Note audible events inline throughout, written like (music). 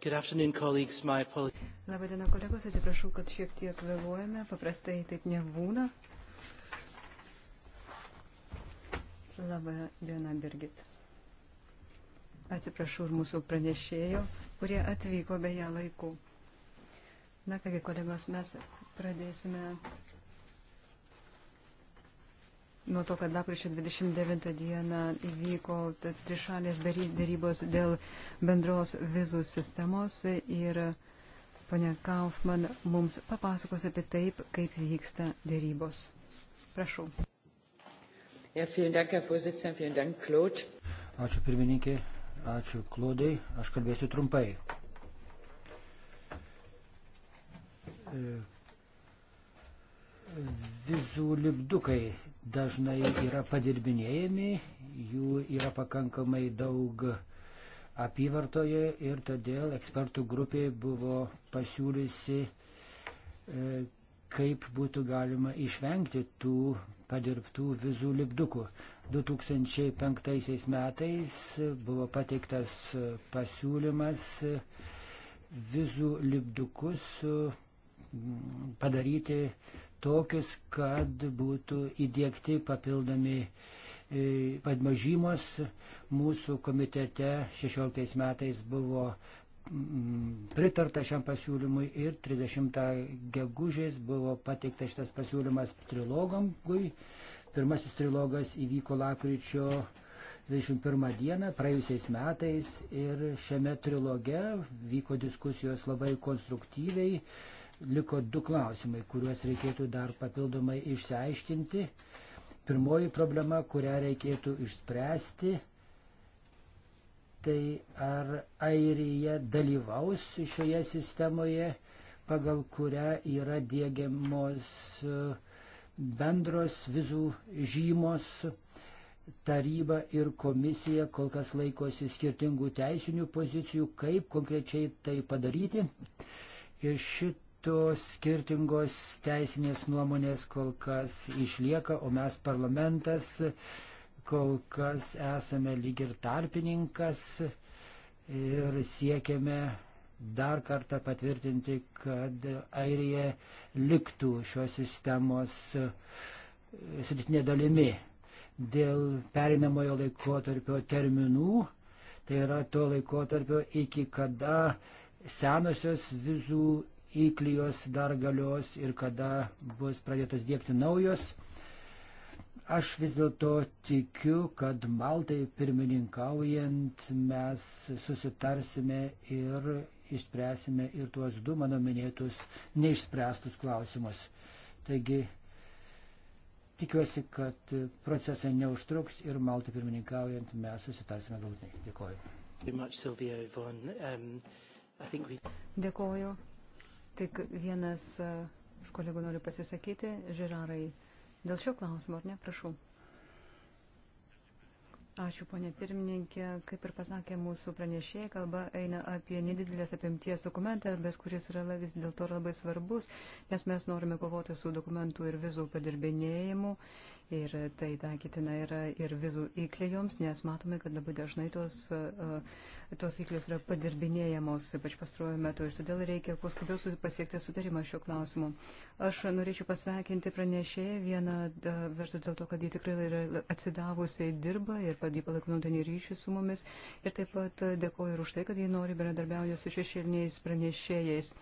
Good afternoon, colleagues. My apologies. Labai diena, kolegos. Atsiprašau, kad šiek tiek vėluojame. Paprastai taip nebūna. Labai diena, Birgit. Atsiprašau ir mūsų pranešėjo, kurie atvyko beje laiku. Na kągi, kolegos, mes pradėsime nuo to, kad lapkričio 29 dieną įvyko trišalės darybos dėl bendros vizų sistemos ir ponia Kaufman mums papasakos apie taip, kaip vyksta darybos. Prašau. Ja, dank, dank, ačiū pirmininkė, ačiū Klodai, aš kalbėsiu trumpai. E, vizų lipdukai dažnai yra padirbinėjami, jų yra pakankamai daug apyvartoje ir todėl ekspertų grupė buvo pasiūlysi, e, kaip būtų galima išvengti tų padirbtų vizų lipdukų. 2005 metais buvo pateiktas pasiūlymas vizų lipdukus padaryti tokius, kad būtų įdėkti papildomi e, padmažymos. Mūsų komitete 16 metais buvo mm, pritarta šiam pasiūlymui ir 30 gegužės buvo pateiktas šitas pasiūlymas trilogomui. Pirmasis trilogas įvyko lakryčio 21 dieną praėjusiais metais ir šiame triloge vyko diskusijos labai konstruktyviai liko du klausimai, kuriuos reikėtų dar papildomai išsiaiškinti. Pirmoji problema, kurią reikėtų išspręsti, tai ar Airija dalyvaus šioje sistemoje, pagal kurią yra dėgiamos e, bendros vizų žymos. Taryba ir komisija kol kas laikosi skirtingų teisinių pozicijų, kaip konkrečiai tai padaryti. Ir šit metu skirtingos teisinės nuomonės kol kas išlieka, o mes parlamentas kol kas esame lyg ir tarpininkas ir siekiame dar kartą patvirtinti, kad Airija liktų šios sistemos e, sudėtinė dalimi dėl perinamojo laikotarpio terminų, tai yra to laikotarpio iki kada senosios vizų įklijos dar galios ir kada bus pradėtos dėkti naujos. Aš vis dėlto tikiu, kad Maltai pirmininkaujant mes susitarsime ir išspręsime ir tuos du mano minėtus neišspręstus klausimus. Taigi tikiuosi, kad procesai neužtruks ir Maltai pirmininkaujant mes susitarsime galutinai. Dėkoju. Um, Dėkoju. Tik vienas e, iš kolegų nori pasisakyti. Žirarai, dėl šio klausimo, ar ne? Prašau. Ačiū, ponė pirmininkė. Kaip ir pasakė mūsų pranešėjai, kalba eina apie nedidelės apimties dokumentą, bet kuris yra vis dėlto labai svarbus, nes mes norime kovoti su dokumentų ir vizų padirbinėjimu. Uh, Ir tai taikytina yra ir vizų įklijoms, nes matome, kad labai dažnai tos, e, tos įklijos yra padirbinėjamos, ypač pastruoju metu. Ir todėl reikia kuo skubiau pasiekti sutarimą šiuo klausimu. Aš norėčiau pasveikinti pranešėją vieną e, vertus dėl to, kad ji tikrai yra atsidavusiai dirba ir padėjo palaikinautinį ryšį su mumis. Ir taip pat dėkoju ir už tai, kad ji nori bendradarbiauti su šešėliniais pranešėjais.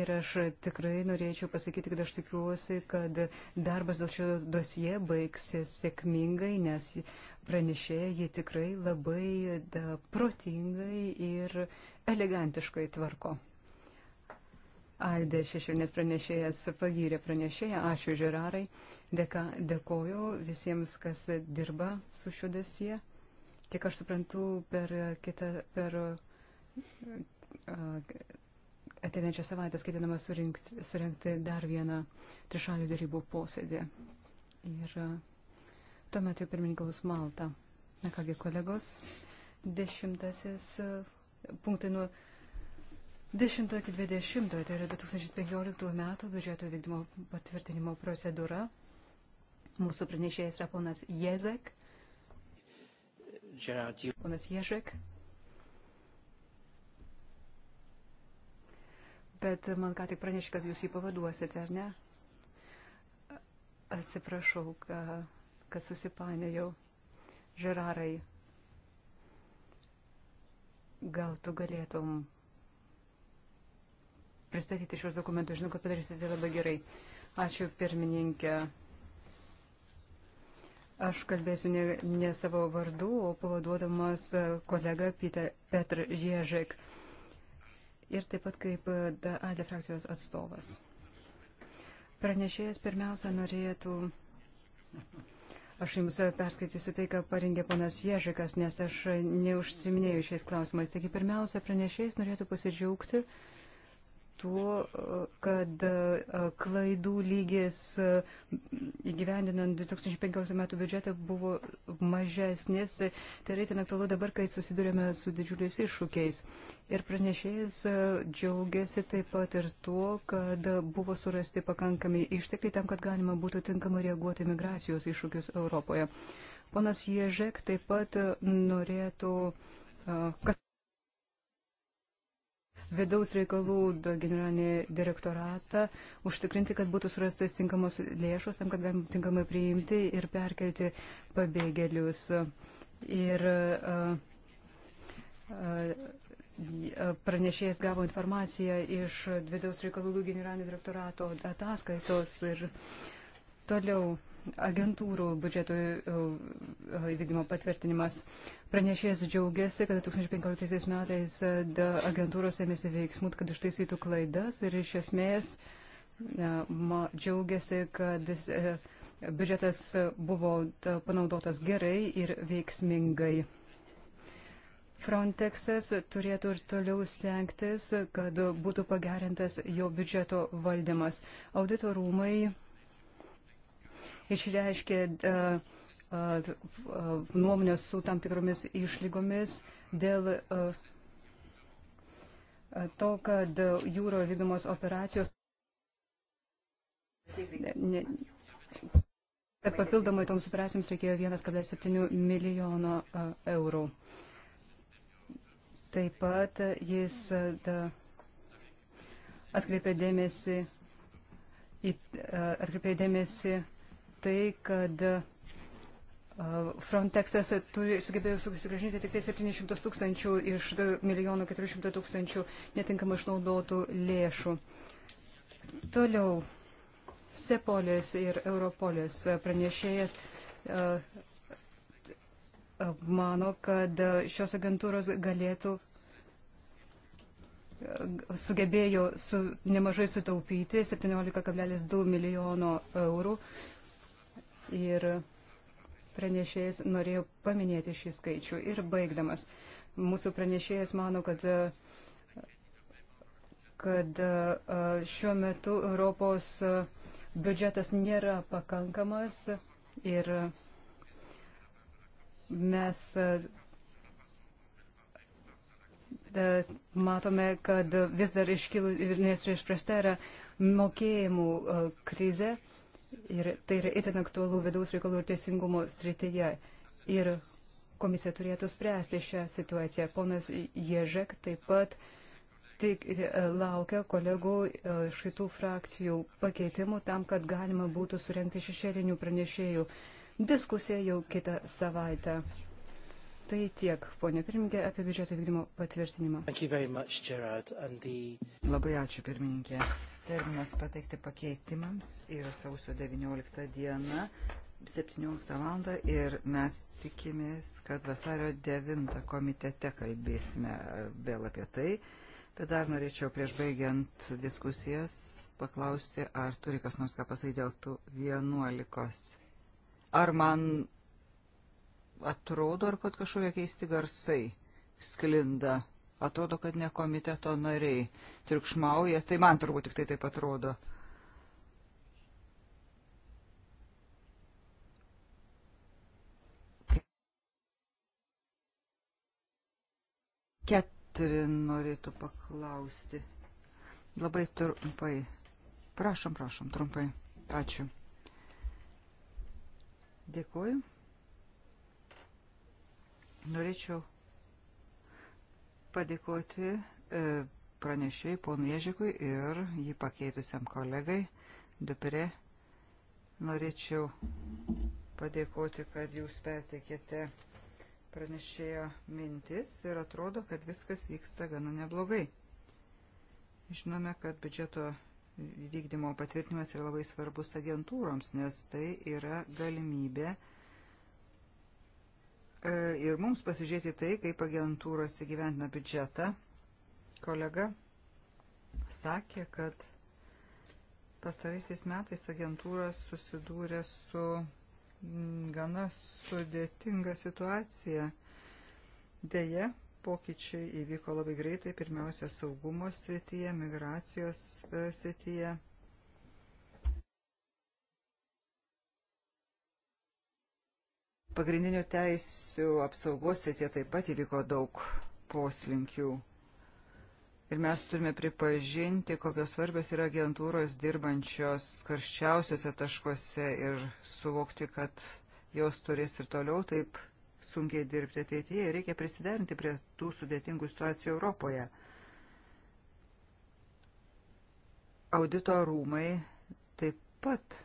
Ir aš tikrai norėčiau pasakyti, kad aš tikiuosi, kad darbas dėl šio dosie baigsis sėkmingai, nes pranešėja ji tikrai labai da, protingai ir elegantiškai tvarko. Aldė šešionės pranešėjas pagyrė pranešėją. Ačiū Žerarai. Dėka, dėkoju visiems, kas dirba su šiuo dosie. Kiek aš suprantu, per kitą, per uh, ateinančią savaitę skaitinama surinkti dar vieną trišalių darybų posėdį. Ir e, tuomet jau pirmininkaus Malta. Na kągi, kolegos, dešimtasis e, punktai nuo 10 iki 20, tai yra 2015 metų biudžeto vykdymo patvirtinimo procedūra. Mūsų pranešėjas yra ponas Jezek. Ponas Jezek. bet man ką tik pranešė, kad jūs jį pavaduosite, ar ne? Atsiprašau, kad susipanėjau. Žerarai, gal tu galėtum pristatyti šios dokumentus, žinau, kad padarysite labai gerai. Ačiū pirmininkė. Aš kalbėsiu ne, ne savo vardu, o pavaduodamas kolega Peter Ježek. Uh, ir taip pat kaip e, ALDE frakcijos atstovas. Pranešėjas pirmiausia norėtų. Aš jums perskaitysiu tai, ką parengė ponas Ježikas, nes aš neužsiminėjau šiais klausimais. Taigi pirmiausia, pranešėjas norėtų pasidžiaugti, uh, tuo, kad e, klaidų lygis e, įgyvendinant 2015 metų biudžetą buvo mažesnis. Tai reitin aktualu dabar, kai susidurėme su didžiuliais iššūkiais. Ir pranešėjas e, džiaugiasi taip pat ir tuo, kad buvo surasti pakankami ištekliai tam, kad galima būtų tinkamai reaguoti migracijos iššūkius Europoje. Ponas Ježek taip pat norėtų. Kas vidaus reikalų generalinį direktoratą, užtikrinti, kad būtų surastas tinkamos lėšos tam, kad galim tinkamai priimti ir perkelti pabėgėlius. Ir pranešėjas gavo informaciją iš vidaus reikalų generalinio direktorato ataskaitos ir uh, Toliau agentūrų biudžeto e, e, įvykdymo patvirtinimas. Pranešėjas džiaugiasi, kad 2015 metais e, agentūros ėmėsi veiksmų, kad ištaisytų klaidas ir iš esmės džiaugiasi, kad biudžetas buvo panaudotas gerai ir veiksmingai. Frontexas turėtų ir toliau stengtis, kad būtų pagerintas jo biudžeto valdymas. Audito rūmai išreiškė e, e, e, nuomonės su tam tikromis išlygomis dėl to, kad jūroje vykdomos operacijos. Kad papildomai toms operacijoms reikėjo 1,7 milijono eurų. Taip pat jis atkreipė dėmesį, atkreipė dėmesį tai, kad e, Frontexas turi, sugebėjo susigražinti tik tai 700 tūkstančių iš milijonų 400 tūkstančių netinkamai išnaudotų lėšų. Toliau, Sepolis ir Europolis pranešėjas e, e, mano, kad šios agentūros galėtų sugebėjo su, nemažai sutaupyti 17,2 milijono eurų ir pranešėjas norėjo paminėti šį skaičių. Ir baigdamas, mūsų pranešėjas mano, kad, kad šiuo metu Europos biudžetas nėra pakankamas ir mes matome, kad vis dar iškilų ir nespręsta yra mokėjimų krize. Ir tai yra itin aktualu vidaus reikalų ir teisingumo srityje. Ir komisija turėtų spręsti šią situaciją. Ponas Ježek taip pat tik e, laukia kolegų e, iš kitų frakcijų pakeitimų tam, kad galima būtų surenkti šešėlinių pranešėjų diskusiją jau kitą savaitę. Tai tiek, ponė pirmininkė, apie biudžeto vykdymo patvirtinimą. Much, Gerard, the... Labai ačiū, pirmininkė. Terminas pateikti pakeitimams yra sausio 19 diena, 17 val. ir mes tikimės, kad vasario 9 komitete kalbėsime vėl apie tai. Bet dar norėčiau prieš baigiant diskusijas paklausti, ar turi kas nors ką pasakyti dėl tų 11. Ar man atrodo, ar kad kažkokie keisti garsai sklinda atrodo, kad ne komiteto nariai triukšmauja, tai man turbūt tik tai taip atrodo. Ketrin norėtų paklausti. Labai trumpai. Prašom, prašom, trumpai. Ačiū. Dėkuoju. Norėčiau padėkoti e, pranešėjai ponui Ježikui ir jį pakeitusiam kolegai Dupre. Norėčiau padėkoti, kad jūs perteikėte pranešėjo mintis ir atrodo, kad viskas vyksta gana neblogai. Žinome, kad biudžeto vykdymo patvirtinimas yra labai svarbus agentūroms, nes tai yra galimybė uh, E, ir mums pasižiūrėti tai, kaip agentūros įgyventina biudžetą. Kolega sakė, kad pastaraisiais metais agentūros susidūrė su gana sudėtinga situacija. Deja, pokyčiai įvyko labai greitai, pirmiausia saugumo srityje, migracijos e, srityje. E, Pagrindinių teisių apsaugos srityje taip pat įvyko daug poslinkių. Ir mes turime pripažinti, kokios svarbios yra agentūros dirbančios karščiausiuose taškuose ir suvokti, kad jos turės ir toliau taip sunkiai dirbti ateityje. Reikia prisiderinti prie tų sudėtingų situacijų Europoje. Audito rūmai taip pat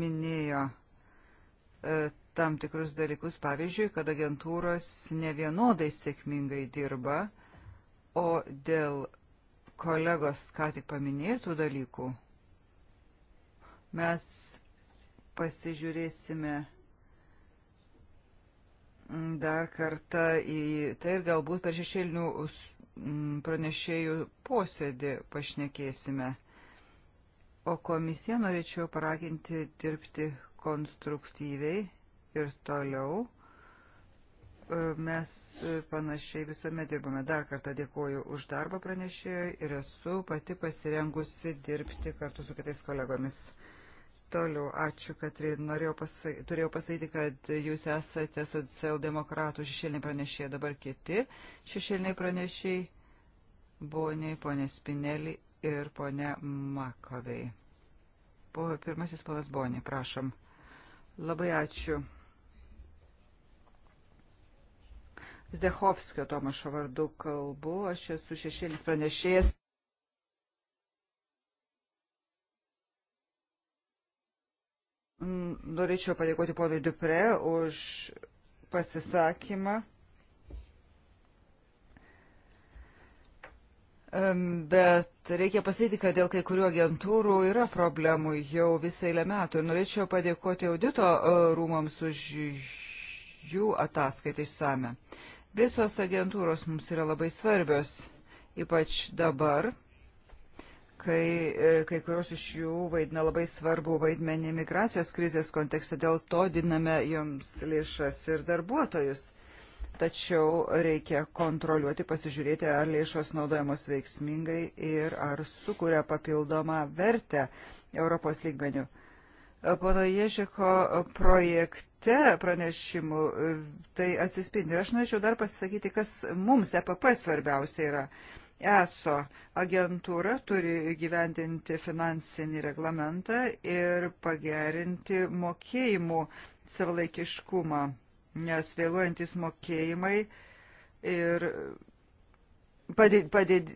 minėjo e, tam tikrus dalykus, pavyzdžiui, kad agentūros nevienodai sėkmingai dirba, o dėl kolegos ką tik paminėtų dalykų mes pasižiūrėsime dar kartą į tai ir galbūt per šešėlinių pranešėjų posėdį pašnekėsime. O komisiją norėčiau paraginti dirbti konstruktyviai ir toliau. E, mes panašiai visuomet dirbame. Dar kartą dėkoju už darbą pranešėjai ir esu pati pasirengusi dirbti kartu su kitais kolegomis. Toliau, ačiū, Katrin. Pasai, turėjau pasakyti, kad jūs esate socialdemokratų šešėliniai pranešėjai, dabar kiti šešėliniai pranešėjai buvo nei ponė Spinelį ir ponė Makovei. Po pirmasis ponas Bonė, prašom. Labai ačiū. Zdechovskio Tomašo vardu kalbu, aš esu šešėlis pranešėjas. Mm, norėčiau padėkoti ponui Dupre už pasisakymą. Bet reikia pasakyti, kad dėl kai kurių agentūrų yra problemų jau visą eilę metų. Ir norėčiau padėkoti audito e, rūmams už jų ataskaitą išsame. Visos agentūros mums yra labai svarbios, ypač dabar, kai e, kai kurios iš jų vaidina labai svarbų vaidmenį migracijos krizės kontekste, dėl to diname joms lėšas ir darbuotojus. Tačiau reikia kontroliuoti, pasižiūrėti, ar lėšos naudojamos veiksmingai ir ar sukuria papildomą vertę Europos lygmenių pono Ježiko projekte pranešimų tai atsispindi. Ir aš norėčiau dar pasisakyti, kas mums EPP svarbiausia yra. ESO agentūra turi gyventinti finansinį reglamentą ir pagerinti mokėjimų savalaikiškumą, nes vėluojantis mokėjimai ir padid, padid,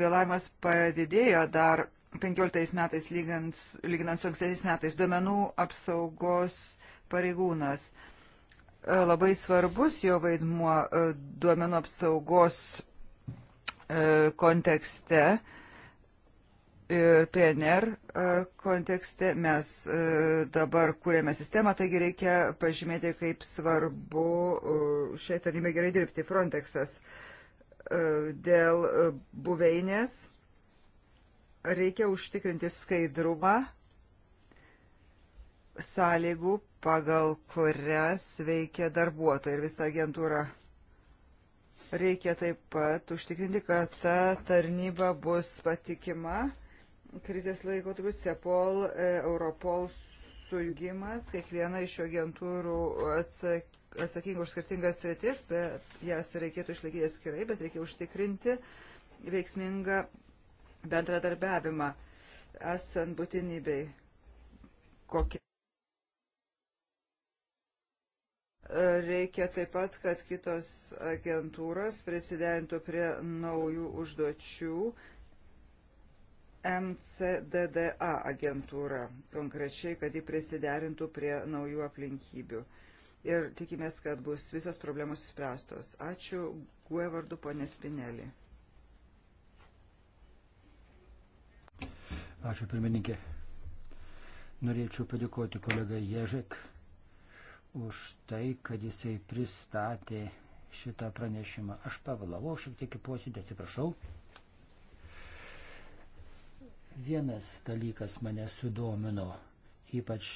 vėlavimas padidėjo dar 15 metais lygant, lyginant su ankstesiais metais duomenų apsaugos pareigūnas. E, labai svarbus jo vaidmuo e, duomenų apsaugos e, kontekste ir PNR kontekste mes dabar kūrėme sistemą, taigi reikia pažymėti, kaip svarbu šiai tarnybai gerai dirbti Frontexas dėl buveinės reikia užtikrinti skaidrumą sąlygų, pagal kurias veikia darbuotojai ir visa agentūra. Reikia taip pat užtikrinti, kad ta tarnyba bus patikima. Krizės laiko turbūt Sepol, e, Europol sujungimas, kiekviena iš agentūrų atsakė atsakinga už skirtingas sritis, bet jas reikėtų išlaikyti atskirai, bet reikia užtikrinti veiksmingą bendradarbiavimą esant būtinybei. Kokie Reikia taip pat, kad kitos agentūros prisidentų prie naujų užduočių. MCDDA agentūra konkrečiai, kad ji prisiderintų prie naujų aplinkybių. Ir tikimės, kad bus visos problemos spręstos. Ačiū, Guevardu, ponė Spinelį. Ačiū pirmininkė. Norėčiau padėkoti kolegai Ježek už tai, kad jisai pristatė šitą pranešimą. Aš pavalavau šiek tiek į posėdį, atsiprašau. Vienas dalykas mane sudomino, ypač,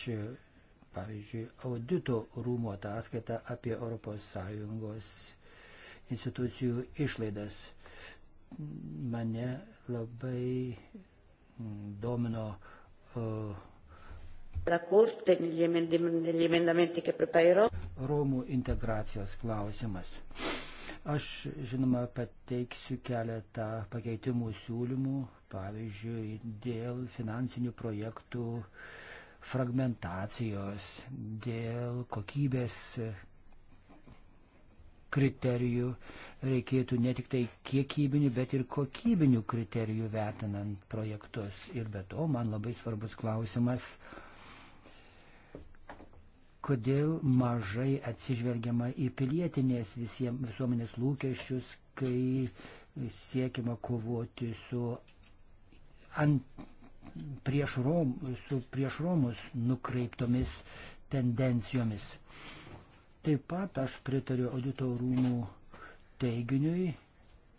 pavyzdžiui, audito rūmo ataskaita apie ES institucijų išlaidas. Mane labai domino. Uh, Romų integracijos klausimas. Aš, žinoma, pateiksiu keletą pakeitimų siūlymų, pavyzdžiui, dėl finansinių projektų fragmentacijos, dėl kokybės kriterijų, reikėtų ne tik tai kiekybinių, bet ir kokybinių kriterijų vertinant projektus. Ir be to man labai svarbus klausimas, kodėl mažai atsižvelgiama į pilietinės visiems, visuomenės lūkesčius, kai siekima kovoti su ant, prieš, rom, su prieš Romus nukreiptomis tendencijomis. Taip pat aš pritariu audito rūmų teiginiui,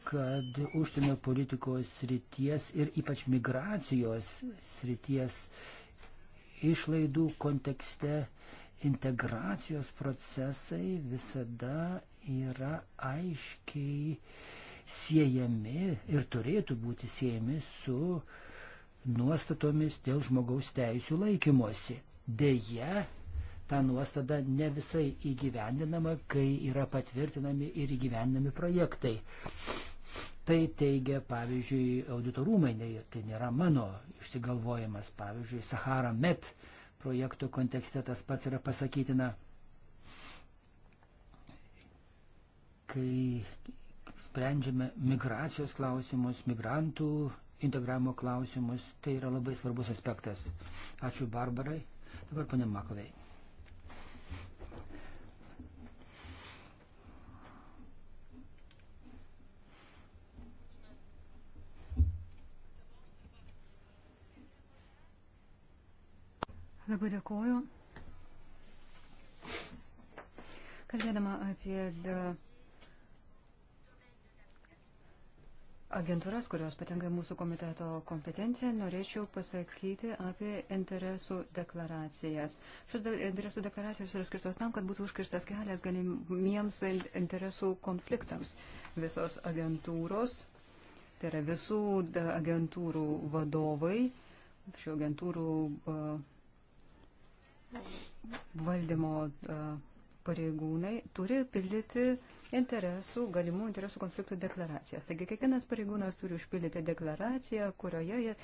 kad užsienio politikos srities ir ypač migracijos srities išlaidų kontekste integracijos procesai visada yra aiškiai siejami ir turėtų būti siejami su nuostatomis dėl žmogaus teisų laikymosi. Deja, ta nuostada ne visai įgyvendinama, kai yra patvirtinami ir įgyvendinami projektai. Tai teigia, pavyzdžiui, auditorumai, tai nėra mano išsigalvojimas, pavyzdžiui, Sahara Met projektų kontekste tas pats yra pasakytina, kai sprendžiame migracijos klausimus, migrantų integravimo klausimus, tai yra labai svarbus aspektas. Ačiū Barbarai, dabar ponė Makovei. Labai dėkoju. Kalbėdama apie e, agentūras, kurios patenka mūsų komiteto kompetenciją, norėčiau pasakyti apie interesų deklaracijas. Šios interesų deklaracijos yra skirtos tam, kad būtų užkirstas kelias galimiems interesų konfliktams. Visos agentūros, tai yra visų agentūrų vadovai, šių agentūrų uh, valdymo e, pareigūnai turi pildyti interesų, galimų interesų konfliktų deklaracijas. Taigi kiekvienas pareigūnas turi užpildyti deklaraciją, kurioje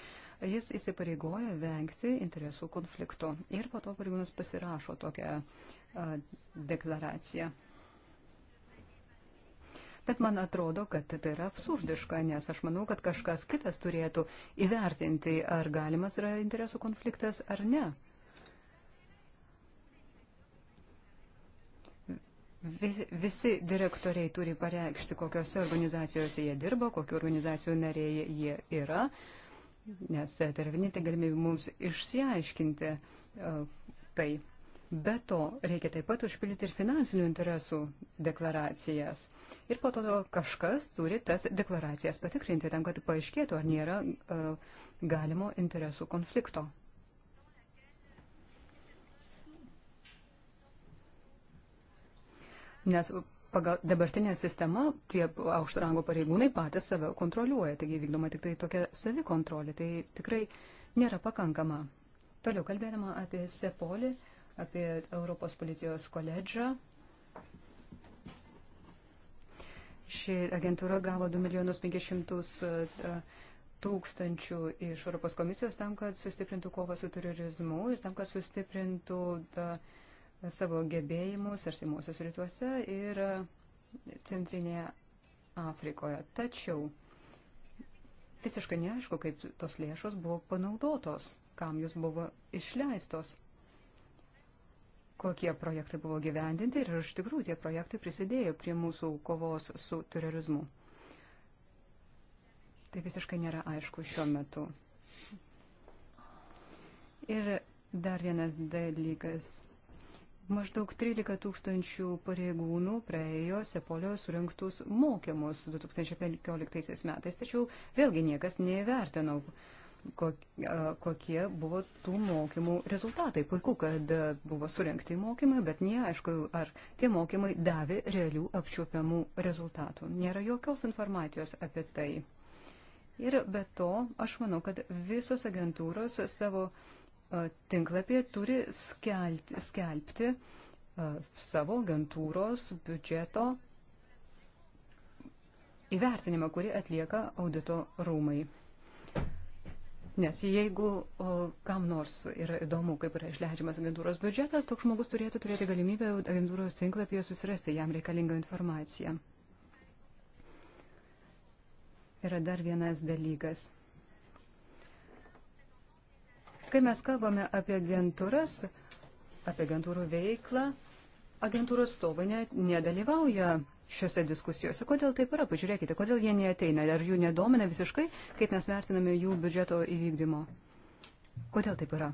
jis įsipareigoja vengti interesų konflikto. Ir po to pareigūnas pasirašo tokią a, e, deklaraciją. Bet man atrodo, kad tai yra absurdiška, nes aš manau, kad kažkas kitas turėtų įvertinti, ar galimas yra interesų konfliktas ar ne. Vis, visi direktoriai turi pareikšti, kokiose organizacijose jie dirba, kokiu organizacijų nariai jie yra, nes tai yra vienintelė galimybė mums išsiaiškinti e, tai. Be to, reikia taip pat užpildyti ir finansinių interesų deklaracijas. Ir po to kažkas turi tas deklaracijas patikrinti tam, kad paaiškėtų, ar nėra uh, galimo interesų konflikto. nes pagal dabartinę sistemą tie aukšto rango pareigūnai patys save kontroliuoja, taigi vykdoma tik tai tokia savikontrolė, tai tikrai nėra pakankama. Toliau kalbėdama apie Sepolį, apie Europos policijos koledžą. Ši agentūra gavo 2 milijonus 500 e, tūkstančių iš Europos komisijos tam, kad sustiprintų kovą su terorizmu ir tam, kad sustiprintų uh, savo gebėjimus artimuosius rytuose ir centrinėje Afrikoje. Tačiau visiškai neaišku, kaip tos lėšos buvo panaudotos, kam jos buvo išleistos, kokie projektai buvo gyvendinti ir iš tikrųjų tie projektai prisidėjo prie mūsų kovos su terorizmu. Tai visiškai nėra aišku šiuo metu. Ir dar vienas dalykas Maždaug 13 tūkstančių pareigūnų praėjo Sepolio surinktus mokymus 2015 metais, tačiau vėlgi niekas nevertino, kokie buvo tų mokymų rezultatai. Puiku, kad buvo surinkti mokymai, bet neaišku, ar tie mokymai davė realių apčiuopiamų rezultatų. Nėra jokios informacijos apie tai. Ir be to, aš manau, kad visos agentūros savo uh, E, tinklapį turi skelti, skelbti e, savo agentūros biudžeto įvertinimą, kurį atlieka audito rūmai. Nes jeigu o, e, kam nors yra įdomu, kaip yra išleidžiamas agentūros biudžetas, toks žmogus turėtų turėti galimybę agentūros tinklapyje susirasti jam reikalingą informaciją. Yra dar vienas dalykas. Kai mes kalbame apie agentūras, apie agentūrų veiklą, agentūrų atstovai ne, nedalyvauja šiuose diskusijose. Kodėl taip yra? Pažiūrėkite, kodėl jie neateina, ar jų nedomina visiškai, kaip mes vertiname jų biudžeto įvykdymo. Kodėl taip yra?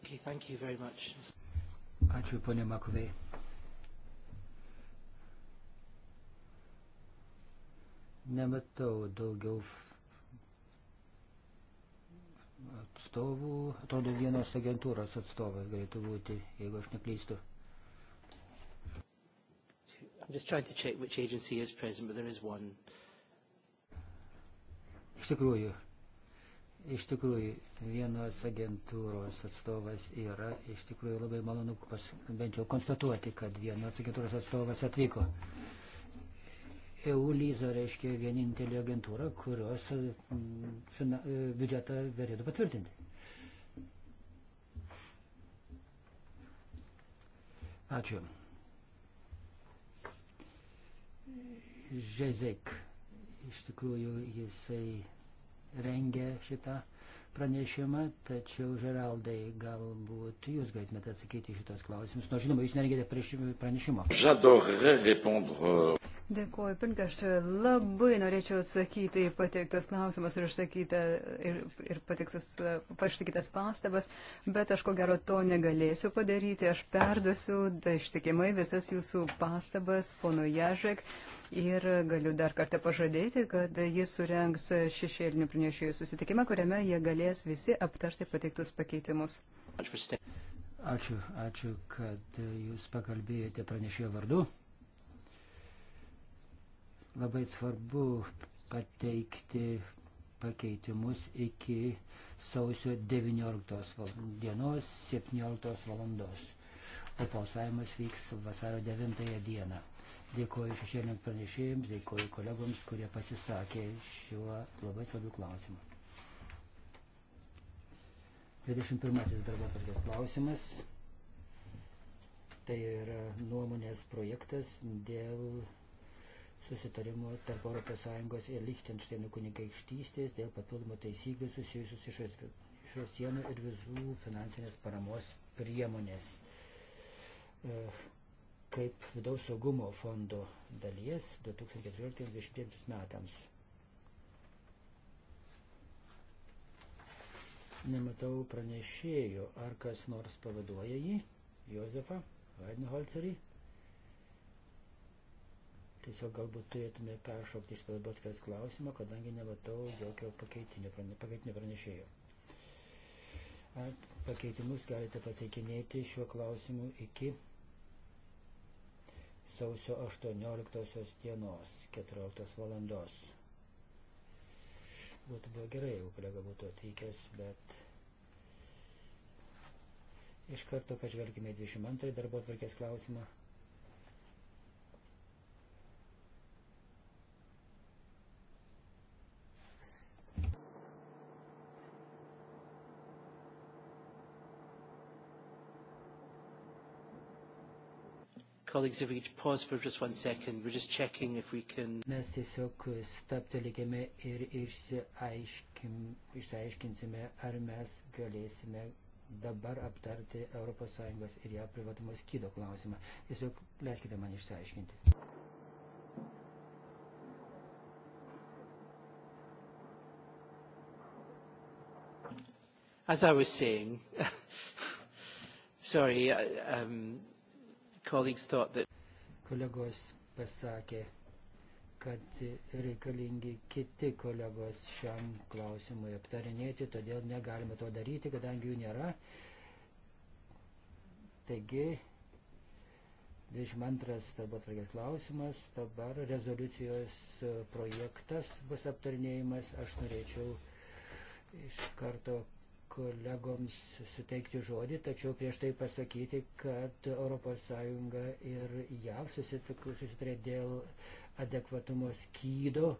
Okay, Ačiū, ponė Makovei. Nematau daugiau atstovų, atrodo vienos agentūros atstovas galėtų būti, jeigu aš neklystu. Present, iš tikrųjų, iš tikrųjų, vienos agentūros atstovas yra, iš tikrųjų labai malonu pas, bent jau konstatuoti, kad vienos agentūros atstovas atvyko. Uh, EULIZA reiškia vienintelė agentūra, kurios e, fina, e, biudžetą verėtų patvirtinti. Ačiū. Žezek. Iš tikrųjų jisai rengia šitą pranešimą, tačiau Žeraldai, galbūt jūs galėtumėte atsakyti šitos klausimus. Nors nu, žinoma, jūs nereikėte pranešimo. Dėkuoju, Pinka, aš labai norėčiau atsakyti į pateiktas klausimus ir, išsakytą, ir, ir pateiktas, pašsakytas pastabas, bet aš ko gero to negalėsiu padaryti. Aš perduosiu tai ištikimai visas jūsų pastabas, pono Ježek. Ir galiu dar kartą pažadėti, kad jis surengs šešėlinių pranešėjų susitikimą, kuriame jie galės visi aptarti pateiktus pakeitimus. Ačiū, ačiū, kad jūs pakalbėjote pranešėjo vardu. Labai svarbu pateikti pakeitimus iki sausio 19 dienos 17 valandos. O balsavimas vyks vasario 9 dieną. Dėkuoju šešėlėms pranešėjams, dėkuoju kolegoms, kurie pasisakė šiuo labai svarbiu klausimu. 21 darbo tvarkės klausimas. Tai yra nuomonės projektas dėl susitarimo tarp ES ir Lichtensteino kunigaikštystės dėl papildomų taisyklių susijusius iš sienų ir vizų finansinės paramos priemonės e, kaip vidaus saugumo fondo dalies 2014-2020 metams. Nematau pranešėjų, ar kas nors pavaduoja jį, Jozefą Weidenholzerį. Tiesiog galbūt turėtume peršokti iš kalbą atvės klausimą, kadangi nematau jokio pakeitinio pranešėjo. Pakeitimus galite pateikinėti šiuo klausimu iki sausio 18 dienos 14 valandos. Būtų buvo gerai, jeigu kolega būtų atvykęs, bet iš karto pažvelgime 22 darbo tvarkės klausimą. Colleagues, if we could pause for just one second, we're just checking if we can... Mes tiesiog e, staptelikime ir išsiaiškinsime, ar mes galėsime dabar aptarti ES ir ją privatumo skydo klausimą. Tiesiog leiskite man išsiaiškinti. As I was saying, (laughs) sorry, um, Kolegos pasakė, kad reikalingi kiti kolegos šiam klausimui aptarinėti, todėl negalime to daryti, kadangi jų nėra. Taigi, 22 darbotvarkės klausimas, dabar rezoliucijos projektas bus aptarnėjimas. Aš norėčiau iš karto kolegoms suteikti žodį, tačiau prieš tai pasakyti, kad ES ir JAV susitarė dėl adekvatumo skydo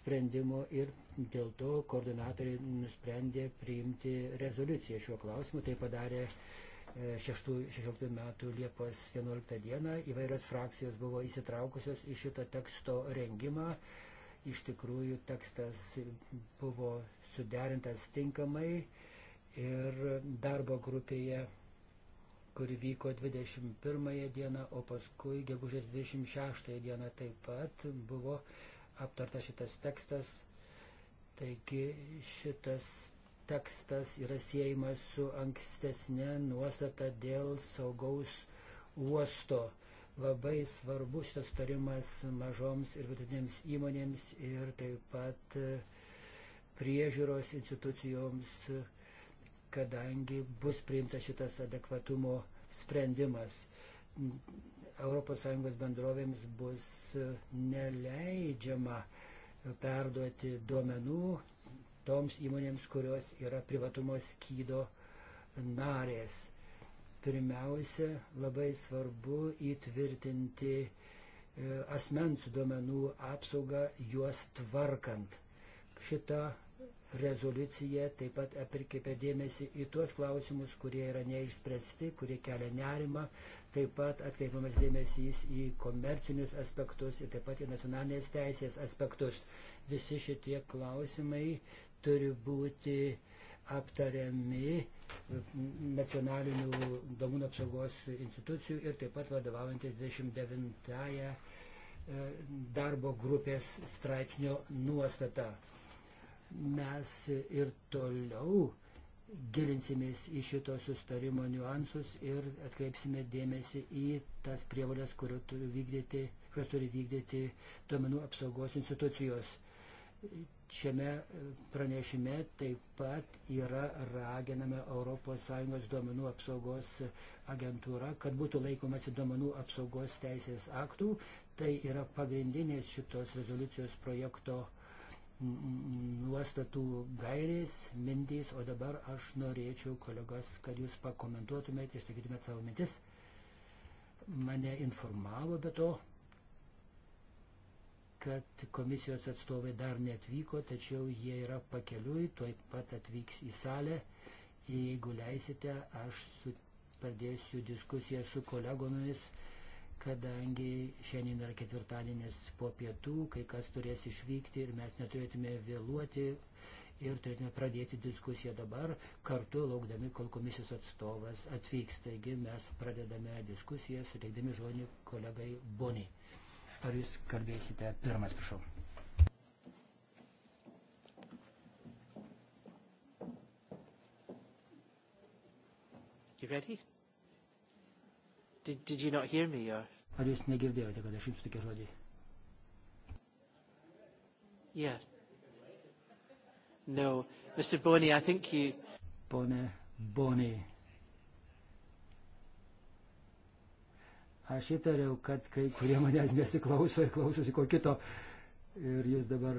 sprendimo ir dėl to koordinatoriai nusprendė priimti rezoliuciją šiuo klausimu. Tai padarė 16 e, metų Liepos 11 dieną. Įvairios frakcijos buvo įsitraukusios į šito teksto rengimą. Iš tikrųjų tekstas buvo suderintas tinkamai ir darbo grupėje, kuri vyko 21 dieną, o paskui gegužės 26 dieną taip pat buvo aptarta šitas tekstas. Taigi šitas tekstas yra siejamas su ankstesnė nuostata dėl saugaus uosto. Labai svarbu šitas tarimas mažoms ir vidutinėms įmonėms ir taip pat priežiūros institucijoms kadangi bus priimtas šitas adekvatumo sprendimas. ES bendrovėms bus e, neleidžiama perduoti duomenų toms įmonėms, kurios yra privatumo skydo narės. Pirmiausia, labai svarbu įtvirtinti e, asmens duomenų apsaugą juos tvarkant. Šita rezoliucija taip pat aprikėpė dėmesį į tuos klausimus, kurie yra neišspręsti, kurie kelia nerimą, taip pat atkreipiamas dėmesys į komercinius aspektus ir taip pat į nacionalinės teisės aspektus. Visi šitie klausimai turi būti aptariami nacionalinių domūnų apsaugos institucijų ir taip pat vadovaujantis 29 e, darbo grupės straipsnio nuostata mes ir toliau gilinsimės į šito sustarimo niuansus ir atkreipsime dėmesį į tas prievalės, kurias turi vykdyti, kurias turi vykdyti duomenų apsaugos institucijos. Šiame pranešime taip pat yra raginama ES duomenų apsaugos agentūra, kad būtų laikomasi duomenų apsaugos teisės aktų. Tai yra pagrindinės šitos rezoliucijos projekto uh, nuostatų gairės, mintys, o dabar aš norėčiau, kolegos, kad jūs pakomentuotumėte, išsakytumėte savo mintis. Mane informavo be to, kad komisijos atstovai dar neatvyko, tačiau jie yra pakeliui, tuoj pat atvyks į salę. Jeigu leisite, aš su, pradėsiu diskusiją su kolegomis kadangi šiandien yra ketvirtadienis po pietų, kai kas turės išvykti ir mes neturėtume vėluoti ir turėtume pradėti diskusiją dabar, kartu laukdami, kol komisijos atstovas atvyks. Taigi mes pradedame diskusiją, suteikdami žodį kolegai Boni. Ar jūs kalbėsite pirmas, prašau? You ready? Did, did you not hear me, or? Ar jūs negirdėjote, kad aš jums sutikė žodį? Yeah. No. Mr. Boney, I think you... Pone Boney. Aš įtariau, kad kai kurie manęs nesiklauso ir klausosi ko kito. Ir jūs dabar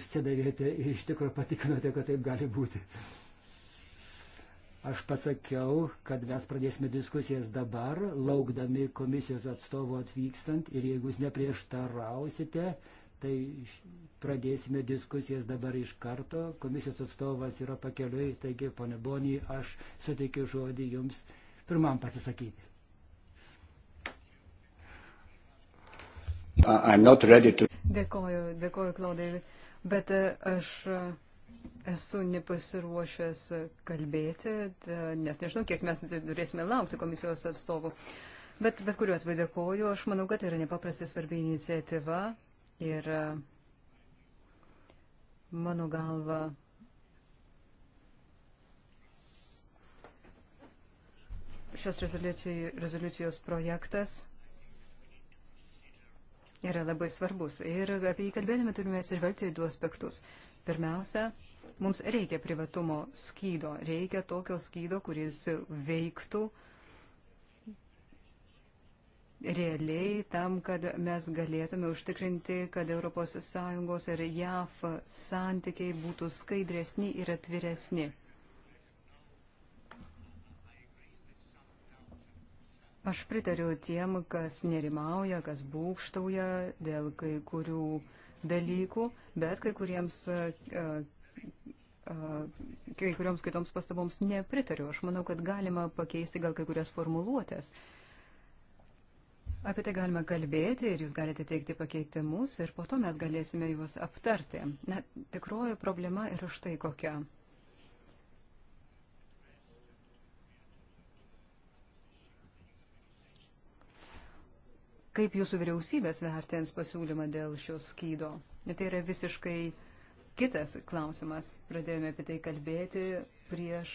išsidavėte ir iš tikrųjų patikinote, kad taip gali būti. Aš pasakiau, kad mes pradėsime diskusijas dabar, laukdami komisijos atstovų atvykstant ir jeigu jūs neprieštarausite, tai pradėsime diskusijas dabar iš karto. Komisijos atstovas yra pakeliui, taigi, pone Bonį, aš suteikiu žodį jums pirmam pasisakyti. To... Dėkoju, dėkoju, Klaudai, bet e, aš esu nepasiruošęs kalbėti, nes nežinau, kiek mes turėsime laukti komisijos atstovų. Bet bet kuriuo atveju dėkoju, aš manau, kad tai yra nepaprastai svarbi iniciatyva ir e, mano galva šios rezoliucijos projektas yra labai svarbus. Ir apie jį kalbėdami turime atsižvelgti į du aspektus. Pirmiausia, mums reikia privatumo skydo, reikia tokio skydo, kuris veiktų realiai tam, kad mes galėtume užtikrinti, kad ES ir JAF santykiai būtų skaidresni ir atviresni. Aš pritariu tiem, kas nerimauja, kas būkštauja dėl kai kurių uh, dalykų, bet kai kuriems. E, e, e, kai kurioms kitoms pastaboms nepritariu. Aš manau, kad galima pakeisti gal kai kurias formuluotės. Apie tai galime kalbėti ir jūs galite teikti pakeitimus ir po to mes galėsime juos aptarti. Na, tikroji problema yra štai kokia. kaip jūsų vyriausybės vertins pasiūlymą dėl šio skydo. Ir tai yra visiškai kitas klausimas. Pradėjome apie tai kalbėti prieš,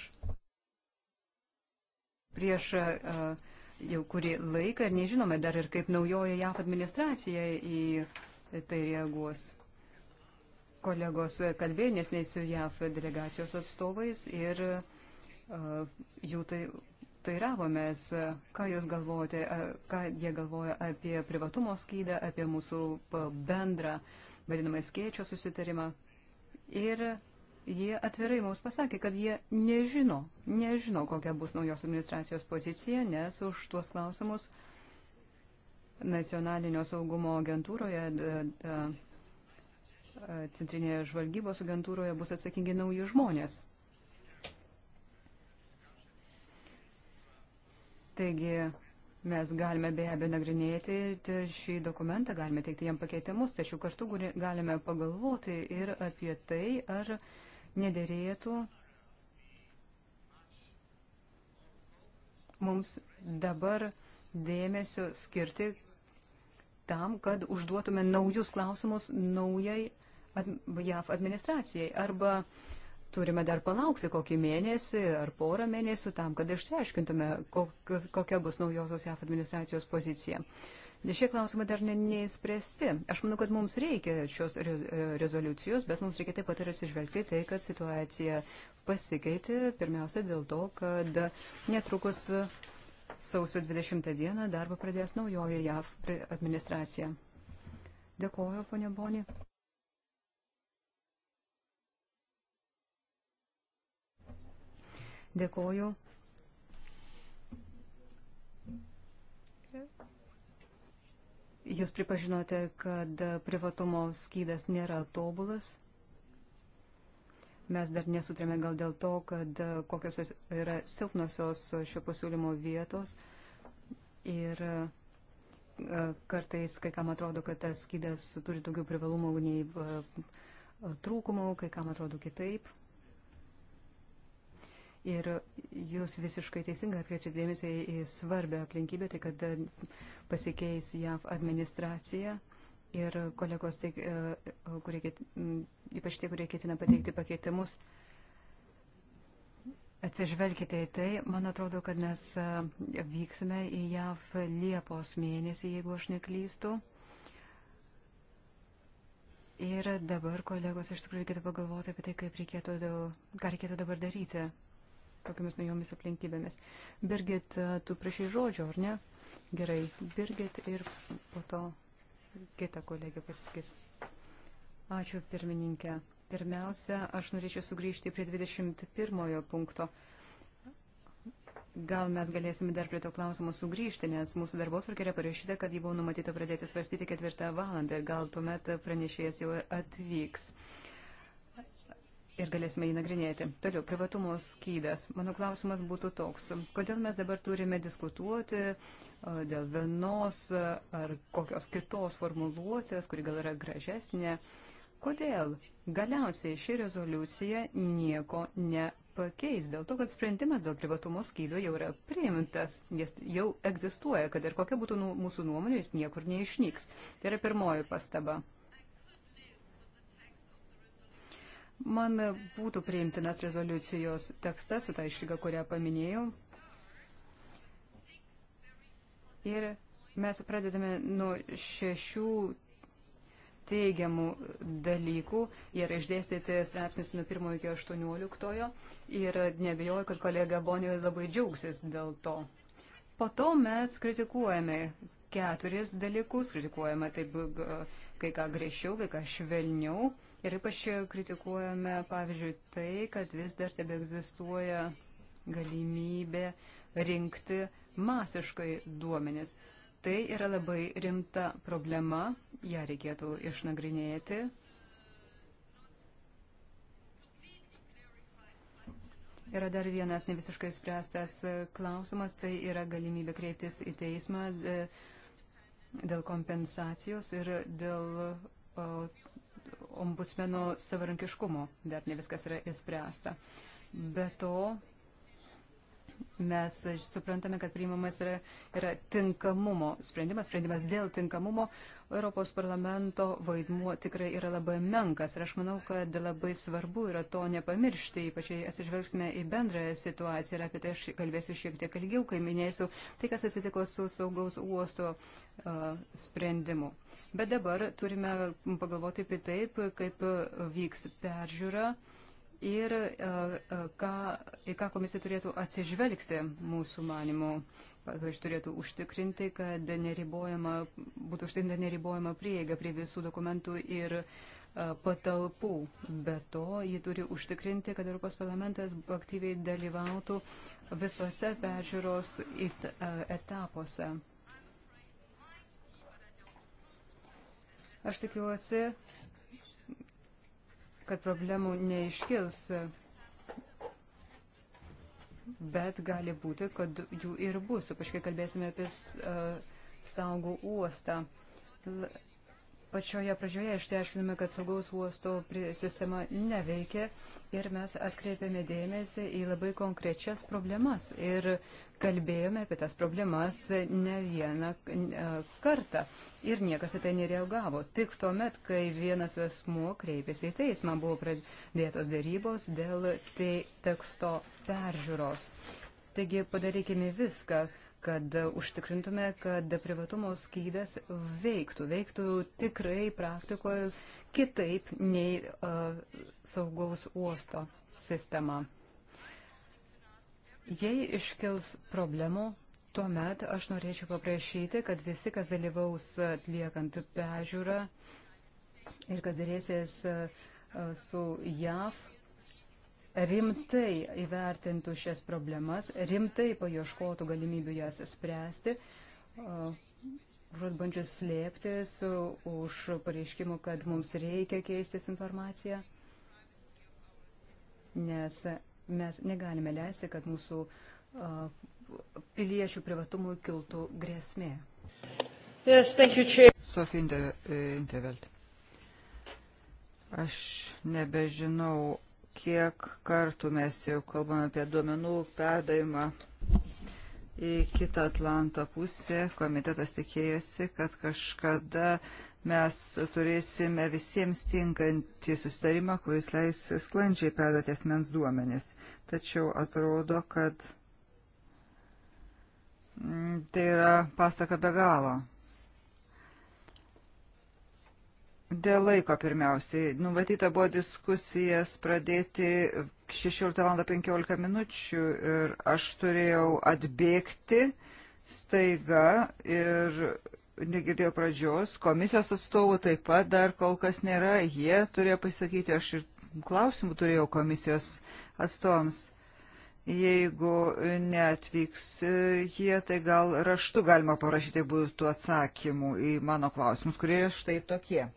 prieš uh, jau kurį laiką ir nežinome dar ir kaip naujoji JAF administracija į tai reaguos. Kolegos kalbėjo nesnei su JAF delegacijos atstovais ir uh, jų tai tairavomės, ką jūs galvojate, ką jie galvoja apie privatumo skydą, apie mūsų bendrą, vadinamą, skėčio susitarimą. Ir jie atvirai mums pasakė, kad jie nežino, nežino, kokia bus naujos administracijos pozicija, nes už tuos klausimus nacionalinio saugumo agentūroje, da, da, centrinėje žvalgybos agentūroje bus atsakingi nauji žmonės. Taigi mes galime be abejo nagrinėti šį dokumentą, galime teikti jam pakeitimus, tačiau kartu galime pagalvoti ir apie tai, ar nederėtų mums dabar dėmesio skirti tam, kad užduotume naujus klausimus naujai JAF administracijai arba uh, turime dar palaukti kokį mėnesį ar porą mėnesių tam, kad išsiaiškintume, kokia bus naujosios JAF administracijos pozicija. Šie klausimai dar neįspręsti. Aš manau, kad mums reikia šios e, rezoliucijos, bet mums reikia taip pat ir atsižvelgti tai, kad situacija pasikeitė. Pirmiausia dėl to, kad netrukus sausio 20 dieną darbą pradės naujoje JAF administracija. Dėkuoju, ponė Boni. Dėkoju. Jūs pripažinote, kad privatumo skydas nėra tobulas. Mes dar nesutrėme gal dėl to, kad kokios yra silpnosios šio pasiūlymo vietos. Ir e, kartais kai kam atrodo, kad tas skydas turi daugiau privalumų nei e, trūkumų, kai kam atrodo kitaip. Ir jūs visiškai teisingai atkreipčiat dėmesį į svarbę aplinkybę, tai kad pasikeis JAV administracija ir kolegos, tai, e, kurie, ypač tie, kurie ketina pateikti pakeitimus, atsižvelkite į tai. Man atrodo, kad mes e, vyksime į JAV Liepos mėnesį, jeigu aš neklystu. Ir dabar, kolegos, iš tikrųjų reikėtų pagalvoti apie tai, kaip reikėtų, ką reikėtų dabar daryti tokiamis naujomis aplinkybėmis. Birgit, tu prašai žodžio, ar ne? Gerai, Birgit ir po to kita kolegė pasiskis. Ačiū, pirmininkė. Pirmiausia, aš norėčiau sugrįžti prie 21 punkto. Gal mes galėsime dar prie to klausimo sugrįžti, nes mūsų darbo tvarkė yra parašyta, kad jį buvo numatyta pradėti svarstyti ketvirtą valandą ir gal tuomet pranešėjas jau atvyks. Uh, ir galėsime jį nagrinėti. Toliau, privatumo skydas. Mano klausimas būtų toks. Kodėl mes dabar turime diskutuoti dėl vienos ar kokios kitos formuluotės, kuri gal yra gražesnė? Kodėl galiausiai ši rezoliucija nieko nepakeis? Dėl to, kad sprendimas dėl privatumo skydo jau yra priimtas, jis jau egzistuoja, kad ir kokia būtų nu, mūsų nuomonė, jis niekur neišnyks. Tai yra pirmoji pastaba. Man būtų priimtinas rezoliucijos tekstas su ta išlyga, kurią paminėjau. Ir mes pradedame nuo šešių teigiamų dalykų ir išdėstyti straipsnius nuo 1 iki 18 ir nebejoju, kad kolega Bonijoje labai džiaugsis dėl to. Po to mes kritikuojame keturis dalykus, kritikuojame taip e, kai ką griežčiau, kai ką švelniau Ir ypač kritikuojame, pavyzdžiui, tai, kad vis dar tebe egzistuoja galimybė rinkti masiškai duomenis. Tai yra labai rimta problema, ją reikėtų išnagrinėti. Yra dar vienas nevisiškai spręstas klausimas, tai yra galimybė kreiptis į teismą e, dėl kompensacijos ir dėl ombudsmeno savarankiškumo. Dar ne viskas yra įspręsta. Be to, mes suprantame, kad priimamas yra, yra tinkamumo sprendimas, sprendimas dėl tinkamumo. Europos parlamento vaidmuo tikrai yra labai menkas ir aš manau, kad labai svarbu yra to nepamiršti, ypač jei atsižvelgsime į bendrąją situaciją ir apie tai aš kalbėsiu šiek tiek ilgiau, kai minėsiu tai, kas atsitiko su saugaus uosto uh, sprendimu. Bet dabar turime pagalvoti apie taip, kaip vyks peržiūra ir e, e, ką, į ką komisija turėtų atsižvelgti mūsų manimu. Pavyzdžiui, turėtų užtikrinti, kad neribojama, būtų užtikrinta neribojama prieiga prie visų dokumentų ir e, patalpų. Be to, ji turi užtikrinti, kad Europos parlamentas aktyviai dalyvautų visuose peržiūros etapuose. Aš tikiuosi, kad problemų neiškils, bet gali būti, kad jų ir bus, ypač kai kalbėsime apie saugų uostą pačioje pradžioje išsiaiškinome, kad saugaus uosto sistema neveikia ir mes atkreipėme dėmesį į labai konkrečias problemas ir kalbėjome apie tas problemas ne vieną kartą ir niekas į tai nereagavo. Tik tuomet, kai vienas asmuo kreipėsi į teismą, buvo pradėtos dėrybos dėl tai teksto peržiūros. Taigi padarykime viską, kad užtikrintume, kad privatumo skydas veiktų, veiktų tikrai praktikoje kitaip nei uh, saugaus uosto sistema. Jei iškils problemų, tuomet aš norėčiau paprašyti, kad visi, kas dalyvaus atliekant pežiūrą ir kas darėsės uh, su JAV, rimtai įvertintų šias problemas, rimtai paieškotų galimybių jas spręsti, uh, žodbandžius slėptis už pareiškimų, kad mums reikia keistis informaciją, nes mes negalime leisti, kad mūsų uh, piliečių privatumui kiltų grėsmė. Yes, Sofija Intervelt. Aš nebežinau, kiek kartų mes jau kalbame apie duomenų perdavimą į kitą Atlanto pusę. Komitetas tikėjosi, kad kažkada mes turėsime visiems tinkantį sustarimą, kuris leis sklandžiai perduoti asmens duomenis. Tačiau atrodo, kad mm, tai yra pasaka be galo. Dėl laiko pirmiausiai. Numatyta buvo diskusijas pradėti 16.15 minučių ir aš turėjau atbėgti staiga ir negirdėjau pradžios. Komisijos atstovų taip pat dar kol kas nėra. Jie turėjo pasakyti, aš ir klausimų turėjau komisijos atstovams. Jeigu neatvyks jie, tai gal raštu galima parašyti būtų atsakymų į mano klausimus, kurie štai tokie.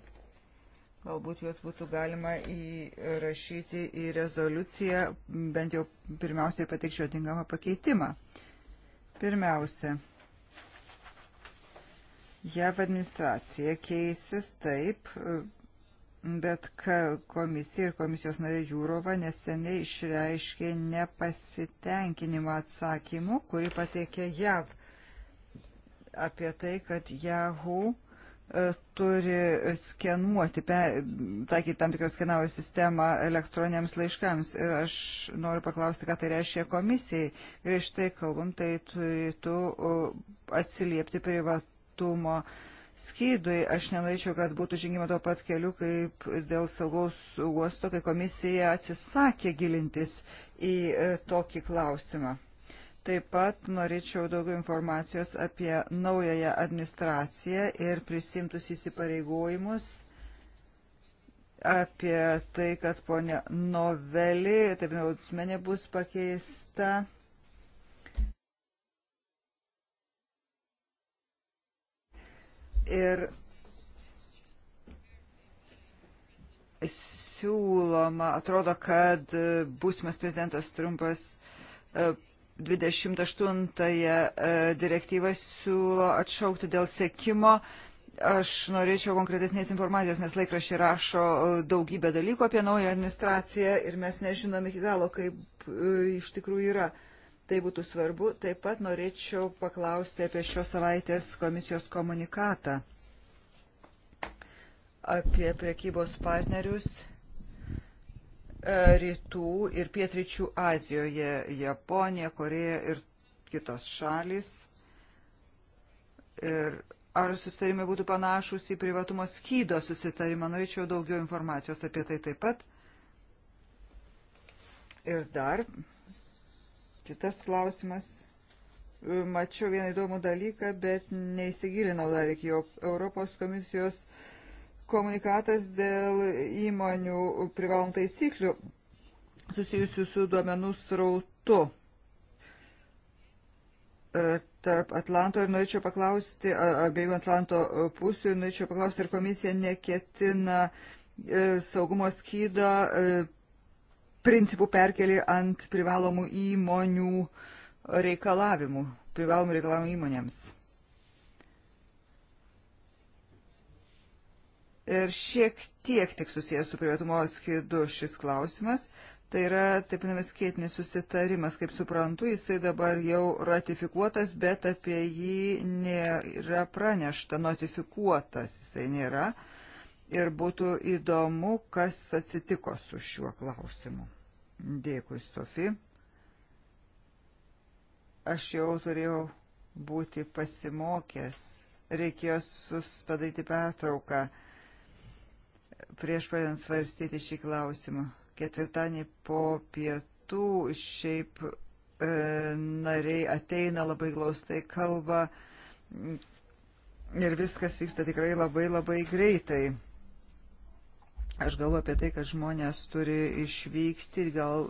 Galbūt juos būtų galima įrašyti į rezoliuciją, bent jau pirmiausiai pateikčiau tinkamą pakeitimą. Pirmiausia, JAV administracija keisis taip, bet komisija ir komisijos narė Jūrova neseniai išreiškė nepasitenkinimą atsakymu, kurį pateikė JAV apie tai, kad Yahoo! E, turi skenuoti, taikyti tam tikrą skenavo sistemą elektroniniams laiškams. Ir aš noriu paklausti, ką tai reiškia komisijai. Griežtai kalbam, tai turėtų atsiliepti privatumo skydui. Aš nenorėčiau, kad būtų žingima tuo pat keliu, kaip dėl saugaus uosto, kai komisija atsisakė gilintis į e, tokį klausimą. Taip pat norėčiau daugiau informacijos apie naująją administraciją ir prisimtus įsipareigojimus apie tai, kad ponė Noveli, taip naudusmenė, bus pakeista. Ir siūloma, atrodo, kad būsimas prezidentas Trumpas e, 28 e, direktyvą siūlo atšaukti dėl sekimo. Aš norėčiau konkretesnės informacijos, nes laikrašiai rašo e, daugybę dalykų apie naują administraciją ir mes nežinom iki galo, kaip e, iš tikrųjų yra. Tai būtų svarbu. Taip pat norėčiau paklausti apie šios savaitės komisijos komunikatą apie prekybos partnerius rytų ir pietryčių Azijoje - Japonija, Koreja ir kitos šalis. Ir ar susitarimai būtų panašus į privatumo skydo susitarimą? Norėčiau daugiau informacijos apie tai taip pat. Ir dar kitas klausimas. Mačiau vieną įdomų dalyką, bet neįsigilinau dar iki jo. Europos komisijos uh, komunikatas dėl įmonių privalom taisyklių susijusių su duomenų srautu e, tarp Atlanto ir norėčiau paklausti, abiejų Atlanto pusių, ir norėčiau paklausti, ar komisija neketina e, saugumo skydo e, principų perkelį ant privalomų įmonių reikalavimų, privalomų reikalavimų įmonėms. Ir šiek tiek tik susijęs su privatumo skydu šis klausimas. Tai yra taip vadinamas skėtinis susitarimas, kaip suprantu, jisai dabar jau ratifikuotas, bet apie jį nėra pranešta, notifikuotas jisai nėra. Ir būtų įdomu, kas atsitiko su šiuo klausimu. Dėkui, Sofi. Aš jau turėjau būti pasimokęs, reikėjo suspadaryti pertrauką prieš pradant svarstyti šį klausimą. Ketvirtadienį po pietų šiaip e, nariai ateina labai glaustai kalba ir viskas vyksta tikrai labai labai greitai. Aš galvoju apie tai, kad žmonės turi išvykti, gal,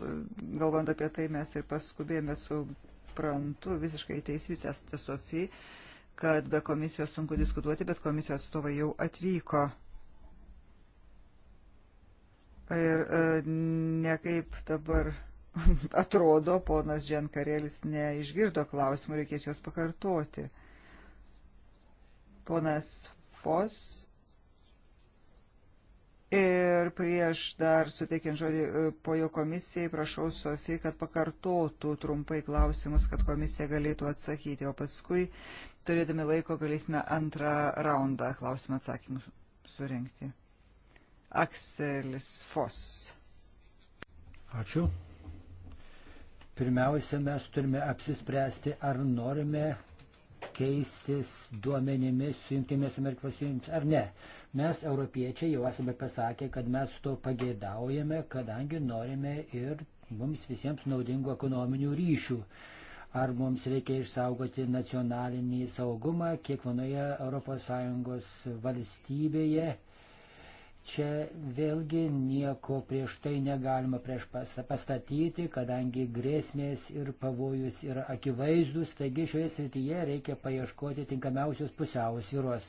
galvant apie tai mes ir paskubėjome, suprantu, visiškai teisjūs esate Sofija, kad be komisijos sunku diskutuoti, bet komisijos atstovai jau atvyko. Ir e, nekaip dabar (laughs) atrodo, ponas Dženkarėlis neišgirdo klausimų, reikės juos pakartoti. Ponas Fos Ir prieš dar suteikiant žodį e, po jo komisijai, prašau Sofi, kad pakartotų trumpai klausimus, kad komisija galėtų atsakyti, o paskui, turėdami laiko, galėsime antrą raundą klausimą atsakymus surenkti. Akselis Fos. Ačiū. Pirmiausia, mes turime apsispręsti, ar norime keistis duomenimis su Junktinėmis Amerikos Jungimis ar ne. Mes, europiečiai, jau esame pasakę, kad mes to pageidaujame, kadangi norime ir mums visiems naudingų ekonominių ryšių. Ar mums reikia išsaugoti nacionalinį saugumą kiekvienoje ES valstybėje Čia vėlgi nieko prieš tai negalima prieš pastatyti, kadangi grėsmės ir pavojus yra akivaizdus, taigi šioje srityje reikia paieškoti tinkamiausios pusiausvyros.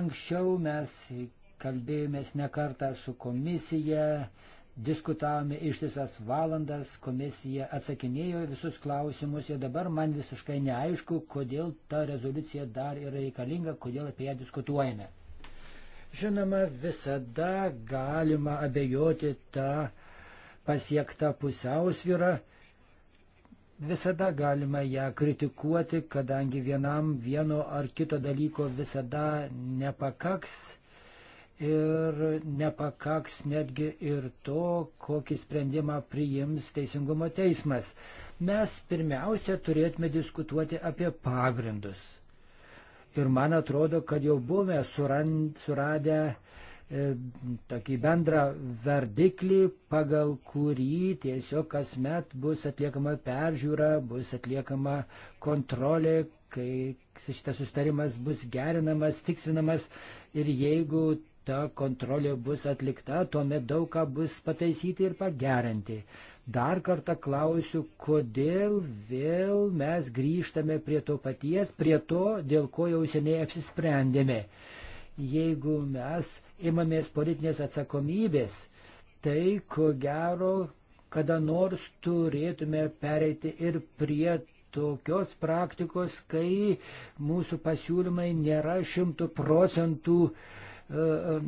Anksčiau mes kalbėjomės nekartą su komisija, diskutavome ištisas valandas, komisija atsakinėjo visus klausimus ir dabar man visiškai neaišku, kodėl ta rezoliucija dar yra reikalinga, kodėl apie ją diskutuojame. Žinoma, visada galima abejoti tą pasiektą pusiausvyrą, visada galima ją kritikuoti, kadangi vienam vieno ar kito dalyko visada nepakaks ir nepakaks netgi ir to, kokį sprendimą priims Teisingumo teismas. Mes pirmiausia turėtume diskutuoti apie pagrindus. Ir man atrodo, kad jau buvome surand, suradę e, tokį bendrą vardiklį, pagal kurį tiesiog kasmet bus atliekama peržiūra, bus atliekama kontrolė, kai šitas sustarimas bus gerinamas, tiksinamas ir jeigu ta kontrolė bus atlikta, tuomet daug ką bus pataisyti ir pagerinti. Dar kartą klausiu, kodėl vėl mes grįžtame prie to paties, prie to, dėl ko jau seniai apsisprendėme. Jeigu mes imamės politinės atsakomybės, tai ko gero, kada nors turėtume pereiti ir prie tokios praktikos, kai mūsų pasiūlymai nėra šimtų procentų e, e,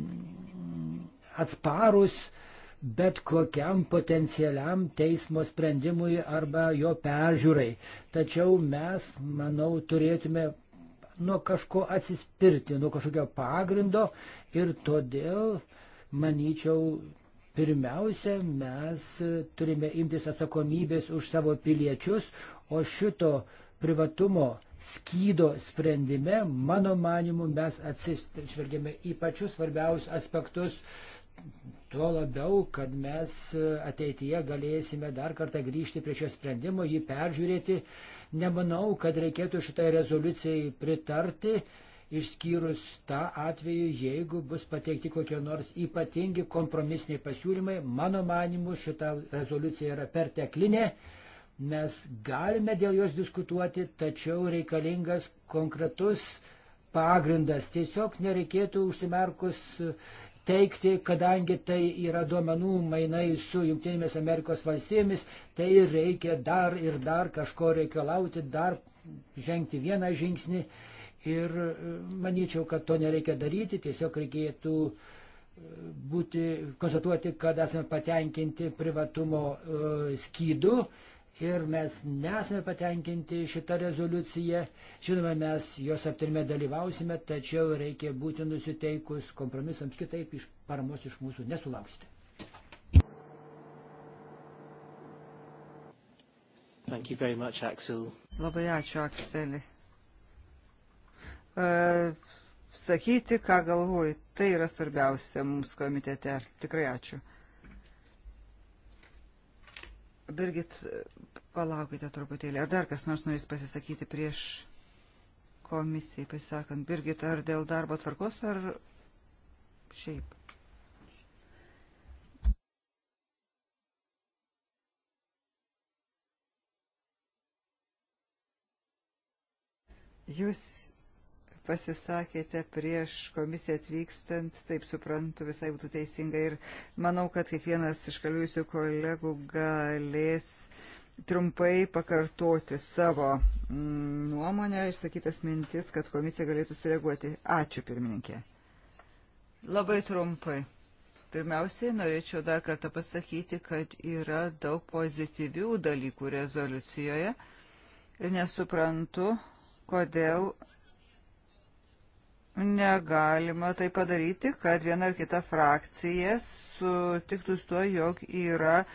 atsparus uh, bet kokiam potencialiam teismo sprendimui arba jo peržiūrai. Tačiau mes, manau, turėtume nuo kažko atsispirti, nuo kažkokio pagrindo ir todėl, manyčiau, pirmiausia, mes turime imtis atsakomybės už savo piliečius, o šito privatumo skydo sprendime, mano manimu, mes atsižvelgėme į pačius svarbiausius aspektus Tuo labiau, kad mes ateityje galėsime dar kartą grįžti prie šio sprendimo, jį peržiūrėti. Nemanau, kad reikėtų šitai rezoliucijai pritarti, išskyrus tą atveju, jeigu bus pateikti kokie nors ypatingi kompromisiniai pasiūlymai. Mano manimu, šita rezoliucija yra perteklinė. Mes galime dėl jos diskutuoti, tačiau reikalingas konkretus pagrindas. Tiesiog nereikėtų užsimerkus uh, teikti, kadangi tai yra duomenų mainai su Junktinėmis Amerikos valstybėmis, tai reikia dar ir dar kažko reikalauti, dar žengti vieną žingsnį. Ir e, manyčiau, kad to nereikia daryti, tiesiog reikėtų e, būti, konstatuoti, kad esame patenkinti privatumo e, skydu ir mes nesame patenkinti šitą rezoliuciją. Žinoma, mes jos aptarime dalyvausime, tačiau reikia būti nusiteikus kompromisams, kitaip iš paramos iš mūsų nesulauksite. Thank you very much, Axel. Labai ačiū, Akseli. Uh, sakyti, ką galvoji, tai yra svarbiausia mums komitete. Tikrai ačiū. Birgit, palaukite truputėlį. Ar dar kas nors norės pasisakyti prieš komisijai, pasisakant, Birgit, ar dėl darbo tvarkos, ar šiaip? Jūs pasisakėte prieš komisiją atvykstant, taip suprantu, visai būtų teisinga ir manau, kad kiekvienas iš kalbėjusių kolegų galės trumpai pakartoti savo mm, nuomonę, išsakytas mintis, kad komisija galėtų sureaguoti. Ačiū, pirmininkė. Labai trumpai. Pirmiausiai norėčiau dar kartą pasakyti, kad yra daug pozityvių dalykų rezoliucijoje ir nesuprantu, kodėl negalima tai padaryti, kad viena ar kita frakcija sutiktų su tuo, jog yra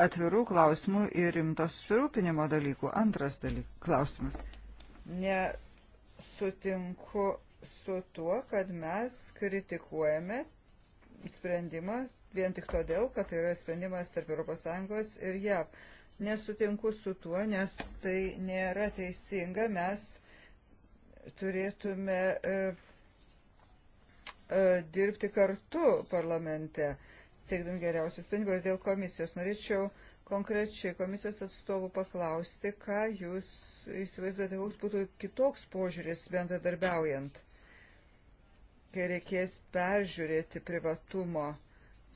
atvirų klausimų ir rimtos susirūpinimo dalykų. Antras dalyk, klausimas. Nesutinku su tuo, kad mes kritikuojame sprendimą vien tik todėl, kad tai yra sprendimas tarp ES ir JAV. Nesutinku su tuo, nes tai nėra teisinga. Mes turėtume e, E, dirbti kartu parlamente, siekdami geriausių sprendimų. Ir dėl komisijos norėčiau konkrečiai komisijos atstovų paklausti, ką jūs įsivaizduojate, koks būtų kitoks požiūris bendradarbiaujant, kai reikės peržiūrėti privatumo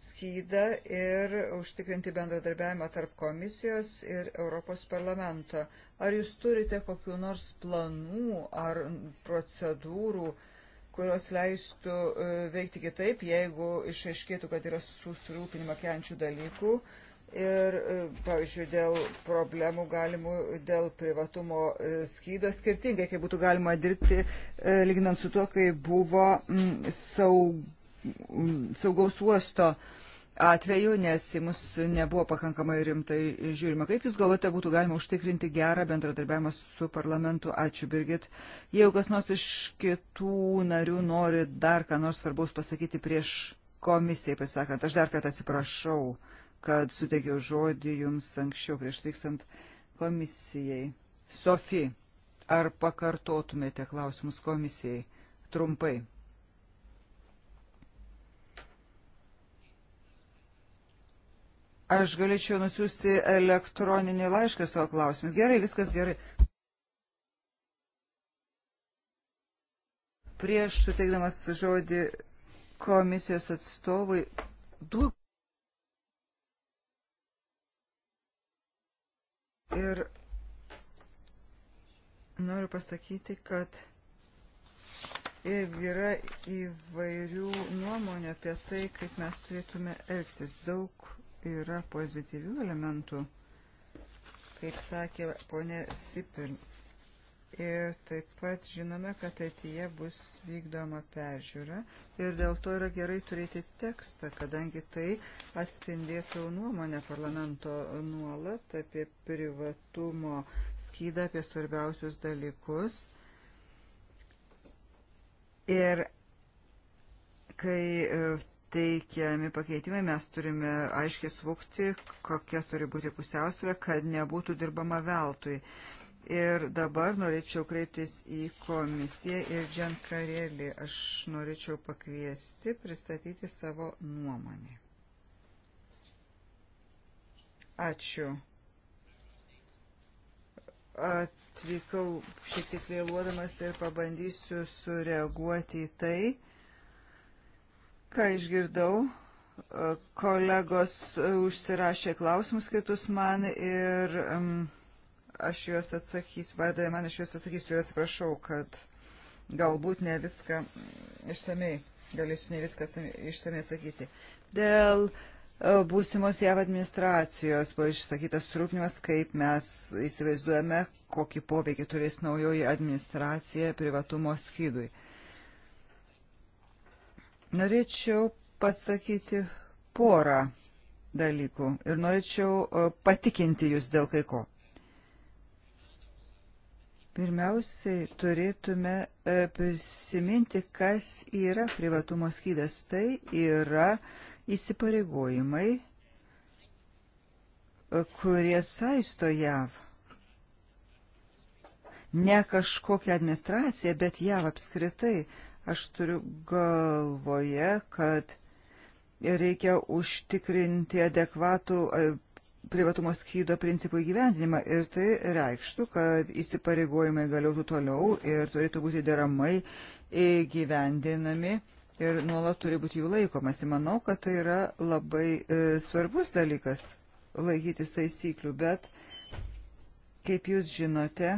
skydą ir užtikrinti bendradarbiavimą tarp komisijos ir Europos parlamento. Ar jūs turite kokiu nors planų ar procedūrų, uh, kurios leistų e, veikti kitaip, jeigu išaiškėtų, kad yra susirūpinimą kenčių dalykų. Ir, e, pavyzdžiui, dėl problemų galimų, dėl privatumo e, skydo skirtingai, kaip būtų galima dirbti, lyginant su to, kai buvo mm, saug, mm, saugaus uosto uh, atveju, nes į mus nebuvo pakankamai rimtai žiūrima. Kaip Jūs galvote, būtų galima užtikrinti gerą bendradarbiavimą su parlamentu? Ačiū, Birgit. Jeigu kas nors iš kitų narių nori dar ką nors svarbaus pasakyti prieš komisijai pasakant, aš dar kartą atsiprašau, kad suteikiau žodį Jums anksčiau prieš vykstant komisijai. Sofi, ar pakartotumėte klausimus komisijai trumpai? Aš galėčiau nusiųsti elektroninį laišką savo klausimais. Gerai, viskas gerai. Prieš suteikdamas žodį komisijos atstovui, du. Ir noriu pasakyti, kad yra įvairių nuomonių apie tai, kaip mes turėtume elgtis. Daug yra pozityvių elementų, kaip sakė ponė Sipir. Ir taip pat žinome, kad ateityje bus vykdoma peržiūra ir dėl to yra gerai turėti tekstą, kadangi tai atspindėtų nuomonę parlamento nuolat apie privatumo skydą, apie svarbiausius dalykus. Ir kai teikiami pakeitimai, mes turime aiškiai suvokti, kokia turi būti pusiausvė, kad nebūtų dirbama veltui. Ir dabar norėčiau kreiptis į komisiją ir Džankarėlį. Aš norėčiau pakviesti pristatyti savo nuomonę. Ačiū. Atvykau šiek tiek vėluodamas ir pabandysiu sureaguoti į tai ką išgirdau, e, kolegos e, užsirašė klausimus kitus man ir aš juos atsakysiu, vadai, man aš juos atsakysiu ir atsiprašau, kad galbūt ne viską išsamei, galėsiu ne viską išsamei atsakyti. Dėl e, būsimos JAV administracijos buvo išsakytas surūpinimas, kaip mes įsivaizduojame, kokį poveikį turės naujoji administracija privatumo skydui. Norėčiau pasakyti porą dalykų ir norėčiau e, patikinti jūs dėl kai ko. Pirmiausiai turėtume e, prisiminti, kas yra privatumo skydas. Tai yra įsipareigojimai, e, kurie saisto JAV. Ne kažkokia administracija, bet JAV apskritai. Aš turiu galvoje, kad reikia užtikrinti adekvatų e, privatumo skydo principų įgyvendinimą ir tai reikštų, kad įsipareigojimai galėtų toliau ir turėtų būti deramai įgyvendinami ir nuolat turi būti jų laikomasi. Manau, kad tai yra labai e, svarbus dalykas laikytis taisyklių, bet, kaip jūs žinote,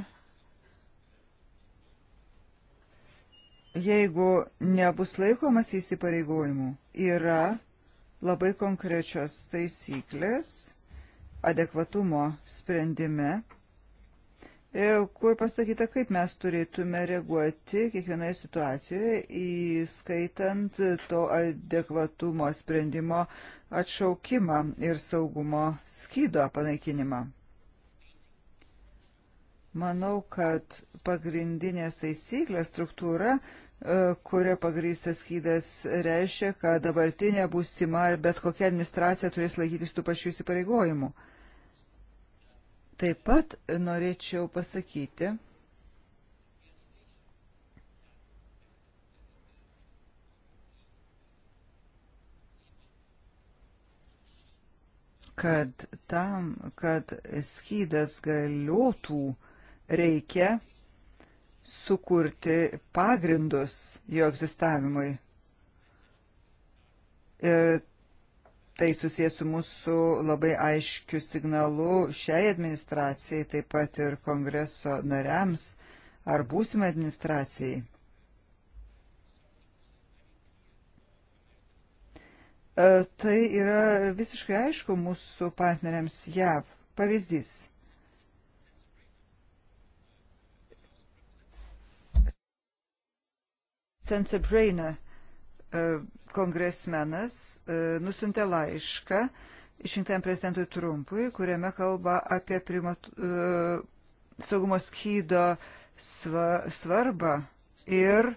jeigu nebus laikomas įsipareigojimų, yra labai konkrečios taisyklės adekvatumo sprendime, kur pasakyta, kaip mes turėtume reaguoti kiekvienoje situacijoje, įskaitant to adekvatumo sprendimo atšaukimą ir saugumo skydo panaikinimą. Manau, kad pagrindinės taisyklės struktūra, e, kuria pagrystas skydas reiškia, kad dabartinė būsima ar bet kokia administracija turės laikytis tų pačių įsipareigojimų. Taip pat norėčiau pasakyti, kad tam, kad skydas galiotų, reikia sukurti pagrindus jo egzistavimui. Ir tai susijęs su mūsų labai aiškiu signalu šiai administracijai, taip pat ir kongreso nariams ar būsimai administracijai. E, tai yra visiškai aišku mūsų partneriams JAV. Pavyzdys. Sensebraina e, kongresmenas e, nusintė laišką išrinktam prezidentui Trumpui, kuriame kalba apie primat, e, saugumo skydo svarbą ir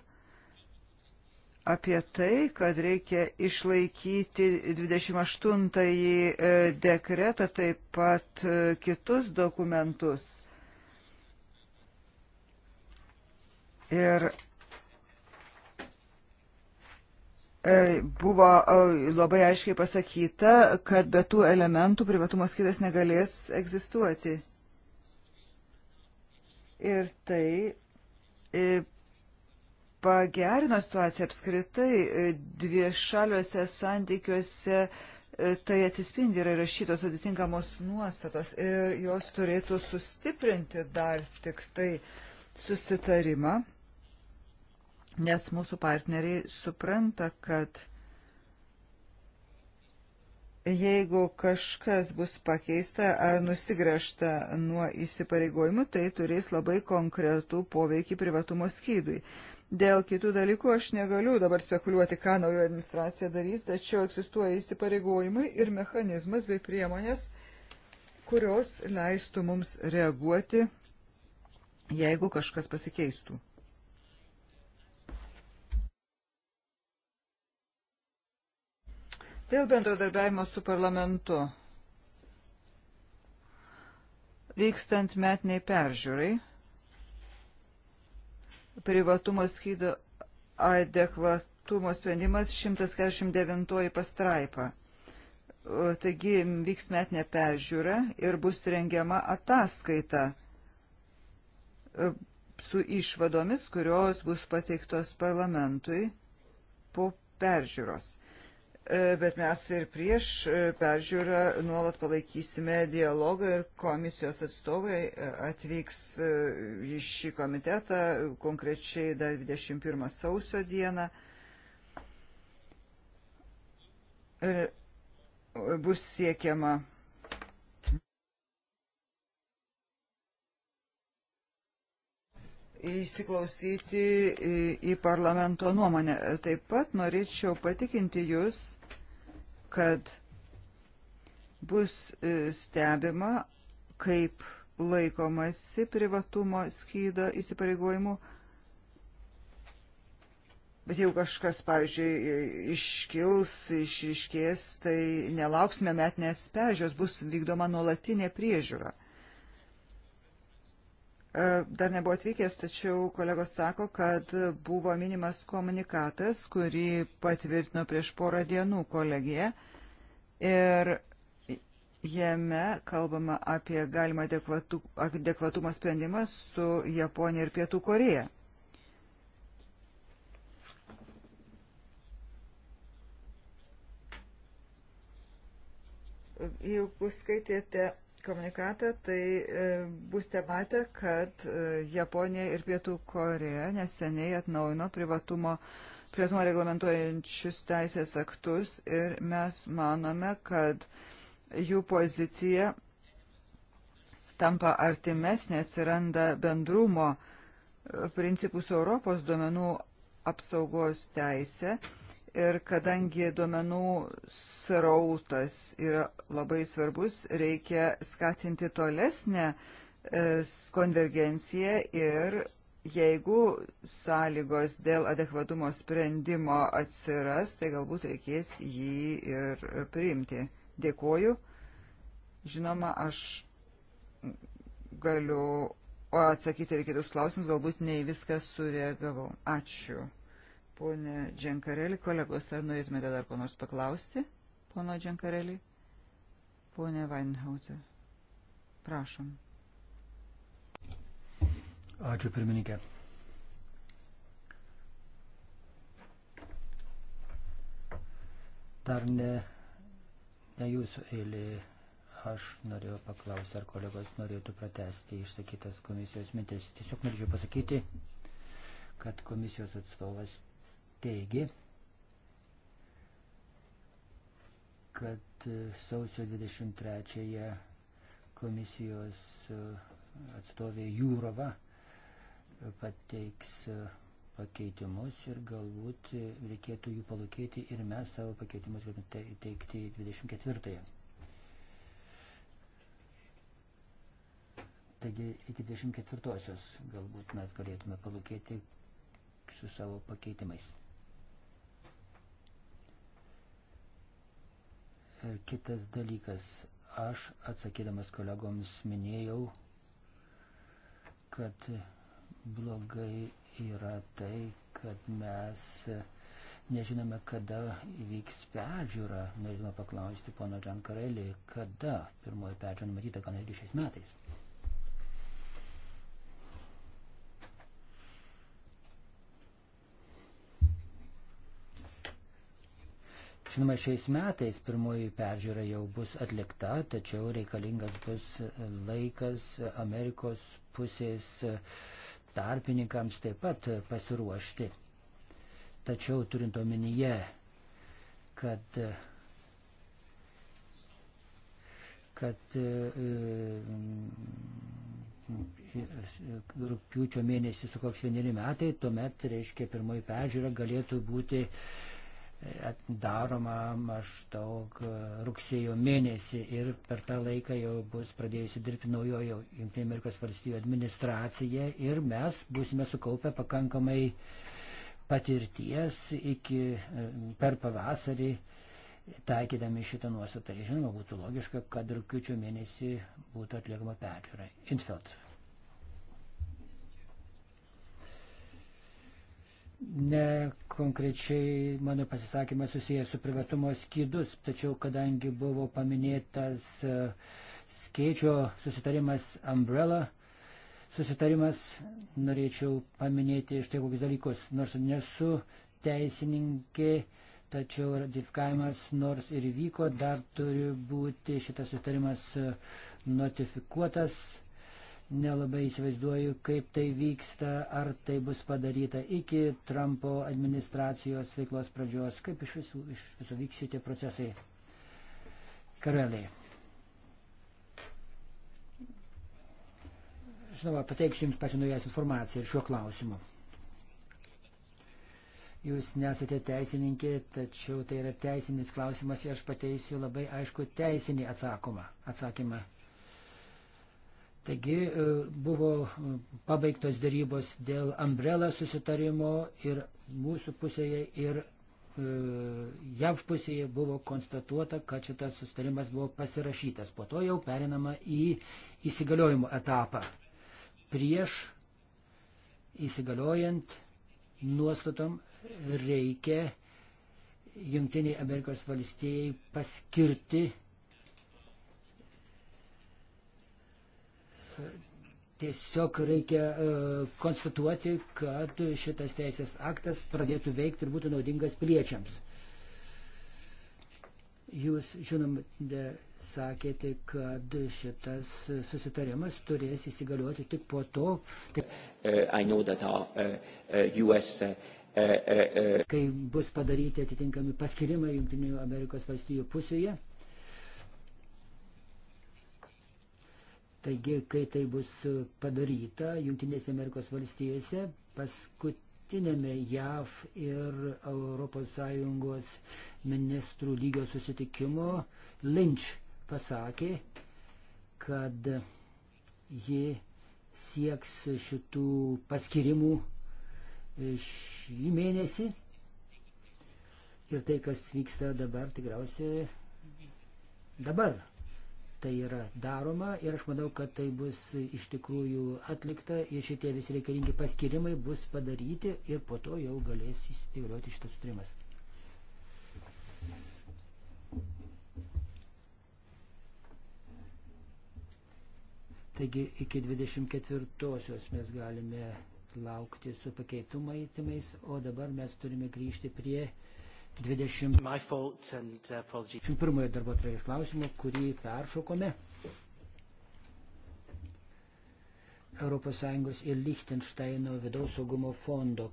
apie tai, kad reikia išlaikyti 28-ąjį dekretą, taip pat kitus dokumentus. Ir E, buvo e, labai aiškiai pasakyta, kad be tų elementų privatumo skydas negalės egzistuoti. Ir tai e, pagerino situaciją apskritai dviešaliuose santykiuose. Tai atsispindi yra įrašytos atitinkamos nuostatos ir jos turėtų sustiprinti dar tik tai susitarimą nes mūsų partneriai supranta, kad jeigu kažkas bus pakeista ar nusigręžta nuo įsipareigojimų, tai turės labai konkretų poveikį privatumo skydui. Dėl kitų dalykų aš negaliu dabar spekuliuoti, ką naujo administracija darys, tačiau egzistuoja įsipareigojimai ir mechanizmas bei priemonės, kurios leistų mums reaguoti, jeigu kažkas pasikeistų. Dėl bendradarbiavimo su parlamentu vykstant metiniai peržiūrai privatumo skydo adekvatumo sprendimas 149 pastraipa. Taigi vyks metinė peržiūra ir bus rengiama ataskaita e, su išvadomis, kurios bus pateiktos parlamentui po peržiūros. E, bet mes ir prieš e, peržiūrą nuolat palaikysime dialogą ir komisijos atstovai e, atvyks į šį komitetą, konkrečiai dar 21 sausio dieną. Ir bus siekiama įsiklausyti į, į parlamento nuomonę. Taip pat norėčiau patikinti Jūs, kad bus e, stebima, kaip laikomasi privatumo skydo įsipareigojimų. Bet jeigu kažkas, pavyzdžiui, iškils, išiškės, tai nelauksime metinės pežios, bus vykdoma nuolatinė priežiūra. E, dar nebuvo atvykęs, tačiau kolegos sako, kad buvo minimas komunikatas, kurį patvirtino prieš porą dienų kolegija. Ir jame kalbama apie galimą adekvatu, adekvatumo sprendimą su Japonija ir Pietų Koreja. Juk skaitėte komunikatą, tai e, būsite matę, kad e, Japonija ir Pietų Koreja neseniai atnaujino privatumo, privatumo reglamentuojančius teisės aktus ir mes manome, kad jų pozicija tampa artimesnė, atsiranda bendrumo e, principus Europos duomenų apsaugos teisė Ir kadangi duomenų srautas yra labai svarbus, reikia skatinti tolesnę e, konvergenciją ir jeigu sąlygos dėl adekvadumo sprendimo atsiras, tai galbūt reikės jį ir priimti. Dėkoju. Žinoma, aš galiu atsakyti ir kitus klausimus, galbūt ne į viską sureagavau. Ačiū. Pone Dženkarelį, kolegos, ar norėtumėte dar ko nors paklausti, pono Dženkarelį? Pone Weinhauser, prašom. Ačiū pirmininkė. Dar ne, ne jūsų eilė. Aš norėjau paklausti, ar kolegos norėtų pratesti išsakytas komisijos mintis. Tiesiog norėčiau pasakyti, kad komisijos atstovas teigi, kad e, sausio 23-ąją komisijos e, atstovė Jūrova e, pateiks pakeitimus ir galbūt reikėtų jų palūkėti ir mes savo pakeitimus galime teikti 24-ąją. Taigi iki 24-osios galbūt mes galėtume palūkėti su savo pakeitimais. Kitas dalykas, aš atsakydamas kolegoms minėjau, kad blogai yra tai, kad mes nežinome, kada vyks peržiūra. Norėtume paklausti pono Džankarelį, kada pirmoji peržiūra numatyta, gal netgi šiais metais. Žinoma, šiais metais pirmoji peržiūra jau bus atlikta, tačiau reikalingas bus laikas Amerikos pusės tarpininkams taip pat pasiruošti. Tačiau turint omenyje, kad, kad e, rūpiučio mėnesį sukoks vieneri metai, tuomet, reiškia, pirmoji peržiūra galėtų būti uh, daroma maždaug rugsėjo mėnesį ir per tą laiką jau bus pradėjusi dirbti naujojo JAV administracija ir mes būsime sukaupę pakankamai patirties iki e, per pavasarį taikydami šitą nuostatą. Žinoma, būtų logiška, kad rūpiučio mėnesį būtų atliekama peržiūra. Infeld. Ne konkrečiai mano pasisakymas susijęs su privatumo skydus, tačiau kadangi buvo paminėtas e, skėčio susitarimas Umbrella, susitarimas, norėčiau paminėti iš tai kokius dalykus, nors nesu teisininkė, tačiau ratifikavimas nors ir vyko, dar turi būti šitas susitarimas e, notifikuotas Nelabai įsivaizduoju, kaip tai vyksta, ar tai bus padaryta iki Trumpo administracijos veiklos pradžios, kaip iš visų, iš visų vyks šitie procesai. Kareliai. žinoma, pateiksiu Jums pačią naujausią informaciją ir šiuo klausimu. Jūs nesate teisininkė, tačiau tai yra teisinis klausimas ir aš pateisiu labai aišku teisinį atsakomą, atsakymą. Taigi e, buvo e, pabaigtos dėrybos dėl Umbrella susitarimo ir mūsų pusėje ir e, JAV pusėje buvo konstatuota, kad šitas susitarimas buvo pasirašytas. Po to jau perinama į įsigaliojimo etapą. Prieš įsigaliojant nuostatom reikia Junktiniai Amerikos valstijai paskirti Tiesiog reikia e, konstatuoti, kad šitas teisės aktas pradėtų veikti ir būtų naudingas piliečiams. Jūs, žinom, sakėte, kad šitas susitarimas turės įsigalioti tik po to, tai, kai bus padaryti atitinkami paskirimai Junktinių Amerikos valstijų pusėje. Taigi, kai tai bus padaryta Junktinėse Amerikos valstijose, paskutinėme JAV ir ES ministrų lygio susitikimo Lynch pasakė, kad ji sieks šitų paskirimų šį mėnesį. Ir tai, kas vyksta dabar, tikriausiai dabar tai yra daroma ir aš manau, kad tai bus iš tikrųjų atlikta ir šitie visi reikalingi paskirimai bus padaryti ir po to jau galės įsigalioti šitas sutrimas. Taigi iki 24-osios mes galime laukti su pakeitumaitimais, o dabar mes turime grįžti prie 21 uh, darbo trajus klausimo, kurį peršokome. ES ir Lichtensteino vidaus saugumo fondo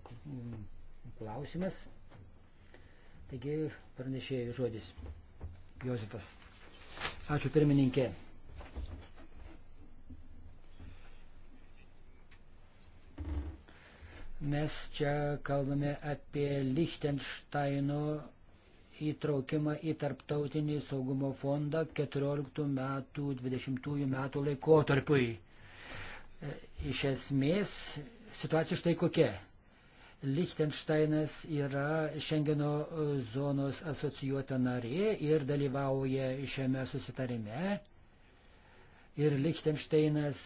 klausimas. Taigi pranešėjai žodis. Josifas. Ačiū pirmininkė. Mes čia kalbame apie Lichtensteino įtraukimą į tarptautinį saugumo fondą 14 metų, 20 metų laikotarpiui. E, iš esmės, situacija štai kokia. Lichtensteinas yra Šengeno zonos asocijuota narė ir dalyvauja šiame susitarime. Ir Lichtensteinas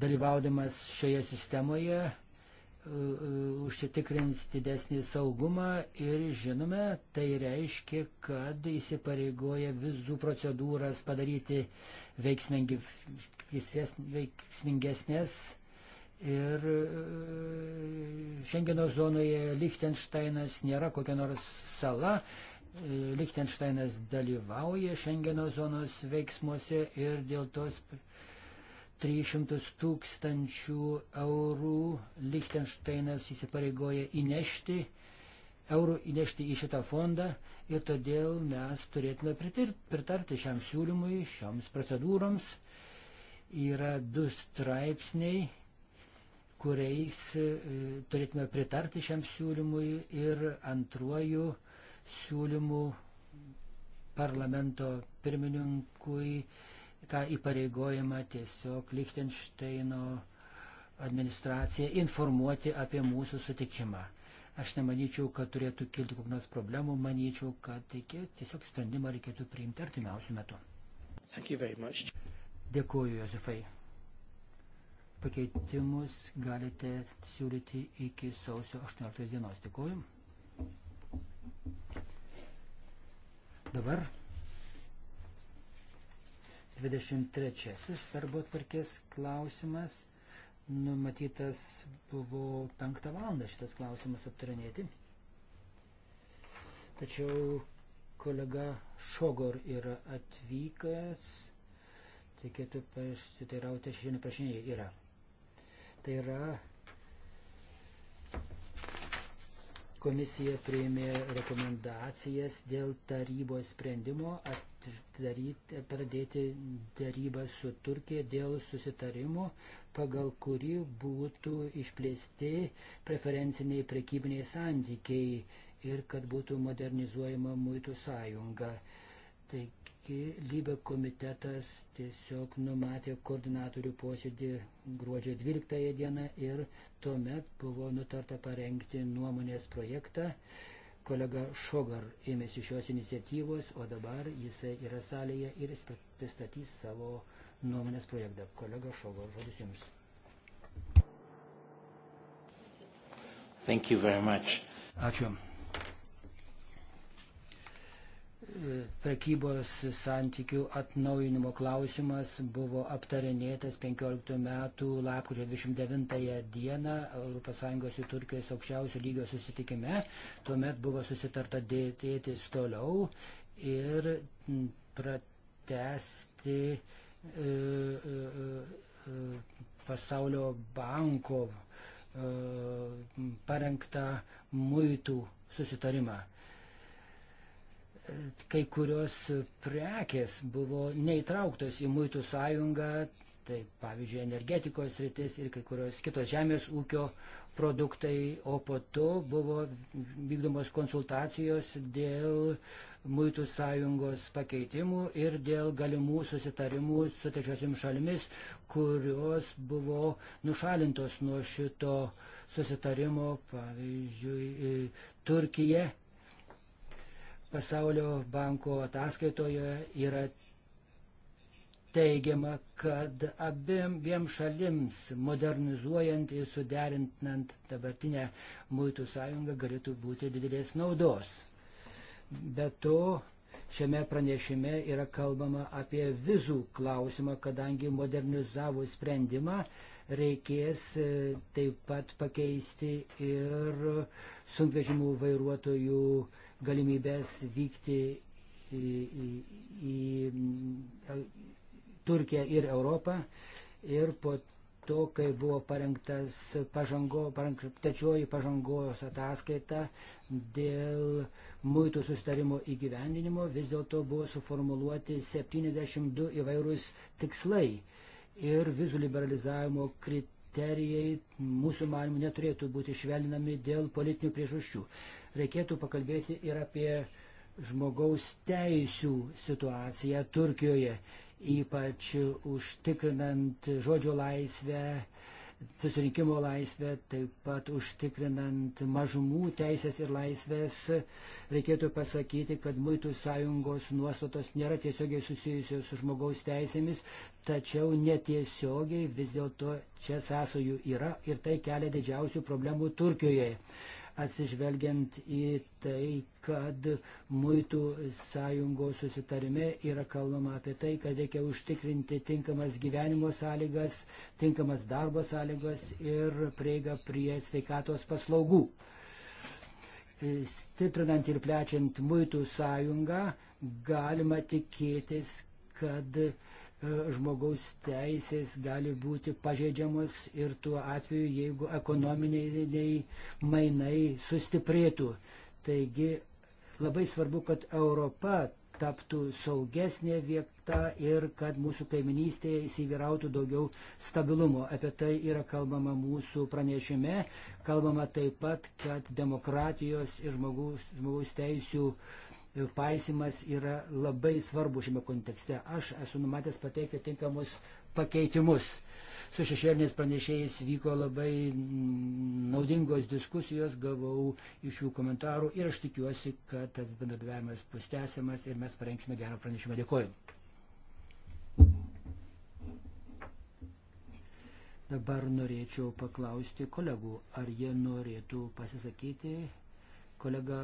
dalyvaudamas šioje sistemoje užsitikrins didesnį saugumą ir žinome, tai reiškia, kad įsipareigoja vizų procedūras padaryti veiksmingesnės. Ir e, Šengeno zonoje Lichtensteinas nėra kokia nors sala. E, Lichtensteinas dalyvauja Šengeno zonos veiksmuose ir dėl tos 300 tūkstančių eurų Lichtensteinas įsipareigoja įnešti, eurų įnešti į šitą fondą ir todėl mes turėtume pritarti šiam siūlymui, šioms procedūroms. Yra du straipsniai, kuriais e, turėtume pritarti šiam siūlymui ir antruoju siūlymu parlamento pirmininkui tą įpareigojimą tiesiog Lichtensteino administraciją informuoti apie mūsų sutikimą. Aš nemanyčiau, kad turėtų kilti kokių nors problemų, manyčiau, kad tiesiog sprendimą reikėtų priimti artimiausių metų. Dėkuoju, Josefai. Pakeitimus galite siūlyti iki sausio 18 dienos. Dėkuoju. Dabar 23. Darbo tvarkės klausimas. Numatytas buvo 5 valandą šitas klausimas aptarinėti. Tačiau kolega Šogor yra atvykęs. Reikėtų pasiteirauti, aš šiandien prašinėjai yra. Tai yra komisija priėmė rekomendacijas dėl tarybos sprendimo apie daryti, pradėti darybą su Turkija dėl susitarimo, pagal kurį būtų išplėsti preferenciniai prekybiniai santykiai ir kad būtų modernizuojama muitų sąjunga. Taigi lybė komitetas tiesiog numatė koordinatorių posėdį gruodžio 12 dieną ir tuomet buvo nutarta parengti nuomonės projektą kolega Šogar ėmėsi šios iniciatyvos, o dabar jisai yra salėje ir jis pristatys savo nuomonės projektą. Kolega Šogar, žodis jums. Thank you very much. Ačiū prekybos santykių atnaujinimo klausimas buvo aptarinėtas 15 metų lapkričio 29 dieną ES ir Turkijos aukščiausio lygio susitikime. Tuomet buvo susitarta dėtis toliau ir pratesti e, e, e, pasaulio banko e, parengtą muitų susitarimą kai kurios prekės buvo neįtrauktos į muitų sąjungą, tai pavyzdžiui energetikos rytis ir kai kurios kitos žemės ūkio produktai, o po to buvo vykdomos konsultacijos dėl muitų sąjungos pakeitimų ir dėl galimų susitarimų su trečiosiam šalimis, kurios buvo nušalintos nuo šito susitarimo, pavyzdžiui, Turkija Pasaulio banko ataskaitoje yra teigiama, kad abiem šalims modernizuojant ir suderintant dabartinę muitų sąjungą galėtų būti didelės naudos. Be to, šiame pranešime yra kalbama apie vizų klausimą, kadangi modernizavus sprendimą reikės e, taip pat pakeisti ir sunkvežimų vairuotojų uh, galimybės vykti į, į, į Turkiją ir Europą. Ir po to, kai buvo parengtas pažango, pareng, trečioji pažangos ataskaita dėl muitų sustarimo įgyvendinimo, vis dėlto buvo suformuluoti 72 įvairūs tikslai. Ir vizų liberalizavimo kriterijai mūsų manimų neturėtų būti švelninami dėl politinių priežasčių reikėtų pakalbėti ir apie žmogaus teisų situaciją Turkijoje, ypač užtikrinant žodžio laisvę, susirinkimo laisvę, taip pat užtikrinant mažumų teisės ir laisvės. Reikėtų pasakyti, kad Muitų sąjungos nuostatos nėra tiesiogiai susijusios su žmogaus teisėmis, tačiau netiesiogiai vis dėlto čia sąsojų yra ir tai kelia didžiausių problemų Turkijoje atsižvelgiant į tai, kad muitų sąjungos susitarime yra kalbama apie tai, kad reikia užtikrinti tinkamas gyvenimo sąlygas, tinkamas darbo sąlygas ir prieiga prie sveikatos paslaugų. Stiprinant ir plečiant muitų sąjungą, galima tikėtis, kad uh, E, žmogaus teisės gali būti pažeidžiamos ir tuo atveju, jeigu ekonominiai mainai sustiprėtų. Taigi labai svarbu, kad Europa taptų saugesnė vieta ir kad mūsų kaiminystėje įsivyrautų daugiau stabilumo. Apie tai yra kalbama mūsų pranešime. Kalbama taip pat, kad demokratijos ir žmogaus, žmogaus teisų uh, paisimas yra labai svarbu šiame kontekste. Aš esu numatęs pateikti tinkamus pakeitimus. Su šešėliniais pranešėjais vyko labai naudingos diskusijos, gavau iš jų komentarų ir aš tikiuosi, kad tas bendradavimas bus tęsiamas ir mes parengsime gerą pranešimą. Dėkuoju. Dabar norėčiau paklausti kolegų, ar jie norėtų pasisakyti. Kolega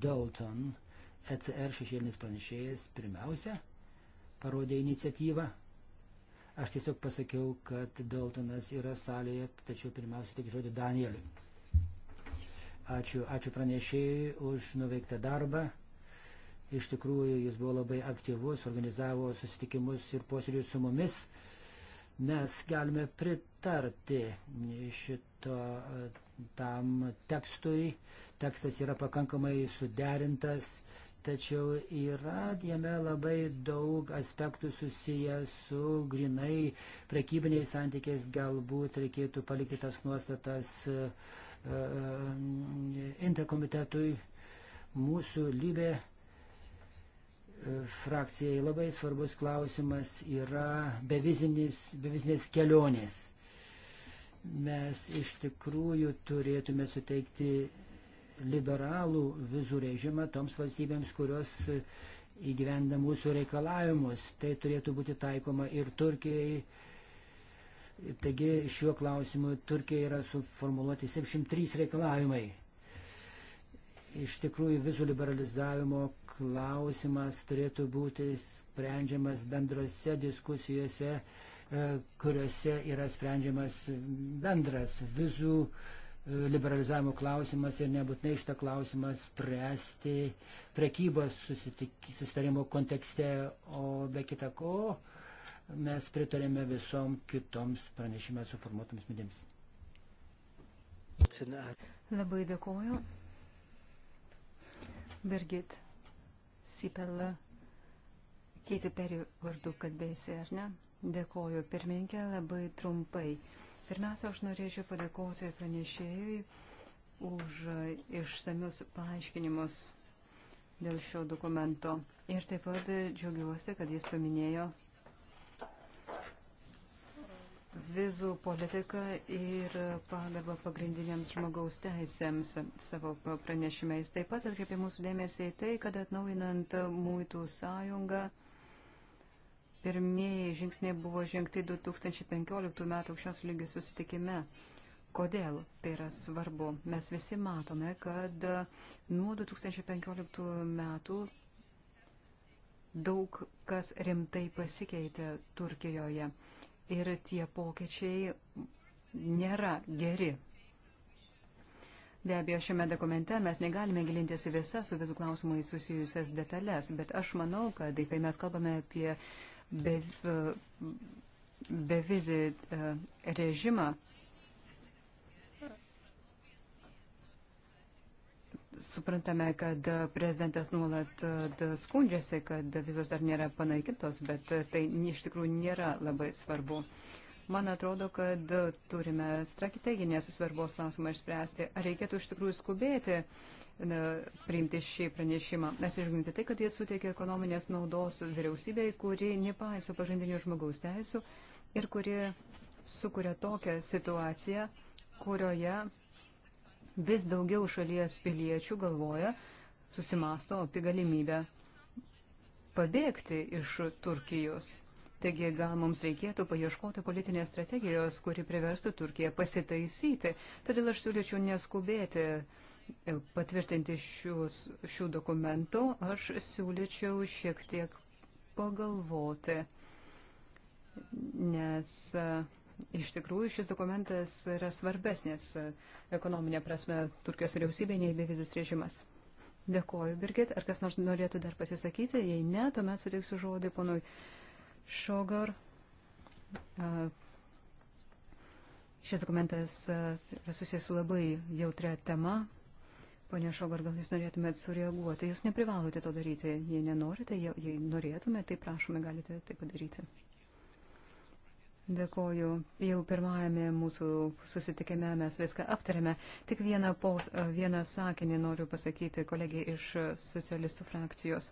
Dalton ECR šešėlinis pranešėjas pirmiausia parodė iniciatyvą. Aš tiesiog pasakiau, kad Daltonas yra salėje, tačiau pirmiausia tik žodį Danieliui. Ačiū, ačiū pranešėjai už nuveiktą darbą. Iš tikrųjų, jis buvo labai aktyvus, organizavo susitikimus ir posėdžius su mumis. Mes galime pritarti šito tam tekstui. Tekstas yra pakankamai suderintas Tačiau yra jame labai daug aspektų susiję su grinai prekybiniais santykiais. Galbūt reikėtų palikti tas nuostatas e, e, interkomitetui mūsų lybė e, frakcijai. Labai svarbus klausimas yra bevizinis, bevizinės kelionės. Mes iš tikrųjų turėtume suteikti liberalų vizų režimą toms valstybėms, kurios įgyvenda mūsų reikalavimus. Tai turėtų būti taikoma ir Turkijai. Taigi šiuo klausimu Turkija yra suformuoluoti 703 reikalavimai. Iš tikrųjų, vizų liberalizavimo klausimas turėtų būti sprendžiamas bendrose diskusijose, e, kuriuose yra sprendžiamas bendras vizų uh, liberalizavimo klausimas ir nebūtinai šitą klausimą spręsti prekybos susitarimo kontekste, o be kita ko mes pritarėme visom kitoms pranešime suformuotoms mintims. Labai dėkuoju. Birgit Sipel Keiti Peri vardu kalbėsi, ar ne? Dėkuoju pirmininkė labai trumpai. Pirmiausia, aš norėčiau padėkoti pranešėjui už išsamius paaiškinimus dėl šio dokumento. Ir taip pat džiaugiuosi, kad jis paminėjo vizų politiką ir pagarbą pagrindiniams žmogaus teisėms savo pranešimais. Taip pat atkreipė mūsų dėmesį į tai, kad atnaujinant mūtų sąjungą, Pirmieji žingsniai buvo žengti 2015 m. aukščios lygių susitikime. Kodėl tai yra svarbu? Mes visi matome, kad nuo 2015 metų daug kas rimtai pasikeitė Turkijoje ir tie pokyčiai nėra geri. Be abejo, šiame dokumente mes negalime gilintis į visas su visų klausimais susijusias detalės, bet aš manau, kad kai mes kalbame apie uh, be, e, bevizį e, režimą, suprantame, kad prezidentas nuolat e, skundžiasi, kad vizos dar nėra panaikintos, bet tai iš tikrųjų nėra labai svarbu. Man atrodo, kad turime strateginės svarbos klausimą išspręsti. Ar reikėtų iš tikrųjų skubėti E, priimti šį pranešimą. Nes išginti tai, kad jie suteikia ekonominės naudos vyriausybei, kuri nepaiso pažindinių žmogaus teisų ir kuri sukuria tokią situaciją, kurioje vis daugiau šalies piliečių galvoja, susimasto apie galimybę pabėgti iš Turkijos. Taigi gal mums reikėtų paieškoti politinės strategijos, kuri priverstų Turkiją pasitaisyti. Todėl aš siūlyčiau neskubėti uh, patvirtinti šius, šių dokumentų, aš siūlyčiau šiek tiek pagalvoti, nes e, iš tikrųjų šis dokumentas yra svarbesnės e, ekonominė prasme Turkijos vyriausybė nei bevizis režimas. Dėkoju, Birgit. Ar kas nors norėtų dar pasisakyti? Jei ne, tuomet suteiksiu žodį ponui Šogar. E, šis dokumentas yra susijęs su labai jautria tema, Pone Šogar, gal jūs norėtumėt sureaguoti? Jūs neprivalote to daryti. Jei nenorite, jei norėtumėte, tai prašome, galite tai padaryti. Dėkoju. Jau pirmajame mūsų susitikime mes viską aptarėme. Tik vieną, pos, vieną sakinį noriu pasakyti kolegiai iš socialistų frakcijos.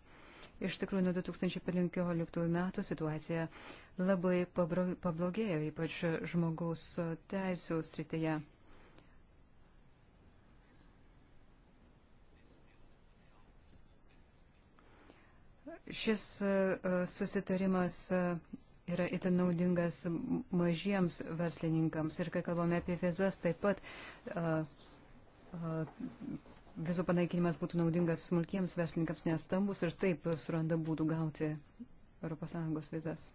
Iš tikrųjų, nuo 2015 metų situacija labai pablogėjo, ypač žmogaus teisų srityje. Šis e, e, susitarimas e, yra itin naudingas mažiems verslininkams ir kai kalbame apie vizas, taip pat vizų panaikinimas būtų naudingas smulkiems verslininkams, nes stambus ir taip suranda būdų gauti ES vizas.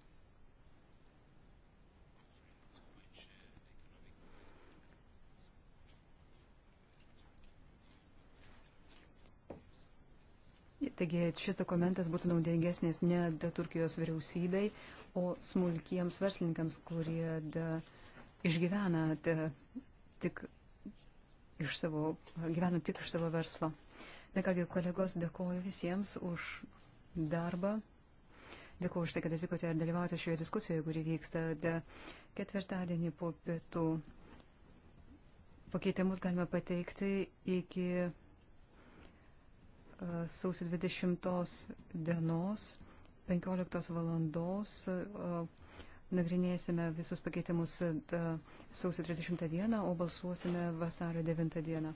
Taigi šis dokumentas būtų naudingesnis ne da Turkijos vyriausybei, o smulkiems verslininkams, kurie da, išgyvena da, tik iš savo, gyvena tik iš savo verslo. Na kągi, kolegos, dėkoju visiems už darbą. Dėkuoju už tai, kad atvykote ir dalyvavote šioje diskusijoje, kuri vyksta ketvirtadienį po pietų. Pakeitimus galima pateikti iki sausio 20 dienos 15 valandos nagrinėsime visus pakeitimus e, sausio 30 dieną, o balsuosime vasario 9 dieną.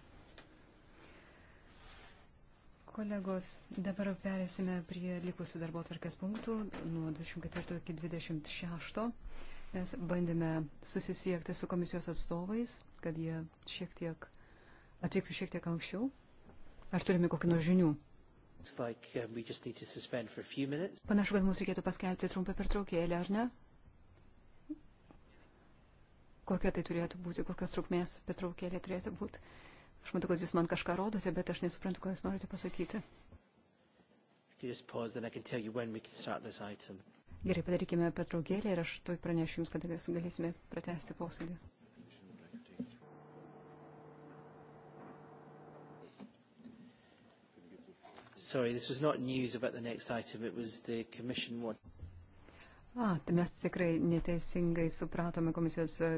Kolegos, dabar perėsime prie likusių darbo tvarkės punktų nuo 24 iki 26. Mes bandėme susisiekti su komisijos atstovais, kad jie šiek tiek atvyktų šiek tiek anksčiau. Ar turime kokių nors žinių? Uh, Panašu, kad mums reikėtų paskelbti trumpą pertraukėlę, ar ne? Kokia tai turėtų būti, kokios trukmės pertraukėlė turėtų būti? Aš matau, kad jūs man kažką rodote, bet aš nesuprantu, ką jūs norite pasakyti. Gerai, padarykime pertraukėlę ir aš tuoj pranešiu jums, kada galėsime pratesti posėdį. Sorry, this was not news about the next item, it was the commission one. A, tai mes tikrai neteisingai supratome komisijos e,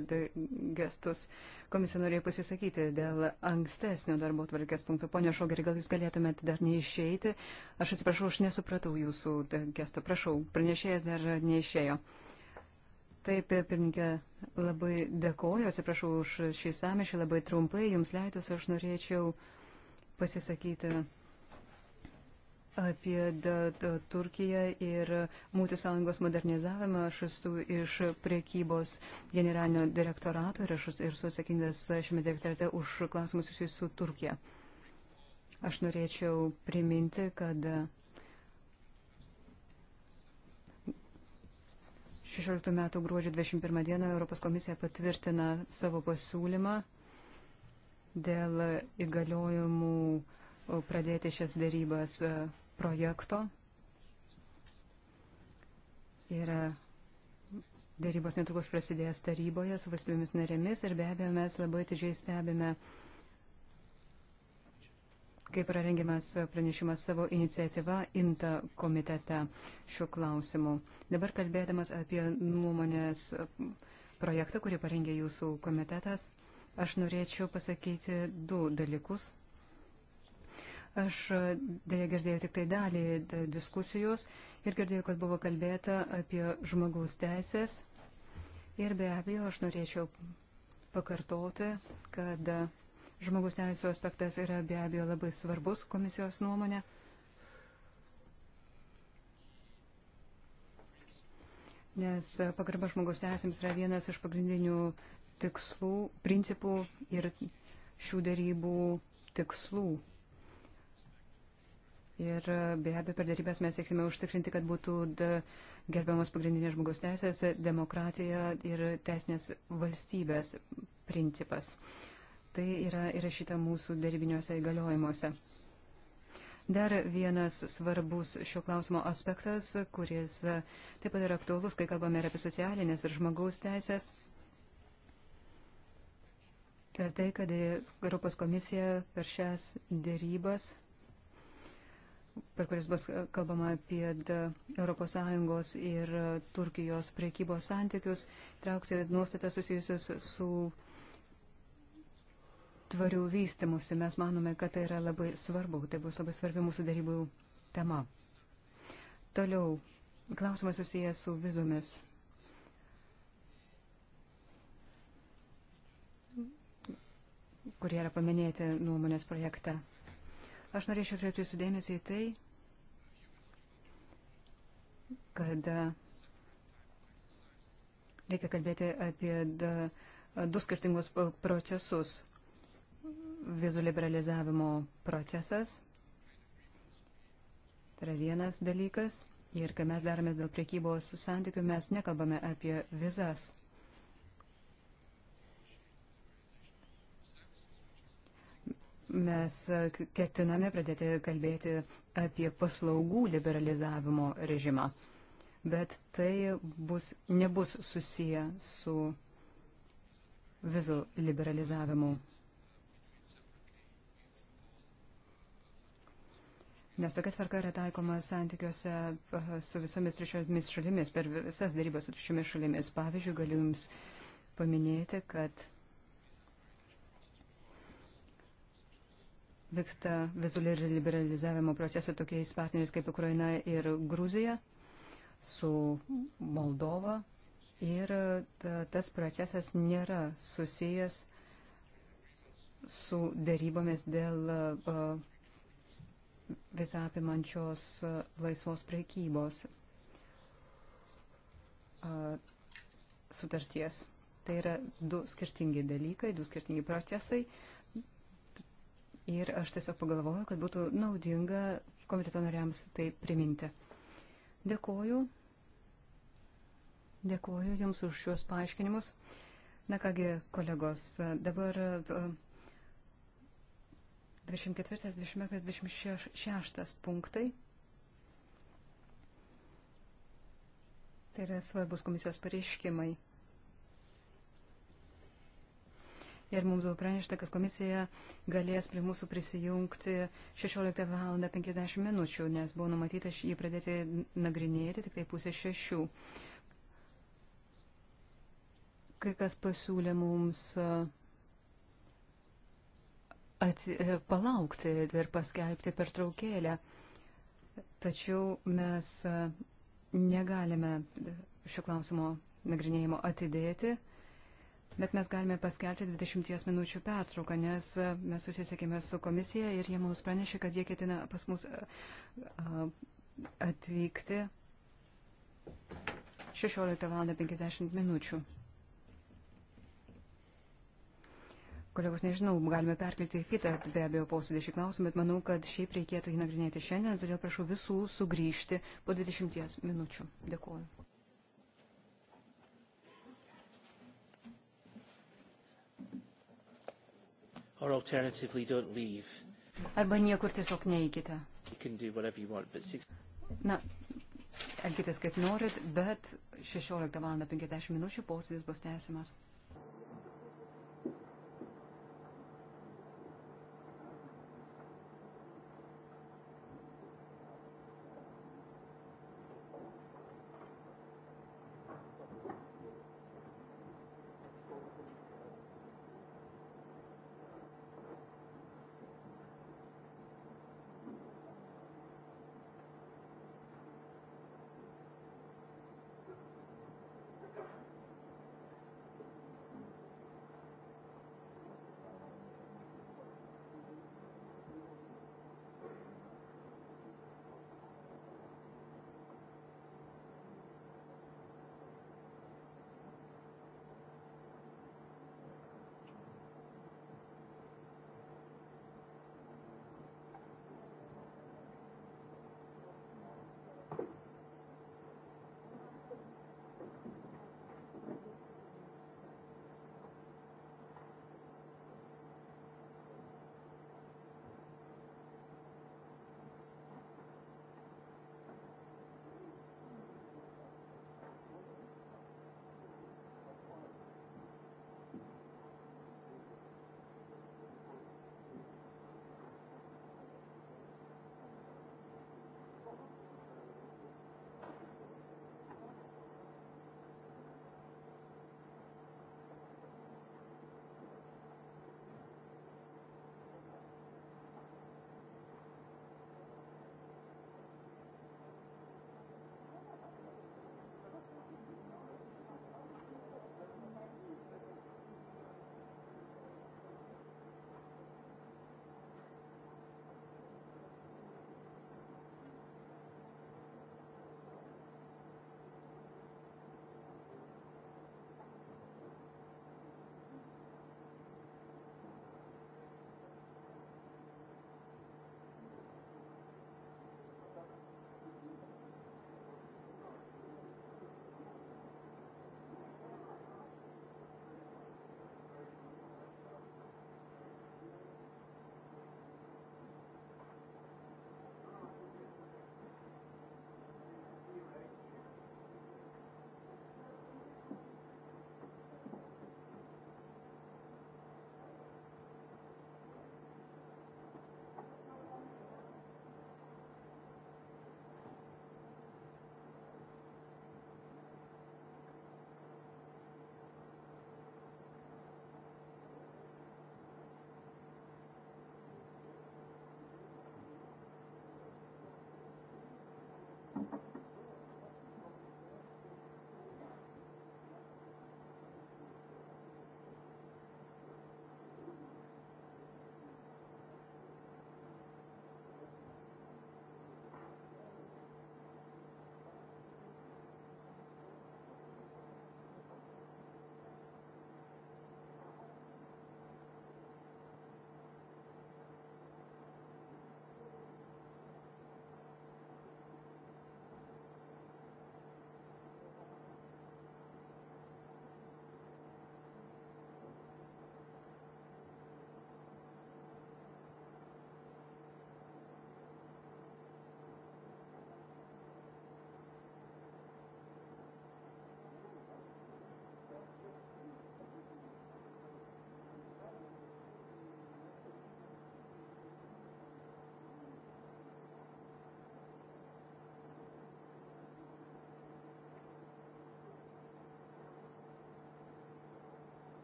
gestus. Komisija norėjo pasisakyti dėl ankstesnio darbo tvarkės punktų. Pone Šogeri, gal jūs galėtumėte dar neišeiti? Aš atsiprašau, aš nesupratau jūsų e, gesto. Prašau, pranešėjas dar neišėjo. Taip, e, pirmininkė, labai dėkoju, atsiprašau už šį samešį, labai trumpai jums leidus, aš norėčiau pasisakyti apie da, da, Turkiją ir Mūtų sąjungos modernizavimą. Aš esu iš priekybos generalinio direktorato ir aš esu atsakingas šiame direktorate už klausimus susijusius su Turkija. Aš norėčiau priminti, kad 16 metų gruodžio 21 dieną Europos komisija patvirtina savo pasiūlymą dėl įgaliojimų pradėti šias darybas projekto ir dėrybos netrukus prasidės taryboje su valstybėmis narėmis ir be abejo mes labai atidžiai stebime, kaip yra rengiamas pranešimas savo iniciatyva INTA komitete šiuo klausimu. Dabar kalbėdamas apie nuomonės projektą, kurį parengė jūsų komitetas, aš norėčiau pasakyti du dalykus. Aš e, dėja girdėjau tik tai dalį e, diskusijos ir girdėjau, kad buvo kalbėta apie žmogaus teisės. Ir be abejo, aš norėčiau pakartoti, kad e, žmogaus teisų aspektas yra be abejo labai svarbus komisijos nuomonė. Nes pagarba žmogaus teisėms yra vienas iš pagrindinių tikslų, principų ir šių darybų tikslų. Ir e, be abejo, per darybęs mes sieksime užtikrinti, kad būtų gerbiamas pagrindinės žmogaus teisės, demokratija ir teisinės valstybės principas. Tai yra įrašyta mūsų darybiniuose įgaliojimuose. Dar vienas svarbus šio klausimo aspektas, kuris e, taip pat yra aktuolus, kai kalbame ir apie socialinės ir žmogaus teisės, yra tai, kad Europos komisija per šias dėrybas per kuris bus kalbama apie ES ir e, Turkijos priekybos santykius, traukti nuostatas susijusius su tvarių vystimusi. Mes manome, kad tai yra labai svarbu, tai bus labai svarbi mūsų darybų tema. Toliau, klausimas susijęs su vizomis. kurie yra paminėti nuomonės projekte. Aš norėčiau kreipti jūsų dėmesį į tai, kad reikia kalbėti apie du skirtingus procesus. Vizų liberalizavimo procesas tai yra vienas dalykas ir kai mes daromės dėl priekybos santykių, mes nekalbame apie vizas. mes e, ketiname pradėti kalbėti apie paslaugų liberalizavimo režimą, bet tai bus, nebus susiję su vizų liberalizavimu. Nes tokia tvarka yra taikoma santykiuose e, su visomis trečiomis šalimis, per visas darybas su trečiomis šalimis. Pavyzdžiui, galiu Jums paminėti, kad vyksta vizų liberalizavimo procesą tokiais partneriais kaip Ukraina ir Gruzija, su Moldova. Ir ta, tas procesas nėra susijęs su dėrybomis dėl uh, visą apimančios uh, laisvos priekybos uh, sutarties. Tai yra du skirtingi dalykai, du skirtingi procesai. Uh, Ir aš tiesiog pagalvojau, kad būtų naudinga komiteto nariams tai priminti. Dėkoju. Dėkoju Jums už šiuos paaiškinimus. Na kągi, kolegos, dabar 24, 25, 26 punktai. Tai yra svarbus komisijos pareiškimai. ir mums buvo pranešta, kad komisija galės prie mūsų prisijungti 16 val. 50 minučių, nes buvo numatyta jį pradėti nagrinėti tik tai pusė šešių. Kai kas pasiūlė mums uh, at, uh, palaukti ir paskelbti per traukėlę. Tačiau mes uh, negalime šio klausimo nagrinėjimo atidėti. Bet mes galime paskelbti 20 minučių pertrauką, nes e, mes susisiekėme su komisija ir jie mums pranešė, kad jie ketina pas mus e, e, atvykti 16 val. 50 minučių. Kolegos, nežinau, galime perkelti kitą be abejo posėdį šį klausimą, bet manau, kad šiaip reikėtų jį nagrinėti šiandien, todėl prašau visų sugrįžti po 20 minučių. Dėkuoju. or alternatively don't leave. Arba niekur tiesiog neikite. You can do whatever you want, but six... Na, elkitės kaip norit, bet 16 val. 50 minučių posėdis bus tęsiamas.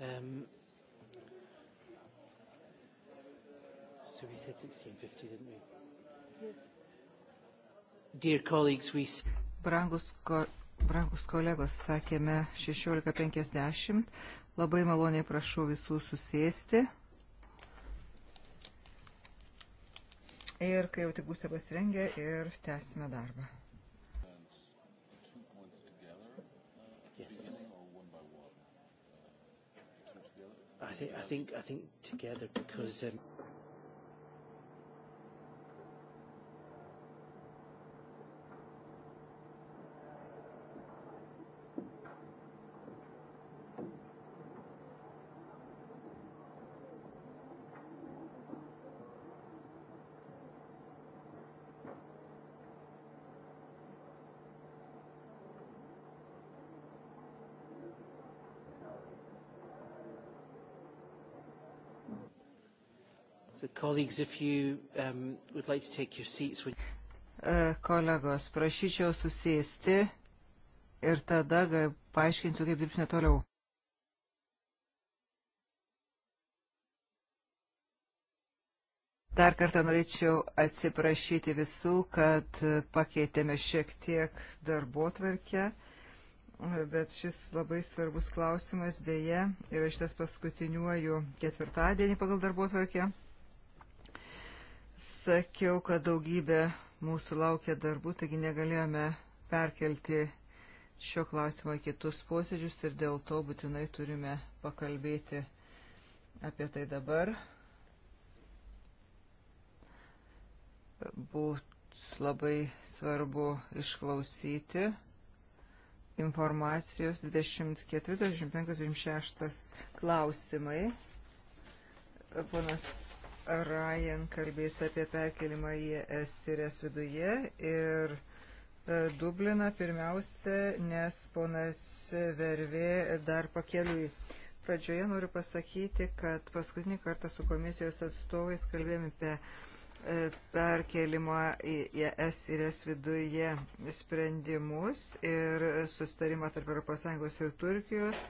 Um, so we said 1650, didn't we? Yes. Dear colleagues, we... Brangus, ko, brangus kolegos, sakėme 16.50. Labai maloniai prašau visų susėsti. Ir kai jau tik būsite pasirengę ir tęsime darbą. think I think together because. Um... Colleagues, if you um, would like to take your seats. Would... E, kolegos, prašyčiau susėsti ir tada paaiškinsiu, kaip dirbsime toliau. Dar kartą norėčiau atsiprašyti visų, kad pakeitėme šiek tiek darbo tvarkę, bet šis labai svarbus klausimas dėje yra šitas paskutiniuoju ketvirtadienį pagal darbo tvarkę. Sakiau, kad daugybė mūsų laukia darbų, taigi negalėjome perkelti šio klausimo į kitus posėdžius ir dėl to būtinai turime pakalbėti apie tai dabar. Būtų labai svarbu išklausyti informacijos 24, 25, 26 klausimai. Ponas Ryan kalbės apie perkelimą į ES ir ES viduje ir e, Dubliną pirmiausia, nes ponas Vervė dar pakeliui. Pradžioje noriu pasakyti, kad paskutinį kartą su komisijos atstovais kalbėjome apie e, perkelimą į ES ir ES viduje sprendimus ir sustarimą tarp ES ir Turkijos.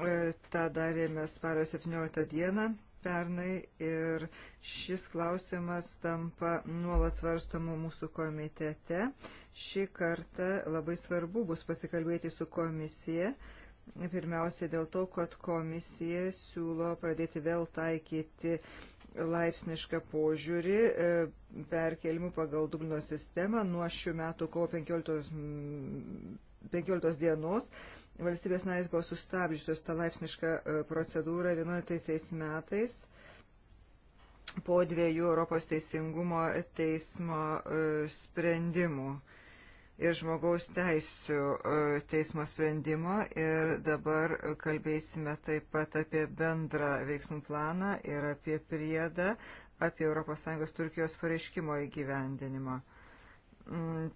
E, Ta darėme spalio 17 dieną pernai ir šis klausimas tampa nuolat svarstomu mūsų komitete. Šį kartą labai svarbu bus pasikalbėti su komisija. Pirmiausia dėl to, kad komisija siūlo pradėti vėl taikyti laipsnišką požiūrį e, perkelimų pagal Dublino sistemą nuo šių metų kovo 15, 15 dienos valstybės narės buvo sustabdžiusios tą laipsnišką e, procedūrą 11 metais po dviejų Europos teisingumo teismo e, sprendimų ir žmogaus teisų e, teismo sprendimo ir dabar kalbėsime taip pat apie bendrą veiksmų planą ir apie priedą apie ES Turkijos pareiškimo įgyvendinimą. Mm,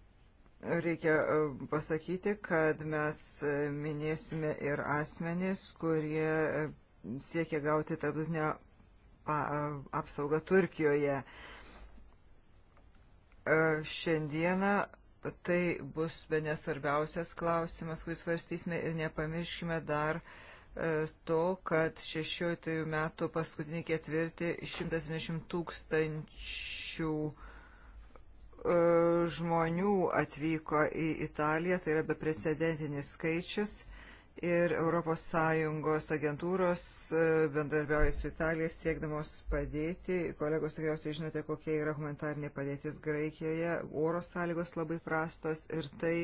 Reikia e, pasakyti, kad mes e, minėsime ir asmenys, kurie e, siekia gauti tarptautinę apsaugą Turkijoje. Šiandieną tai bus be nesvarbiausias klausimas, kurį svarstysime ir nepamirškime dar to, kad 16 metų paskutinį ketvirtį 120 tūkstančių 000 E, žmonių atvyko į Italiją, tai yra beprecedentinis skaičius. Ir ES agentūros e, bendarbiauja su Italija siekdamos padėti. Kolegos tikriausiai žinote, kokia yra humanitarnė padėtis Graikijoje. Oro sąlygos labai prastos ir tai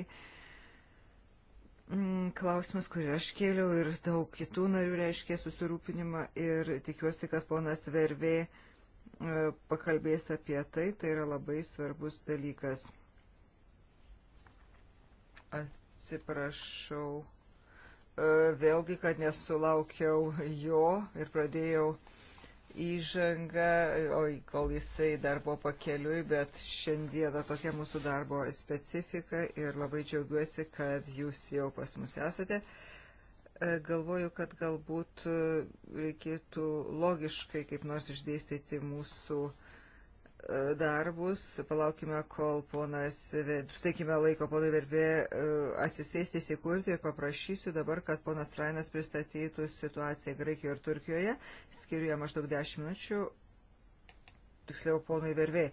mm, klausimas, kurį aš kėliau ir daug kitų narių reiškia susirūpinimą ir tikiuosi, kad ponas Vervė pakalbės apie tai, tai yra labai svarbus dalykas. Atsiprašau e, vėlgi, kad nesulaukiau jo ir pradėjau įžangą, o kol jisai dar buvo pakeliui, bet šiandieną tokia mūsų darbo specifika ir labai džiaugiuosi, kad jūs jau pas mus esate. Uh, E, galvoju, kad galbūt e, reikėtų logiškai kaip nors išdėstyti mūsų e, darbus. Palaukime, kol ponas, suteikime laiko ponui Verbė atsisėsti, įsikurti ir paprašysiu dabar, kad ponas Rainas pristatytų situaciją Graikijoje ir Turkijoje. Skiriu jam maždaug 10 minučių, tiksliau ponui Verbė.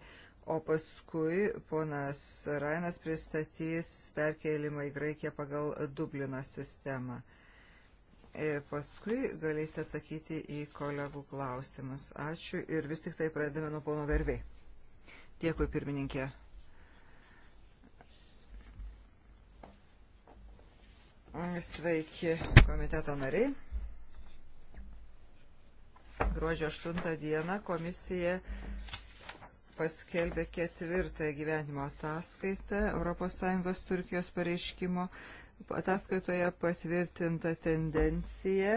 O paskui ponas Rainas pristatys perkeilimą į Graikiją pagal Dublino sistemą. Ir e, paskui galėsite atsakyti į kolegų klausimus. Ačiū ir vis tik tai pradedame nuo pono Vervei. Dėkui, pirmininkė. Sveiki, komiteto nariai. Gruodžio 8 dieną komisija paskelbė ketvirtąją gyvenimo ataskaitą ES Turkijos pareiškimo ataskaitoje patvirtinta tendencija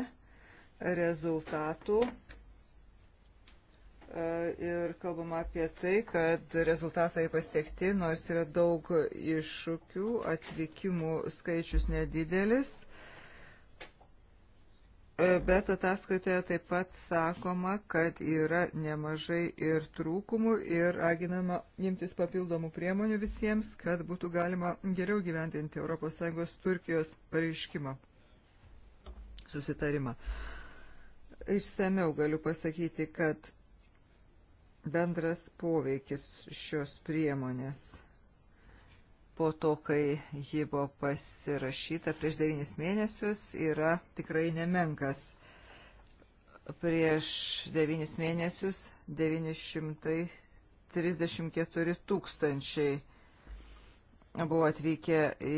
rezultatų e, ir kalbama apie tai, kad rezultatai pasiekti, nors yra daug iššūkių, atvykimų skaičius nedidelis Bet ataskaitoje taip pat sakoma, kad yra nemažai ir trūkumų ir raginama imtis papildomų priemonių visiems, kad būtų galima geriau gyventinti ES Turkijos pareiškimą, susitarimą. Išsameu galiu pasakyti, kad bendras poveikis šios priemonės – po to, kai ji buvo pasirašyta prieš devynis mėnesius, yra tikrai nemenkas. Prieš devynis mėnesius 934 tūkstančiai buvo atvykę į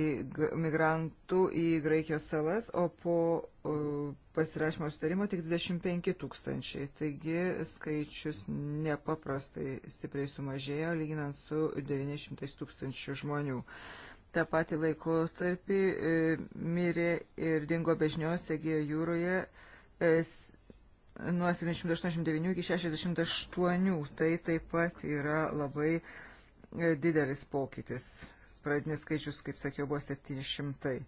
migrantų į Graikijos salas, o po e, pasirašymo sutarimo tik 25 tūkstančiai. Taigi skaičius nepaprastai stipriai sumažėjo, lyginant su 900 tūkstančių žmonių. Ta pati laikotarpį e, mirė ir dingo bežnios Egėjo jūroje e, nuo 789 iki 68. Tai taip pat yra labai didelis pokytis pradinis skaičius, kaip sakiau, buvo 700.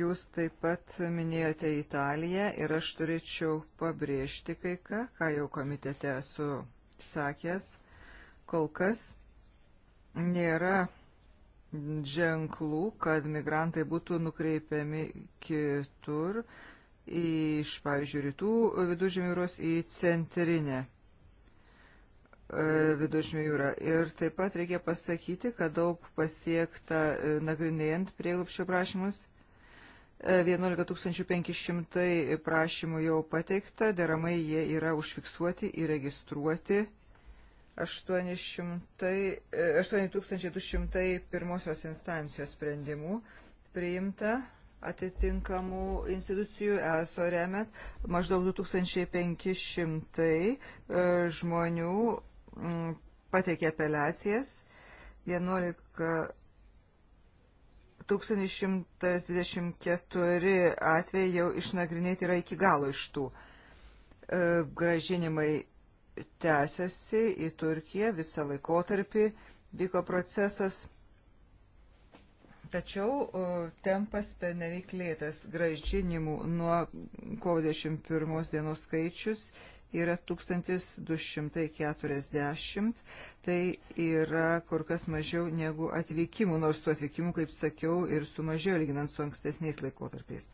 Jūs taip pat minėjote Italiją ir aš turėčiau pabrėžti kai ką, ką jau komitete esu sakęs. Kol kas nėra ženklų, kad migrantai būtų nukreipiami kitur iš, pavyzdžiui, rytų viduržėmiūros į centrinę E, viduržmio jūrą. Ir taip pat reikia pasakyti, kad daug pasiekta e, nagrinėjant prieglupščio prašymus. 11 e, 500 prašymų jau pateikta, deramai jie yra užfiksuoti, įregistruoti. 8200 pirmosios instancijos sprendimų priimta atitinkamų institucijų ESO remet maždaug 2500 žmonių Mm, pateikė apeliacijas. 11 1124 atvejai jau išnagrinėti yra iki galo iš tų. E, gražinimai tęsiasi į Turkiją visą laikotarpį, vyko procesas. Tačiau e, tempas pernelyg lėtas gražinimų nuo kovo 21 dienos skaičius yra 1240, tai yra kur kas mažiau negu atvykimų, nors su atvykimu, kaip sakiau, ir sumažėjo lyginant su ankstesniais laikotarpiais.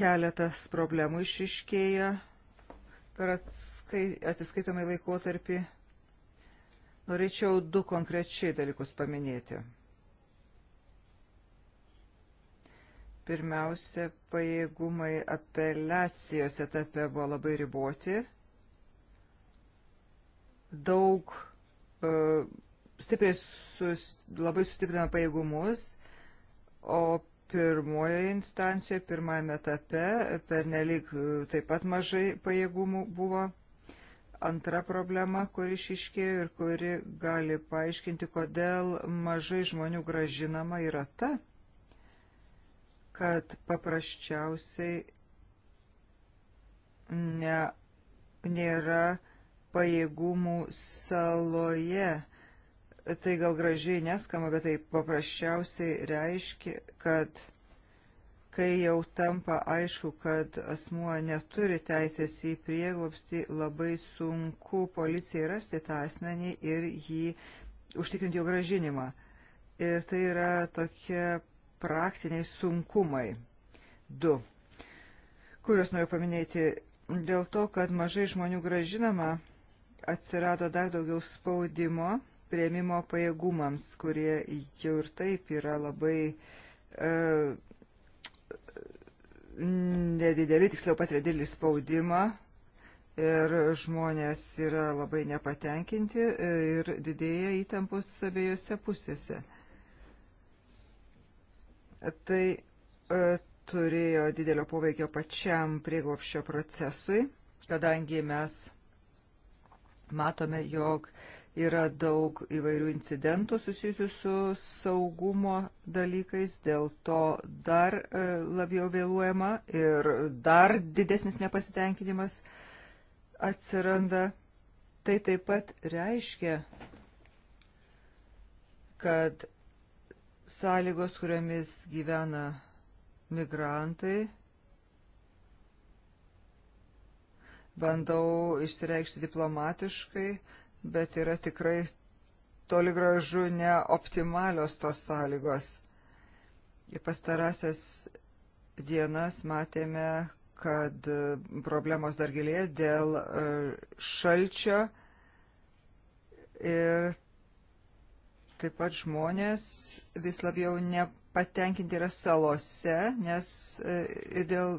Keletas problemų išiškėja per atsiskaitomai laikotarpį. Norėčiau du konkrečiai dalykus paminėti. Pirmiausia, pajėgumai apeliacijos etape buvo labai riboti. Daug uh, stipriai sus, labai sustiprina pajėgumus, o pirmojoje instancijoje, pirmajame etape, pernelyg e, taip pat mažai pajėgumų buvo. Antra problema, kuri išiškėjo ir kuri gali paaiškinti, kodėl mažai žmonių gražinama, yra ta, kad paprasčiausiai ne, nėra pajėgumų saloje. Tai gal gražiai neskama, bet tai paprasčiausiai reiškia, kad kai jau tampa aišku, kad asmuo neturi teisės į prieglobstį, labai sunku policijai rasti tą asmenį ir jį užtikrinti jo gražinimą. Ir tai yra tokia praktiniai sunkumai. Du, kuriuos noriu paminėti. Dėl to, kad mažai žmonių gražinama, atsirado dar daugiau spaudimo prieimimo pajėgumams, kurie jau ir taip yra labai e, nedideli, tiksliau patiria didelį spaudimą ir žmonės yra labai nepatenkinti e, ir didėja įtampos abiejose pusėse. Tai e, turėjo didelio poveikio pačiam prieglopščio procesui, kadangi mes matome, jog yra daug įvairių incidentų susijusių su saugumo dalykais, dėl to dar e, labiau vėluojama ir dar didesnis nepasitenkinimas atsiranda. Tai taip pat reiškia, kad sąlygos, kuriomis gyvena migrantai. Bandau išsireikšti diplomatiškai, bet yra tikrai toli gražu neoptimalios tos sąlygos. Į pastarasias dienas matėme, kad problemos dar gilėja dėl e, šalčio ir Taip pat žmonės vis labiau nepatenkinti yra salose, nes e, ir dėl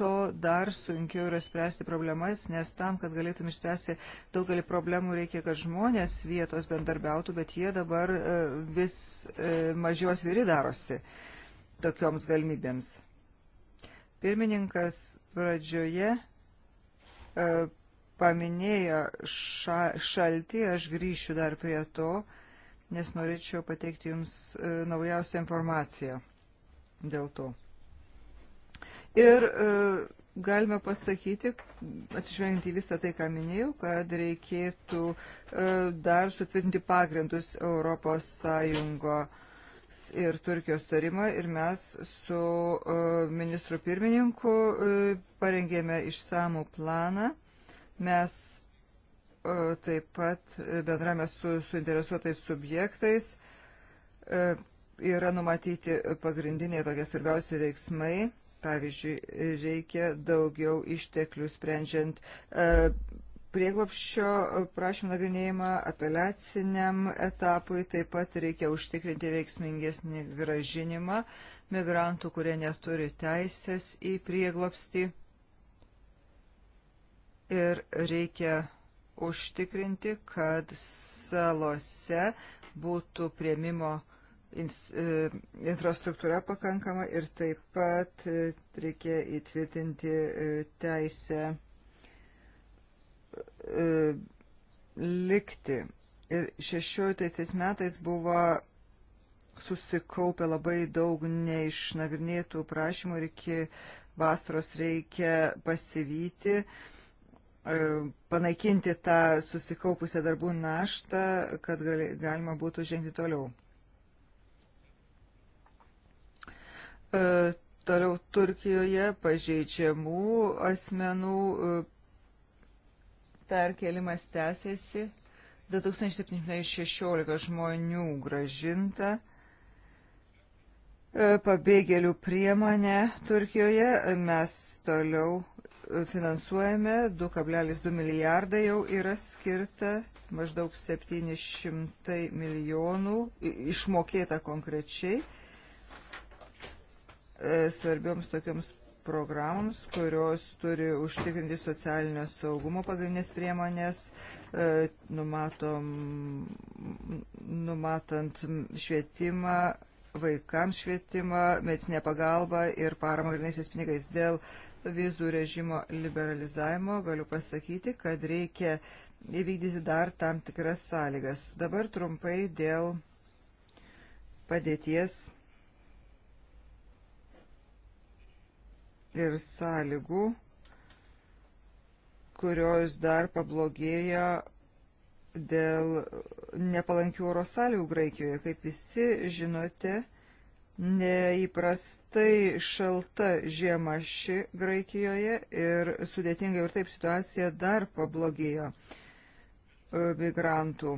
to dar sunkiau yra spręsti problemas, nes tam, kad galėtum išspręsti daugelį problemų, reikia, kad žmonės vietos bendarbiautų, bet jie dabar e, vis e, mažiau atviri darosi tokioms galimybėms. Pirmininkas pradžioje paminėjo ša, šaltį, aš grįšiu dar prie to, nes norėčiau pateikti Jums e, naujausią informaciją dėl to. Ir e, galime pasakyti, atsižvelgiant į visą tai, ką minėjau, kad reikėtų e, dar sutvirtinti pagrindus Europos Sąjungo ir Turkijos tarimą ir mes su ministru pirmininku parengėme išsamų planą. Mes E, taip pat bendrame su suinteresuotais subjektais e, yra numatyti pagrindiniai tokie svarbiausi veiksmai. Pavyzdžiui, reikia daugiau išteklių sprendžiant e, prieglopščio prašymų nagrinėjimą apeliaciniam etapui, taip pat reikia užtikrinti veiksmingesnį gražinimą migrantų, kurie neturi teisės į prieglopstį. Ir reikia užtikrinti, kad salose būtų prieimimo e, infrastruktūra pakankama ir taip pat e, reikia įtvirtinti e, teisę likti. Ir 16 metais buvo susikaupę labai daug neišnagrinėtų prašymų ir iki vasaros reikia pasivyti. Uh, E, panaikinti tą susikaupusią darbų naštą, kad gali, galima būtų žengti toliau. E, toliau Turkijoje pažeidžiamų asmenų e, perkelimas tęsiasi. 2716 žmonių gražinta. E, pabėgėlių priemonė Turkijoje. Mes toliau finansuojame, 2,2 milijardai jau yra skirta, maždaug 700 milijonų išmokėta konkrečiai e, svarbioms tokioms programoms, kurios turi užtikrinti socialinio saugumo pagrindinės priemonės, e, numatom, numatant švietimą, vaikams švietimą, medicinę pagalbą ir paramą grinaisiais pinigais dėl vizų režimo liberalizavimo galiu pasakyti, kad reikia įvykdyti dar tam tikras sąlygas. Dabar trumpai dėl padėties ir sąlygų, kurios dar pablogėjo dėl nepalankių oro sąlygų Graikijoje. Kaip visi žinote, neįprastai šalta žiema ši Graikijoje ir sudėtinga ir taip situacija dar pablogėjo e, migrantų.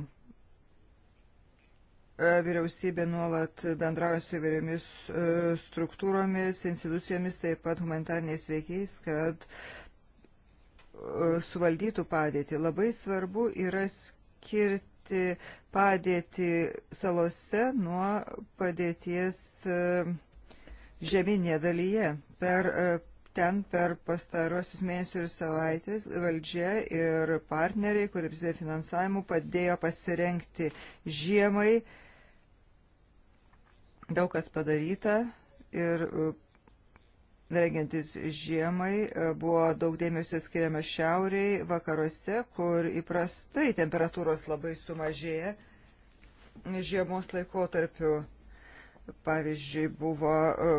E, vyriausybė nuolat bendrauja su įvairiomis e, struktūromis, institucijomis, taip pat humanitarniais veikiais, kad suvaldytų padėtį. Labai svarbu yra skirti atskirti padėtį salose nuo padėties e, žemynėje dalyje. Per, e, ten per pastarosius mėnesius ir savaitės valdžia ir partneriai, kurie prisidėjo finansavimu, padėjo pasirenkti žiemai. Daug kas padaryta ir e, rengiantis žiemai, e, buvo daug dėmesio skiriama šiauriai, vakaruose, kur įprastai temperatūros labai sumažėja žiemos laikotarpiu. Pavyzdžiui, buvo e,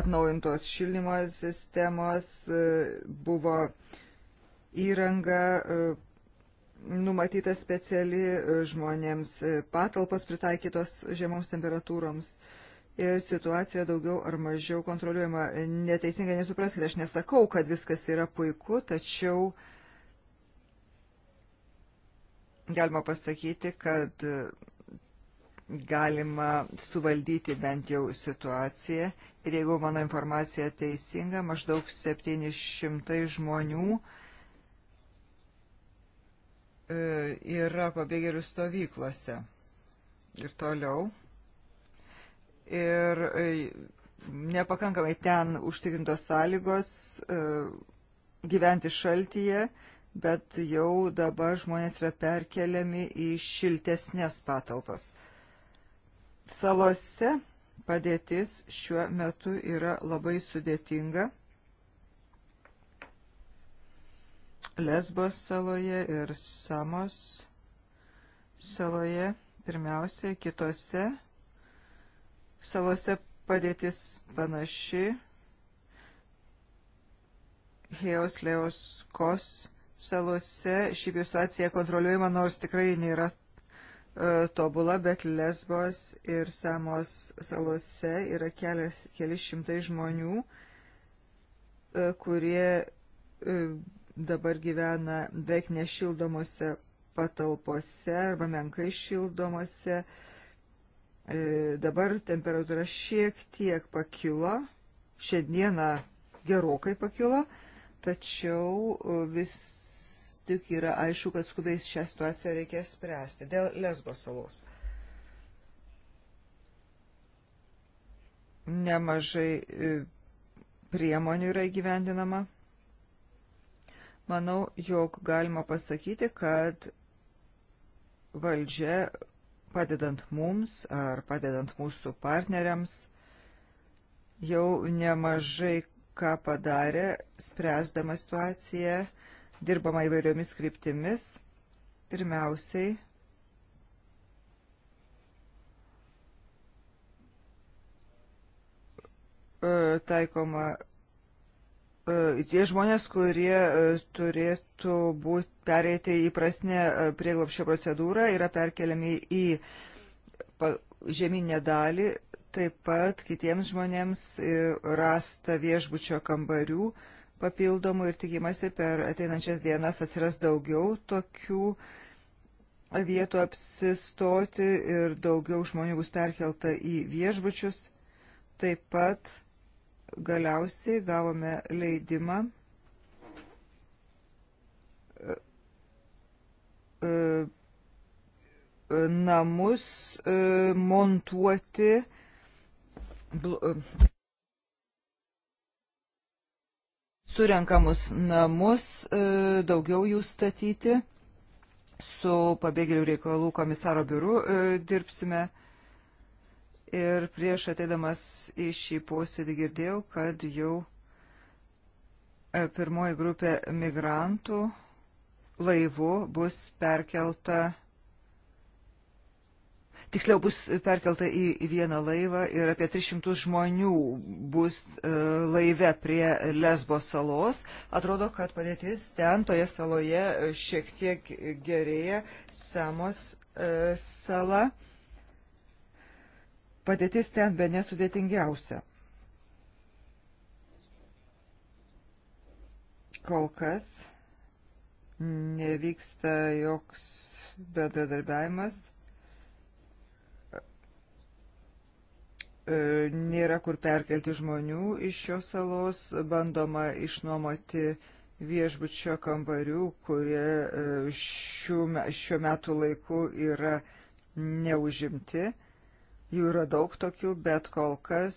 atnaujintos šildymo sistemos, e, buvo įranga numatyta speciali žmonėms, patalpos pritaikytos žiemoms temperatūroms ir e, situacija yra daugiau ar mažiau kontroliuojama. Neteisingai nesupraskite, aš nesakau, kad viskas yra puiku, tačiau galima pasakyti, kad galima suvaldyti bent jau situaciją. Ir jeigu mano informacija teisinga, maždaug 700 žmonių e, yra pabėgėlių stovyklose. Ir toliau ir e, nepakankamai ten užtikrintos sąlygos e, gyventi šaltyje, bet jau dabar žmonės yra perkeliami į šiltesnės patalpas. Salose padėtis šiuo metu yra labai sudėtinga. Lesbos saloje ir Samos saloje, pirmiausia, kitose Salose padėtis panaši. Heos Leoskos salose šiaip jau situacija kontroliuojama, nors tikrai nėra e, tobula, bet Lesbos ir Samos salose yra kelias, keli šimtai žmonių, e, kurie e, dabar gyvena beveik nešildomose patalpose arba menkai šildomose patalpose E, dabar temperatūra šiek tiek pakilo, šiandieną gerokai pakilo, tačiau e, vis tik yra aišku, kad skubiai šią situaciją reikės spręsti dėl Lesbo salos. Nemažai e, priemonių yra įgyvendinama. Manau, jog galima pasakyti, kad valdžia padedant mums ar padedant mūsų partneriams, jau nemažai ką padarė, spręsdama situaciją, dirbama įvairiomis kryptimis. Pirmiausiai, e, taikoma E, tie žmonės, kurie e, turėtų būti pereiti į prasne prieglopščio procedūrą, yra perkeliami į žemynę dalį, taip pat kitiems žmonėms e, rasta viešbučio kambarių papildomų ir tikimasi per ateinančias dienas atsiras daugiau tokių vietų apsistoti ir daugiau žmonių bus perkelta į viešbučius. Taip pat galiausiai gavome leidimą e, e, namus e, montuoti surenkamus namus, daugiau jų statyti. Su pabėgėlių reikalų komisaro biuru dirbsime Ir prieš ateidamas į šį posėdį girdėjau, kad jau e, pirmoji grupė migrantų laivų bus perkelta, tiksliau bus perkelta į, į vieną laivą ir apie 300 žmonių bus e, laive prie Lesbo salos. Atrodo, kad padėtis ten toje saloje e, šiek tiek gerėja, Samos sala. E, Padėtis ten be nesudėtingiausia. Kol kas nevyksta joks bendradarbiavimas. E, nėra kur perkelti žmonių iš šios salos, bandoma išnuomoti viešbučio kambarių, kurie e, šiuo metu laiku yra neužimti. Jų yra daug tokių, bet kol kas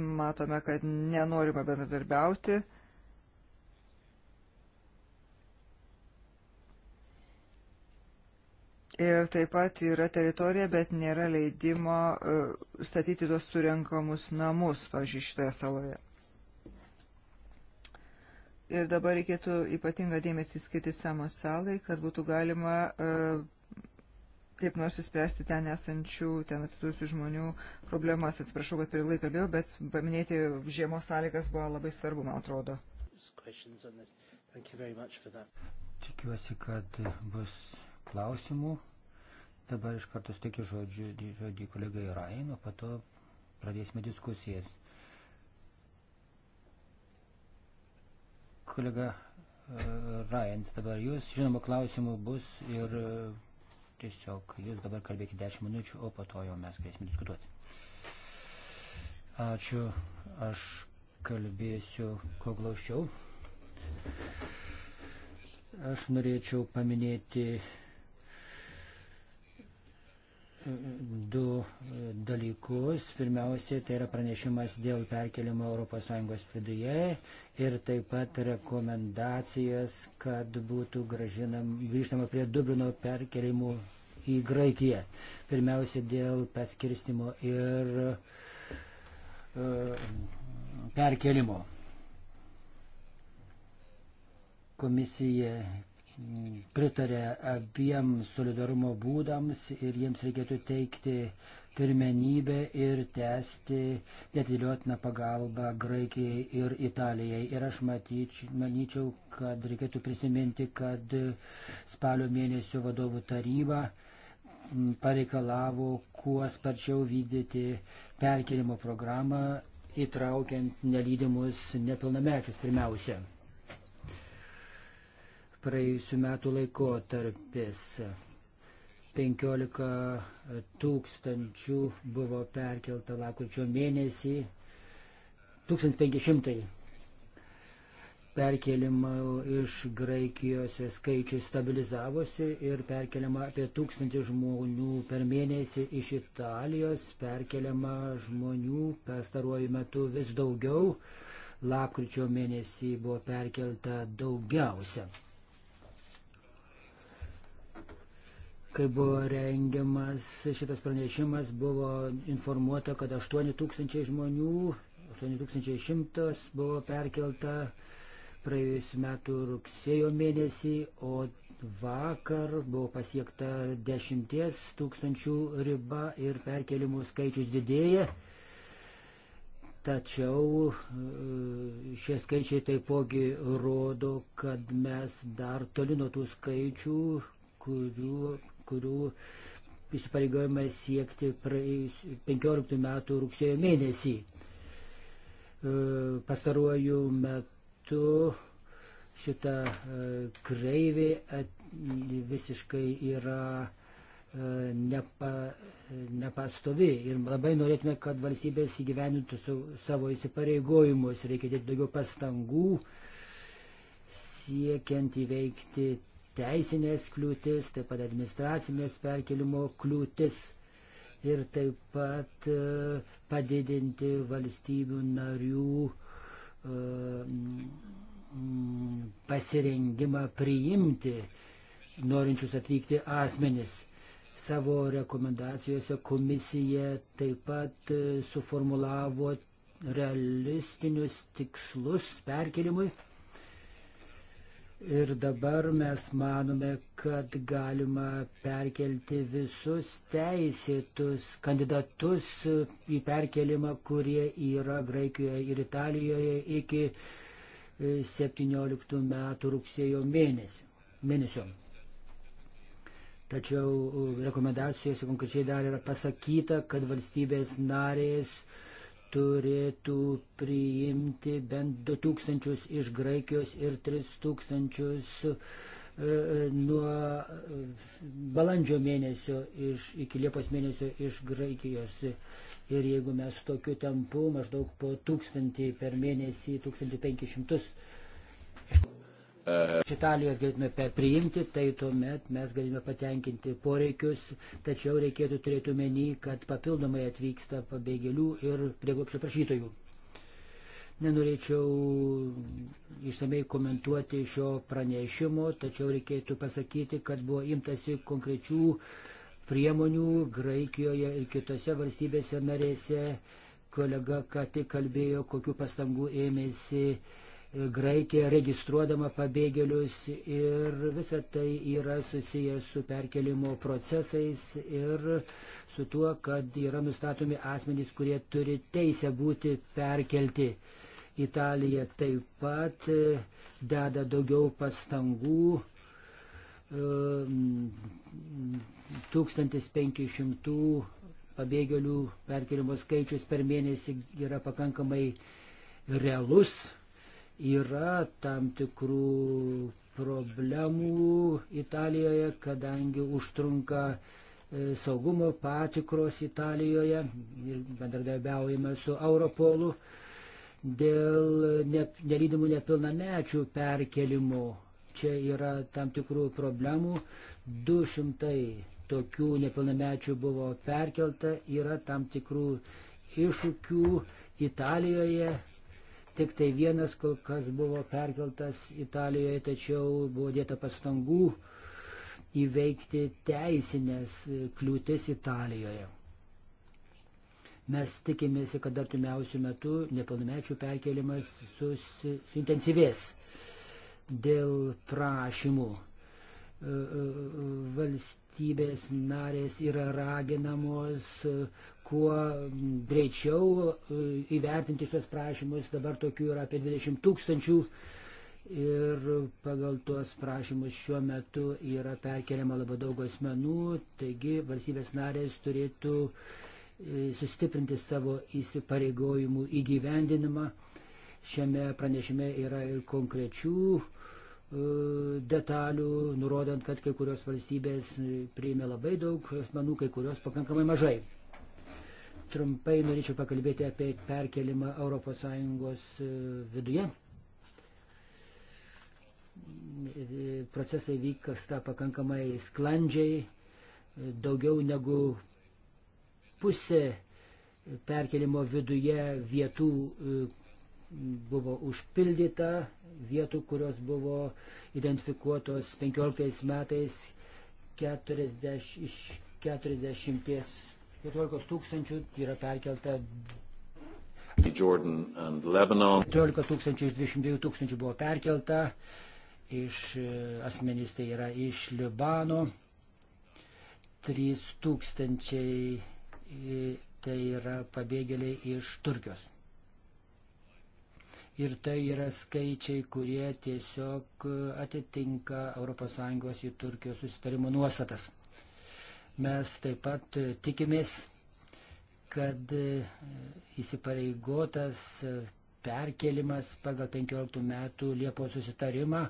matome, kad nenorima bendradarbiauti. Ir taip pat yra teritorija, bet nėra leidimo e, statyti tuos surenkamus namus, pavyzdžiui, šitoje saloje. Ir dabar reikėtų ypatingą dėmesį skirti Samos salai, kad būtų galima e, kaip nors įspręsti ten esančių, ten atsidūrusių žmonių problemas. Atsiprašau, kad per laiką kalbėjau, bet paminėti žiemos sąlygas buvo labai svarbu, man atrodo. Tikiuosi, kad bus klausimų. Dabar iš karto steikiu žodžiu, žodį kolegai Rain, o po to pradėsime diskusijas. Kolega e, Rains, dabar jūs, žinoma, klausimų bus ir e, Tiesiog jūs dabar kalbėkite 10 minučių, o po to jau mes galėsime diskutuoti. Ačiū, aš kalbėsiu kuo glaušiau. Aš norėčiau paminėti du dalykus. Pirmiausia, tai yra pranešimas dėl perkelimo ES viduje ir taip pat rekomendacijas, kad būtų gražinam, grįžtama prie Dublino perkelimų į Graikiją. Pirmiausia, dėl paskirstimo ir uh, perkelimo. Komisija pritarė abiem solidarumo būdams ir jiems reikėtų teikti pirmenybę ir tęsti netidėliotiną pagalbą Graikijai ir Italijai. Ir aš matyč, manyčiau, kad reikėtų prisiminti, kad spalio mėnesio vadovų taryba pareikalavo kuo sparčiau vykdyti perkelimo programą, įtraukiant nelydimus nepilnamečius pirmiausia praėjusių metų laikotarpis. 15 tūkstančių buvo perkelta lakučio mėnesį, 1500 perkelima iš Graikijos skaičius stabilizavosi ir perkeliama apie tūkstantį žmonių per mėnesį iš Italijos, perkeliama žmonių pastaruoju metu vis daugiau, lapkričio mėnesį buvo perkelta daugiausia. kai buvo rengiamas šitas pranešimas, buvo informuota, kad 8000 žmonių, 8100 buvo perkelta praėjusiu metu rugsėjo mėnesį, o vakar buvo pasiekta 10 tūkstančių riba ir perkelimų skaičius didėja. Tačiau e, šie skaičiai taipogi rodo, kad mes dar toli nuo tų skaičių, kurių, kurių įsipareigojimas siekti praėjus 15 metų rugsėjo mėnesį. E, pastaruoju metu šita e, kreivė e, visiškai yra nepa, nepastovi ir labai norėtume, kad valstybės įgyvenintų savo įsipareigojimus, reikia dėti daugiau pastangų siekiant įveikti teisinės kliūtis, taip pat administracinės perkelimo kliūtis ir taip pat e, padidinti valstybių narių e, pasirengimą priimti norinčius atvykti asmenis. Savo rekomendacijose komisija taip pat e, suformulavo realistinius tikslus perkelimui Ir dabar mes manome, kad galima perkelti visus teisėtus kandidatus į perkelimą, kurie yra Graikijoje ir Italijoje iki 17 e, metų rugsėjo mėnesio. mėnesio. Tačiau e, rekomendacijose konkrečiai dar yra pasakyta, kad valstybės narės uh, turėtų priimti bent 2000 iš Graikijos ir 3000 e, e, nuo balandžio mėnesio iš, iki Liepos mėnesio iš Graikijos. Ir jeigu mes tokiu tempu maždaug po 1000 per mėnesį, 1500. Iš Italijos galėtume priimti, tai tuomet mes galime patenkinti poreikius, tačiau reikėtų turėti omeny, kad papildomai atvyksta pabėgėlių ir prieglopšio prašytojų. Nenorėčiau išsamei komentuoti šio pranešimo, tačiau reikėtų pasakyti, kad buvo imtasi konkrečių priemonių Graikijoje ir kitose valstybėse narėse. Kolega ką tik kalbėjo, kokiu pastangu ėmėsi uh, Graikija registruodama pabėgėlius ir visa tai yra susijęs su perkelimo procesais ir su tuo, kad yra nustatomi asmenys, kurie turi teisę būti perkelti. Italija taip pat e, deda daugiau pastangų. 1500 e, pabėgėlių perkelimo skaičius per mėnesį yra pakankamai realus Yra tam tikrų problemų Italijoje, kadangi užtrunka e, saugumo patikros Italijoje ir bendradarbiaujame su Europolu dėl nelydimų nepilnamečių perkelimo. Čia yra tam tikrų problemų. 200 tokių nepilnamečių buvo perkelta, yra tam tikrų iššūkių Italijoje, Tik tai vienas kol kas buvo perkeltas Italijoje, tačiau buvo dėta pastangų įveikti teisinės kliūtis Italijoje. Mes tikimės, kad artimiausių metų nepilnamečių perkelimas suintensyvės dėl prašymų. E, e, e, valstybės narės yra raginamos kuo greičiau e, įvertinti šios prašymus. Dabar tokių yra apie 20 tūkstančių ir pagal tuos prašymus šiuo metu yra perkeliama labai daug asmenų, taigi valstybės narės turėtų e, sustiprinti savo įsipareigojimų įgyvendinimą. Šiame pranešime yra ir konkrečių e, detalių, nurodant, kad kai kurios valstybės priėmė labai daug asmenų, kai kurios pakankamai mažai trumpai norėčiau pakalbėti apie perkelimą ES e, viduje. Procesai vyksta pakankamai sklandžiai, daugiau negu pusė perkelimo viduje vietų e, buvo užpildyta, vietų, kurios buvo identifikuotos 15 metais 40, iš 40 14 tūkstančių yra perkelta. 14 tūkstančių iš 22 tūkstančių buvo perkelta. Iš e, asmenys tai yra iš Libano. 3 tūkstančiai e, tai yra pabėgėliai iš Turkijos. Ir tai yra skaičiai, kurie tiesiog e, atitinka ES į Turkijos susitarimo nuostatas. Mes taip pat e, tikimės, kad e, įsipareigotas e, perkelimas pagal 15 metų Liepos susitarimą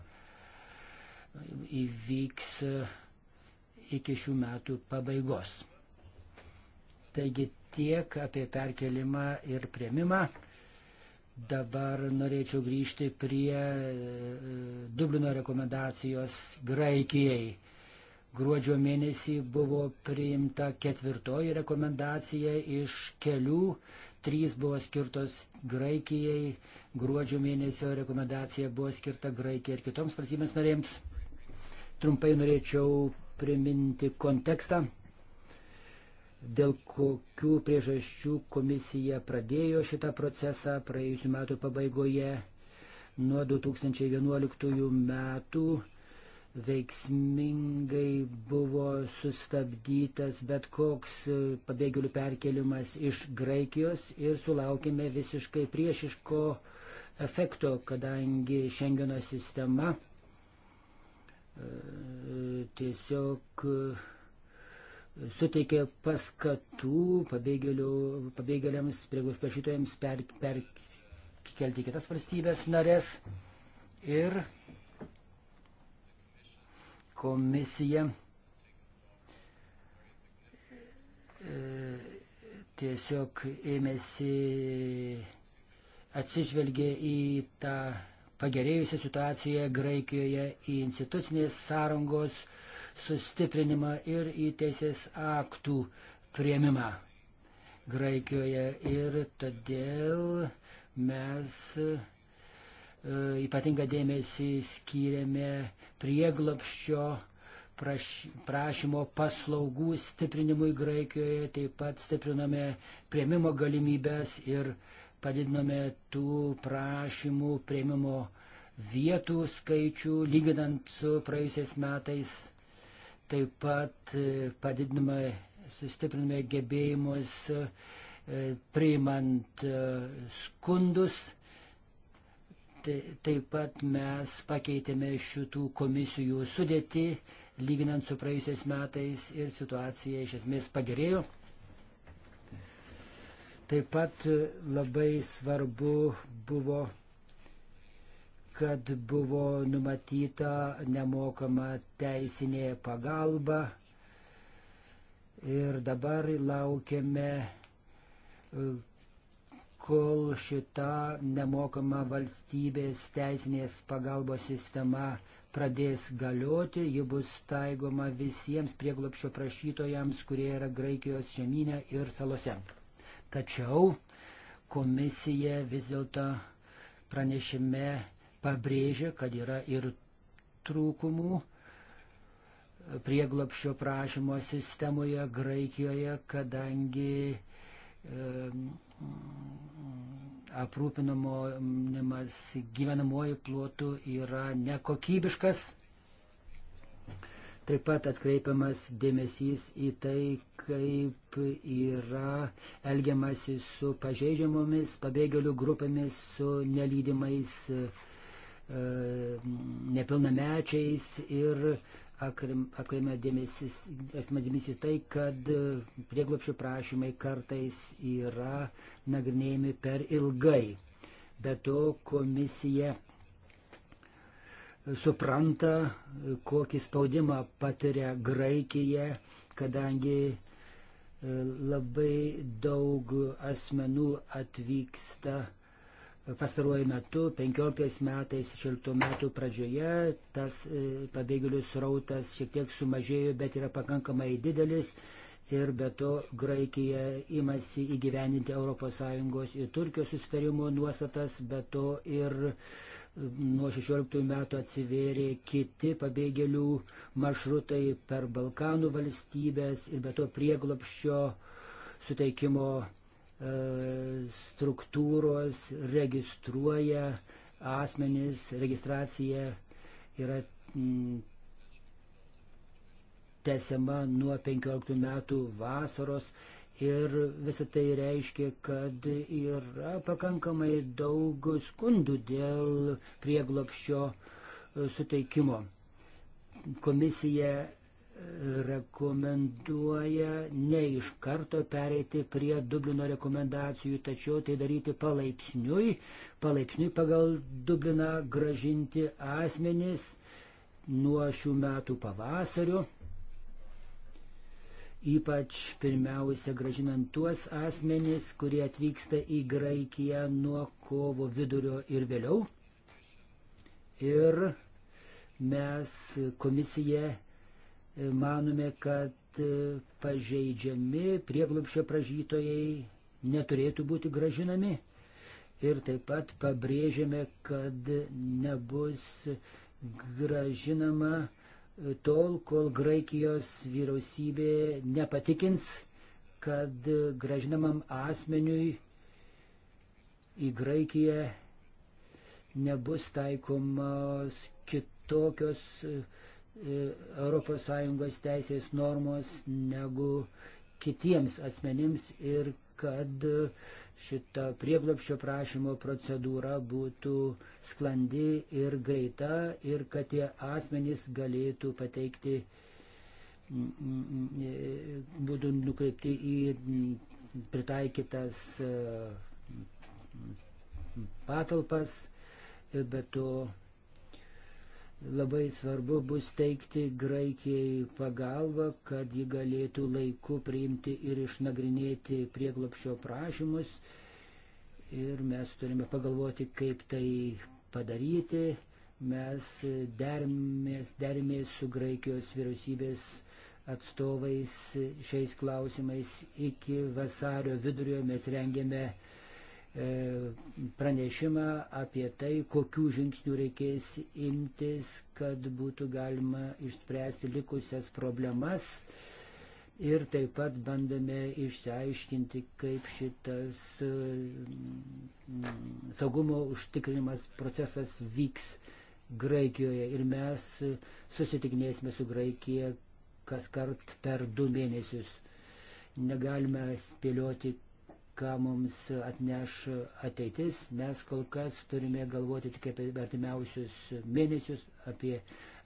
įvyks iki šių metų pabaigos. Taigi tiek apie perkelimą ir prieimimą. Dabar norėčiau grįžti prie Dublino rekomendacijos Graikijai. Gruodžio mėnesį buvo priimta ketvirtoji rekomendacija iš kelių, trys buvo skirtos Graikijai, gruodžio mėnesio rekomendacija buvo skirta Graikijai ir kitoms valstybėms narėms. Trumpai norėčiau priminti kontekstą, dėl kokių priežasčių komisija pradėjo šitą procesą praėjusiu metu pabaigoje. Nuo 2011 metų veiksmingai buvo sustabdytas bet koks e, pabėgėlių perkelimas iš Graikijos ir sulaukime visiškai priešiško efekto, kadangi Šengeno sistema e, tiesiog e, suteikė paskatų pabėgėliams, priegos prašytojams perkelti per, kitas valstybės narės ir komisija e, tiesiog ėmėsi atsižvelgė į tą pagerėjusią situaciją Graikijoje, į institucinės sąrangos sustiprinimą ir į teisės aktų prieimimą Graikijoje. Ir todėl mes E, ypatingą dėmesį skyrėme prieglopščio praš, prašymo paslaugų stiprinimui Graikijoje, taip pat stiprinome prieimimo galimybės ir padidinome tų prašymų prieimimo vietų skaičių, lyginant su praėjusiais metais. Taip pat e, padidinome, sustiprinome gebėjimus e, priimant skundus Tai taip pat mes pakeitėme šitų komisijų sudėtį, lyginant su praėjusiais metais ir situacija iš esmės pagerėjo. Taip pat labai svarbu buvo, kad buvo numatyta nemokama teisinė pagalba. Ir dabar laukiame kol šita nemokama valstybės teisinės pagalbos sistema pradės galioti, ji bus taigoma visiems prieglopšio prašytojams, kurie yra Graikijos žemynė ir salose. Tačiau komisija vis dėlto pranešime pabrėžia, kad yra ir trūkumų prieglopšio prašymo sistemoje Graikijoje, kadangi e, aprūpinamas gyvenamoji plotų yra nekokybiškas. Taip pat atkreipiamas dėmesys į tai, kaip yra elgiamasi su pažeidžiamomis pabėgėlių grupėmis, su nelydimais e, nepilnamečiais ir atkreipime dėmesį tai, kad e, prieglopšio prašymai kartais yra nagrinėjami per ilgai. Be to komisija e, supranta, e, kokį spaudimą patiria Graikija, kadangi labai daug asmenų atvyksta pastaruoju metu, 15 metais, 16 metų pradžioje, tas e, pabėgėlių srautas šiek tiek sumažėjo, bet yra pakankamai didelis. Ir be to Graikija imasi įgyveninti ES ir Turkijos susitarimo nuostatas, be to ir e, nuo 16 metų atsivėrė kiti pabėgėlių maršrutai per Balkanų valstybės ir be to prieglopščio suteikimo E, struktūros registruoja asmenys, registracija yra mm, tęsiama nuo 15 metų vasaros ir visą tai reiškia, kad yra pakankamai daug skundų dėl prieglopščio e, suteikimo. Komisija rekomenduoja ne iš karto pereiti prie Dublino rekomendacijų, tačiau tai daryti palaipsniui, palaipsniui pagal Dubliną gražinti asmenys nuo šių metų pavasario, ypač pirmiausia gražinant tuos asmenys, kurie atvyksta į Graikiją nuo kovo vidurio ir vėliau. Ir mes komisija manome, kad e, pažeidžiami prieglupščio pražytojai neturėtų būti gražinami. Ir taip pat pabrėžėme, kad nebus gražinama tol, kol Graikijos vyriausybė nepatikins, kad gražinamam asmeniui į Graikiją nebus taikomos kitokios uh, ES teisės normos negu kitiems asmenims ir kad šita prieglopščio prašymo procedūra būtų sklandi ir greita ir kad tie asmenys galėtų pateikti, e, būtų nukreipti į pritaikytas e, patalpas, bet to labai svarbu bus teikti Graikijai pagalbą, kad ji galėtų laiku priimti ir išnagrinėti prieglopšio prašymus. Ir mes turime pagalvoti, kaip tai padaryti. Mes derimės, derimės su Graikijos vyriausybės atstovais šiais klausimais. Iki vasario vidurio mes rengėme E, pranešimą apie tai, kokių žingsnių reikės imtis, kad būtų galima išspręsti likusias problemas. Ir taip pat bandome išsiaiškinti, kaip šitas e, saugumo užtikrinimas procesas vyks Graikijoje. Ir mes susitikinėsime su Graikija kas kart per du mėnesius. Negalime spėlioti, ką mums atneš ateitis. Mes kol kas turime galvoti tik apie artimiausius mėnesius, apie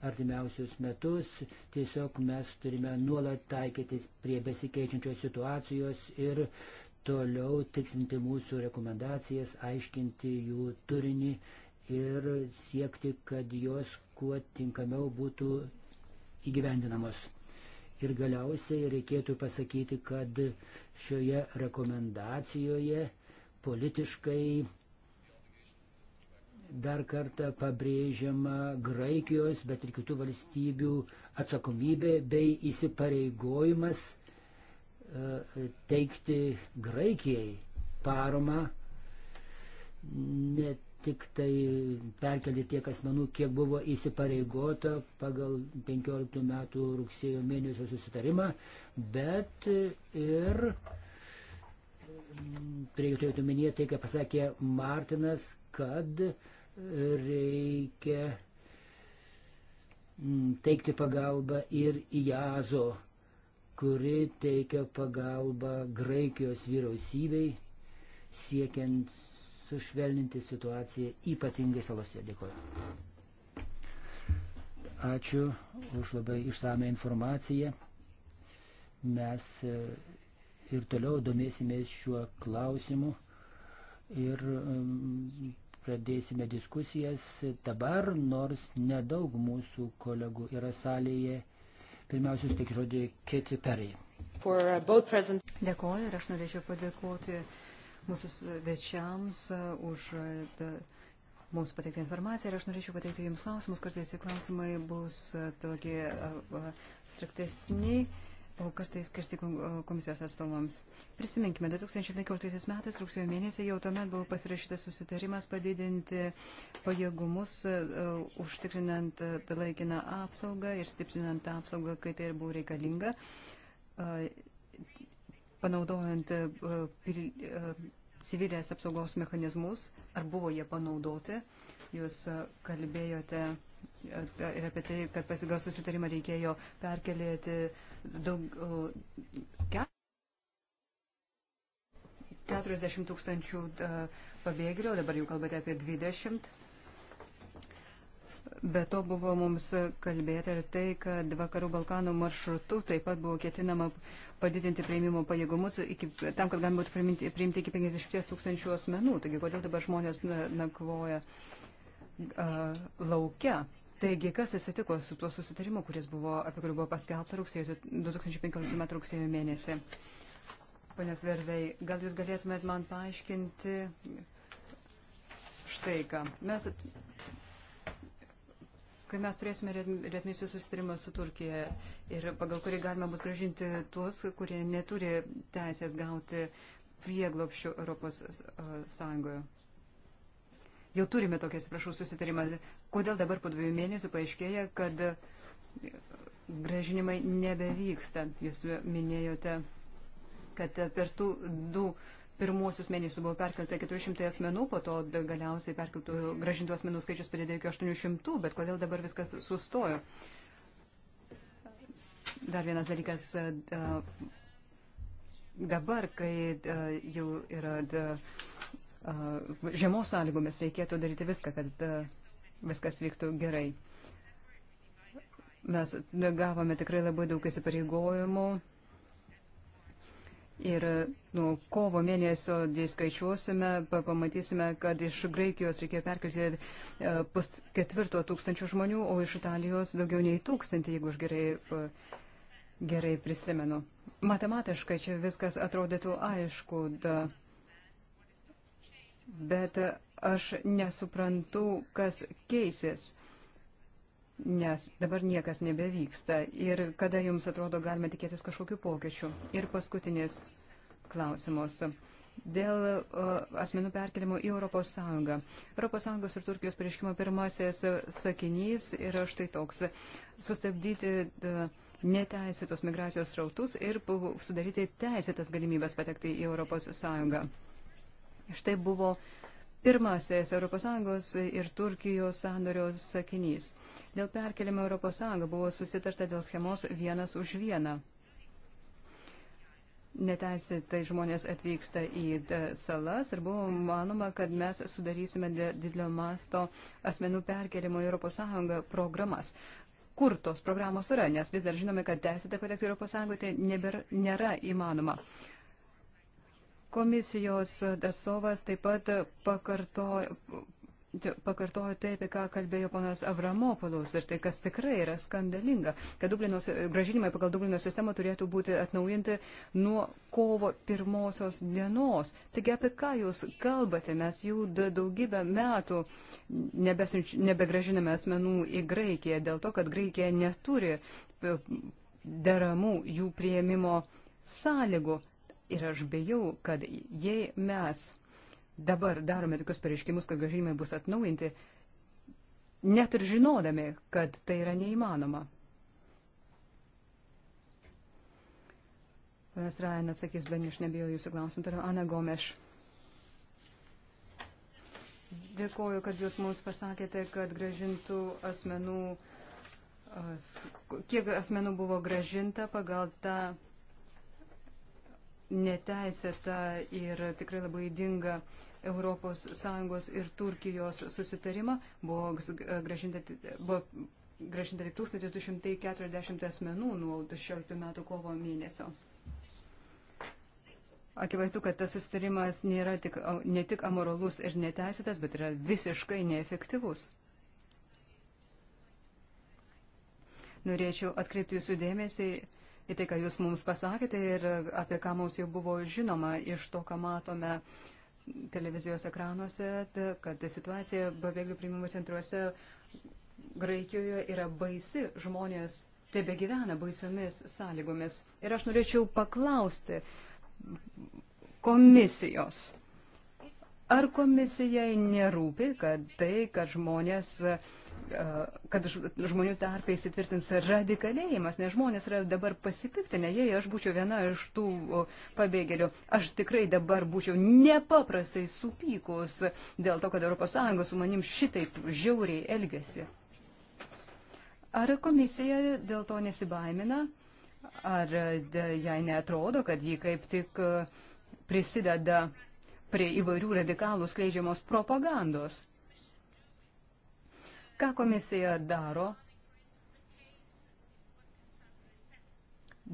artimiausius metus. Tiesiog mes turime nuolat taikytis prie besikeičiančios situacijos ir toliau tiksinti mūsų rekomendacijas, aiškinti jų turinį ir siekti, kad jos kuo tinkamiau būtų įgyvendinamos. Ir galiausiai reikėtų pasakyti, kad šioje rekomendacijoje politiškai dar kartą pabrėžiama Graikijos, bet ir kitų valstybių atsakomybė bei įsipareigojimas e, teikti Graikijai paramą ne tik tai perkelti tiek asmenų, kiek buvo įsipareigota pagal 15 metų rugsėjo mėnesio susitarimą, bet ir reikia turėti omenyje tai, ką pasakė Martinas, kad reikia mm, teikti pagalbą ir IAZO, kuri teikia pagalbą Graikijos vyriausybei siekiant sušvelninti situaciją ypatingai salose. Dėkuoju. Ačiū už labai išsame informaciją. Mes e, ir toliau domėsimės šiuo klausimu ir pradėsime diskusijas dabar, nors nedaug mūsų kolegų yra salėje. Pirmiausia, tik žodį Keti Perry. Uh, Dėkoju ir aš norėčiau padėkoti mūsų svečiams e, už e, mums pateiktą informaciją ir aš norėčiau pateikti jums klausimus, kartais tie klausimai bus e, tokie abstraktesni. O kartais skirti komisijos atstovams. Prisiminkime, 2015 metais rugsėjo mėnesį jau tuomet buvo pasirašytas susitarimas padidinti pajėgumus, uh, užtikrinant uh, laikiną apsaugą ir stiprinant apsaugą, kai tai buvo reikalinga, uh, panaudojant pil, civilės apsaugos mechanizmus, ar buvo jie panaudoti. Jūs e, kalbėjote e, e, ir apie tai, kad pasigal susitarimą reikėjo perkelėti daug. 40 tūkstančių pabėgėlių, dabar jau kalbate apie 20. Be to buvo mums kalbėti ir tai, kad Vakarų Balkanų maršrutu taip pat buvo ketinama uh, padidinti prieimimo pajėgumus iki, tam, kad galima būtų priimti, priimti iki 50 tūkstančių asmenų. Taigi, kodėl dabar žmonės nakvoja uh, laukia? Taigi, kas atsitiko su tuo susitarimu, kuris buvo, apie kurį buvo paskelbta rugsėjo 2015 m. rugsėjo mėnesį? Pane Tvervei, gal jūs galėtumėt man paaiškinti štai ką. Mes kai mes turėsime retmisijų susitarimą su Turkija ir pagal kurį galima bus gražinti tuos, kurie neturi teisės gauti prieglopščių Europos Sąjungoje. Jau turime tokį, atsiprašau, susitarimą. Kodėl dabar po dviejų mėnesių paaiškėja, kad gražinimai nebevyksta? Jūs minėjote, kad per tų du. du pirmuosius mėnesius buvo perkelta 400 asmenų, po to galiausiai perkeltų gražintų asmenų skaičius padidėjo iki 800, bet kodėl dabar viskas sustojo? Dar vienas dalykas, dabar, kai jau yra žiemos sąlygomis, reikėtų daryti viską, kad viskas vyktų gerai. Mes gavome tikrai labai daug įsipareigojimų Ir nuo kovo mėnesio skaičiuosime, pamatysime, kad iš Graikijos reikėjo perkelti e, pus ketvirto tūkstančių žmonių, o iš Italijos daugiau nei tūkstantį, jeigu aš gerai, gerai prisimenu. Matematiškai čia viskas atrodytų aišku, da, bet aš nesuprantu, kas keisės nes dabar niekas nebevyksta ir kada jums atrodo galime tikėtis kažkokių pokyčių. Ir paskutinis klausimas. Dėl uh, asmenų perkelimo į Europos Sąjungą. Europos Sąjungos ir Turkijos prieškimo pirmasis sakinys yra štai toks - sustabdyti uh, neteisėtos migracijos rautus ir sudaryti teisėtas galimybės patekti į Europos Sąjungą. Štai buvo pirmasis Europos Sąjungos ir Turkijos sandorio sakinys. Uh, Dėl perkelimo Europos Sąjungą buvo susitarta dėl schemos vienas už vieną. Neteisėtai žmonės atvyksta į e, salas ir buvo manoma, kad mes sudarysime didelio masto asmenų perkelimo Europos Sąjungą programas kur tos programos yra, nes vis dar žinome, kad teisėtai patekti Europos Sąjungoje tai nebėra, nėra įmanoma. Komisijos atstovas taip pat pakarto, pakartoju tai, apie ką kalbėjo ponas Avramopoulos ir tai, kas tikrai yra skandalinga, kad Dublinos, gražinimai pagal Dublino sistemą turėtų būti atnaujinti nuo kovo pirmosios dienos. Taigi apie ką jūs kalbate? Mes jau daugybę metų nebegražiname asmenų į Graikiją dėl to, kad Graikija neturi deramų jų prieimimo sąlygų. Ir aš bejau, kad jei mes dabar darome tokius pareiškimus, kad gražinimai bus atnaujinti, net ir žinodami, kad tai yra neįmanoma. Panas Rajan atsakys, ben aš nebijau jūsų klausimų, toliau Ana Gomeš. Dėkoju, kad jūs mums pasakėte, kad gražintų asmenų, kiek asmenų buvo gražinta pagal tą neteisėtą ir tikrai labai įdingą uh, ES ir Turkijos susitarimą buvo gražinta, buvo gražinta tik 1240 asmenų nuo 16 metų kovo mėnesio. Akivaizdu, kad tas susitarimas nėra tik, ne tik amoralus ir neteisėtas, bet yra visiškai neefektyvus. Norėčiau atkreipti jūsų dėmesį į tai, ką jūs mums pasakėte ir apie ką mums jau buvo žinoma iš to, ką matome uh, televizijos ekranuose, kad situacija pabėgėlių priimimo centruose Graikijoje yra baisi, žmonės tebe gyvena baisiomis sąlygomis. Ir aš norėčiau paklausti komisijos. Ar komisijai nerūpi, kad tai, kad žmonės uh, kad žmonių tarpė įsitvirtins radikalėjimas, nes žmonės yra dabar pasipiktinę, jei aš būčiau viena iš tų pabėgėlių, aš tikrai dabar būčiau nepaprastai supykus dėl to, kad ES su manim šitaip žiauriai elgesi. Ar komisija dėl to nesibaimina, ar jai netrodo, kad ji kaip tik prisideda prie įvairių radikalų skleidžiamos propagandos? Ką komisija daro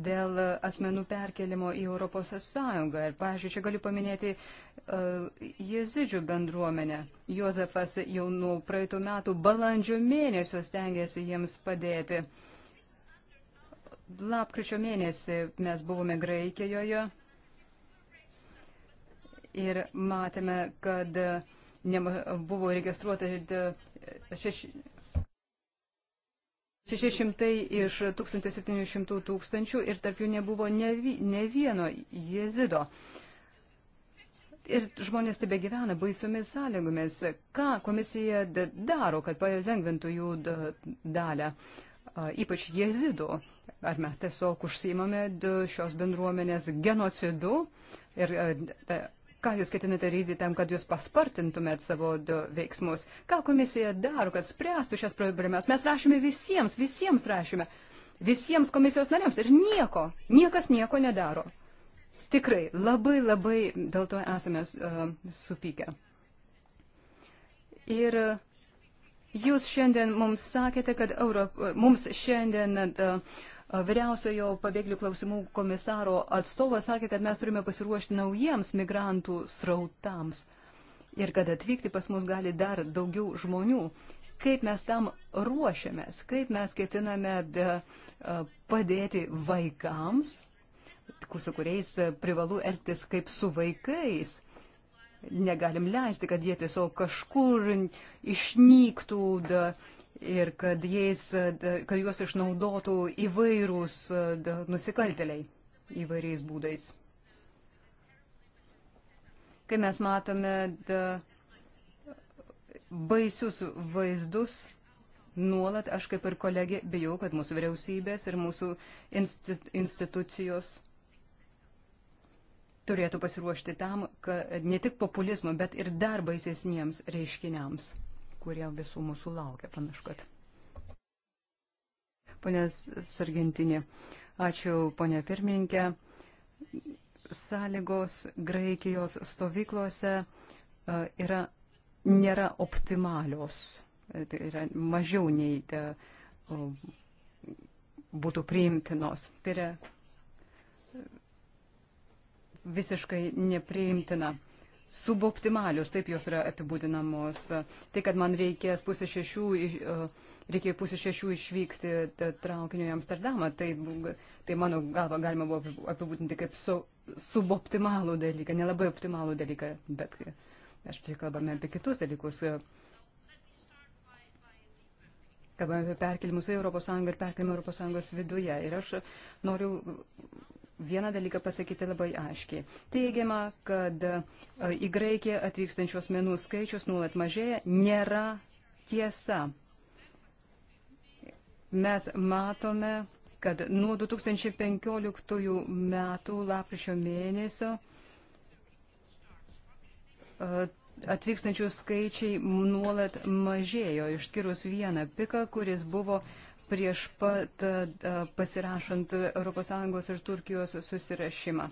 dėl asmenų perkelimo į Europos Sąjungą? Ir, pažiūrėjau, čia galiu paminėti uh, jezidžių bendruomenę. Jozefas jau nuo praeitų metų balandžio mėnesio stengiasi jiems padėti. Lapkričio mėnesį mes buvome Graikijoje ir matėme, kad uh, buvo registruota 600 iš 1700 tūkstančių ir tarp jų nebuvo ne, ne vieno jezido. Ir žmonės tebe gyvena baisiomis sąlygomis. Ką komisija daro, kad palengvintų jų dalę, ypač jezido? Ar mes tiesiog užsimame šios bendruomenės genocidu ir Ką jūs ketinate daryti tam, kad jūs paspartintumėt savo veiksmus? Ką komisija daro, kad spręstų šias problemas? Mes rašėme visiems, visiems rašėme, visiems komisijos nariams ir nieko, niekas nieko nedaro. Tikrai, labai, labai dėl to esame uh, supykę. Ir uh, Jūs šiandien mums sakėte, kad Europa, mums šiandien uh, Vyriausiojo pabėgėlių klausimų komisaro atstovas sakė, kad mes turime pasiruošti naujiems migrantų srautams ir kad atvykti pas mus gali dar daugiau žmonių. Kaip mes tam ruošiamės, kaip mes ketiname e, e, padėti vaikams, su kuriais e, privalu elgtis kaip su vaikais. Negalim leisti, kad jie tiesiog kažkur išnyktų. Da, ir kad, jais, kad juos išnaudotų įvairūs nusikalteliai įvairiais būdais. Kai mes matome da, baisius vaizdus, nuolat aš kaip ir kolegė bijau, kad mūsų vyriausybės ir mūsų institucijos turėtų pasiruošti tam, kad ne tik populizmo, bet ir dar baisesniems reiškiniams kurie visų mūsų laukia, panašu, kad. Pone Sargentinė, ačiū, ponė pirmininkė. Sąlygos Graikijos stovyklose e, yra, nėra optimalios, tai yra mažiau nei te, o, būtų priimtinos. Tai yra e, visiškai nepriimtina suboptimalios, taip jos yra apibūdinamos. Tai, kad man reikės pusė šešių, e, reikėjo pusė šešių išvykti traukiniu į Amsterdamą, tai, tai mano galva galima buvo apibūdinti kaip su, suboptimalų dalyką, nelabai optimalų dalyką, bet aš čia kalbame apie kitus dalykus. E, kalbame apie perkelimus į ES ir perkelimą ES viduje. Ir aš noriu vieną dalyką pasakyti labai aiškiai. Teigiama, kad e, į Graikiją atvykstančių asmenų skaičius nuolat mažėja, nėra tiesa. Mes matome, kad nuo 2015 metų lapkričio mėnesio e, atvykstančių skaičiai nuolat mažėjo, išskyrus vieną piką, kuris buvo prieš pat pasirašant ES ir Turkijos susirašymą.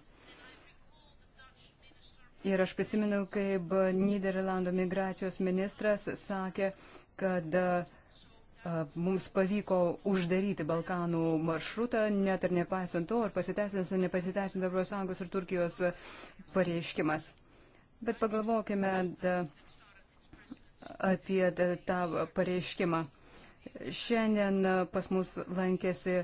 Ir aš prisimenu, kaip Niderlandų migracijos ministras sakė, kad mums pavyko uždaryti Balkanų maršrutą, net ir nepaisant to, ar pasiteisins ar nepasiteisins ES ir Turkijos pareiškimas. Bet pagalvokime apie tą pareiškimą. Šiandien pas mus lankėsi,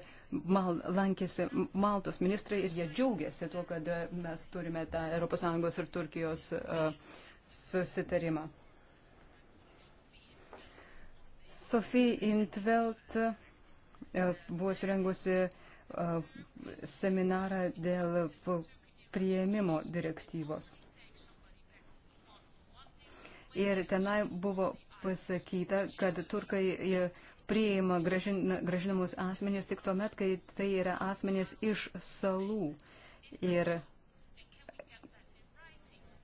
mal, lankėsi Maltos ministrai ir jie džiaugiasi tuo, kad mes turime tą ES ir Turkijos uh, susitarimą. Sofija Intvelt uh, e, buvo surengusi uh, seminarą dėl prieimimo direktyvos. Ir tenai buvo pasakyta, kad turkai uh, priima gražin, gražinamus asmenys tik tuomet, kai tai yra asmenys iš salų. Ir,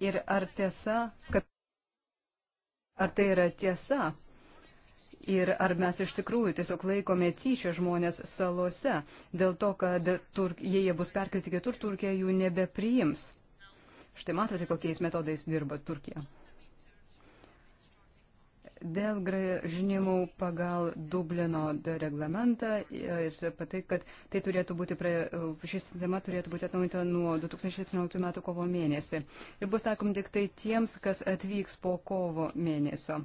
ir ar tiesa, kad. Ar tai yra tiesa? Ir ar mes iš tikrųjų tiesiog laikome tyčia žmonės salose, dėl to, kad turk, jei jie bus perkelti kitur, Turkija jų nebepriims. Štai matote, kokiais metodais dirba Turkija dėl gražinimų pagal Dublino reglamentą ir patai, kad tai turėtų būti, prie, ši sistema turėtų būti atnaujinta nuo 2017 metų kovo mėnesį. Ir bus takom tik tai tiems, kas atvyks po kovo mėnesio.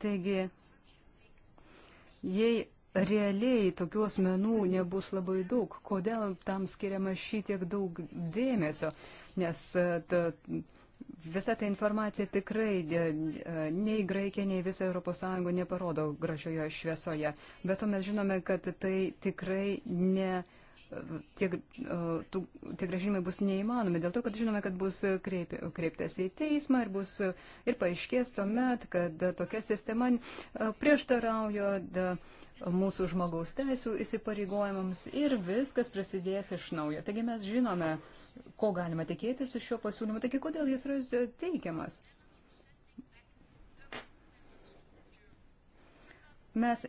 Taigi, jei realiai tokių asmenų nebus labai daug. Kodėl tam skiriama šitiek daug dėmesio? nes e, visa ta informacija tikrai e, nei Graikija, nei visa ES neparodo gražioje šviesoje. Bet to mes žinome, kad tai tikrai ne tie, e, tų, tie gražinimai bus neįmanomi, dėl to, kad žinome, kad bus kreip, kreiptas į teismą ir, bus, ir paaiškės tuomet, kad tokia sistema e, prieštaraujo da, mūsų žmogaus teisų įsipareigojimams ir viskas prasidės iš naujo. Taigi mes žinome, ko galima tikėtis iš šio pasiūlymo, taigi kodėl jis yra teikiamas. Mes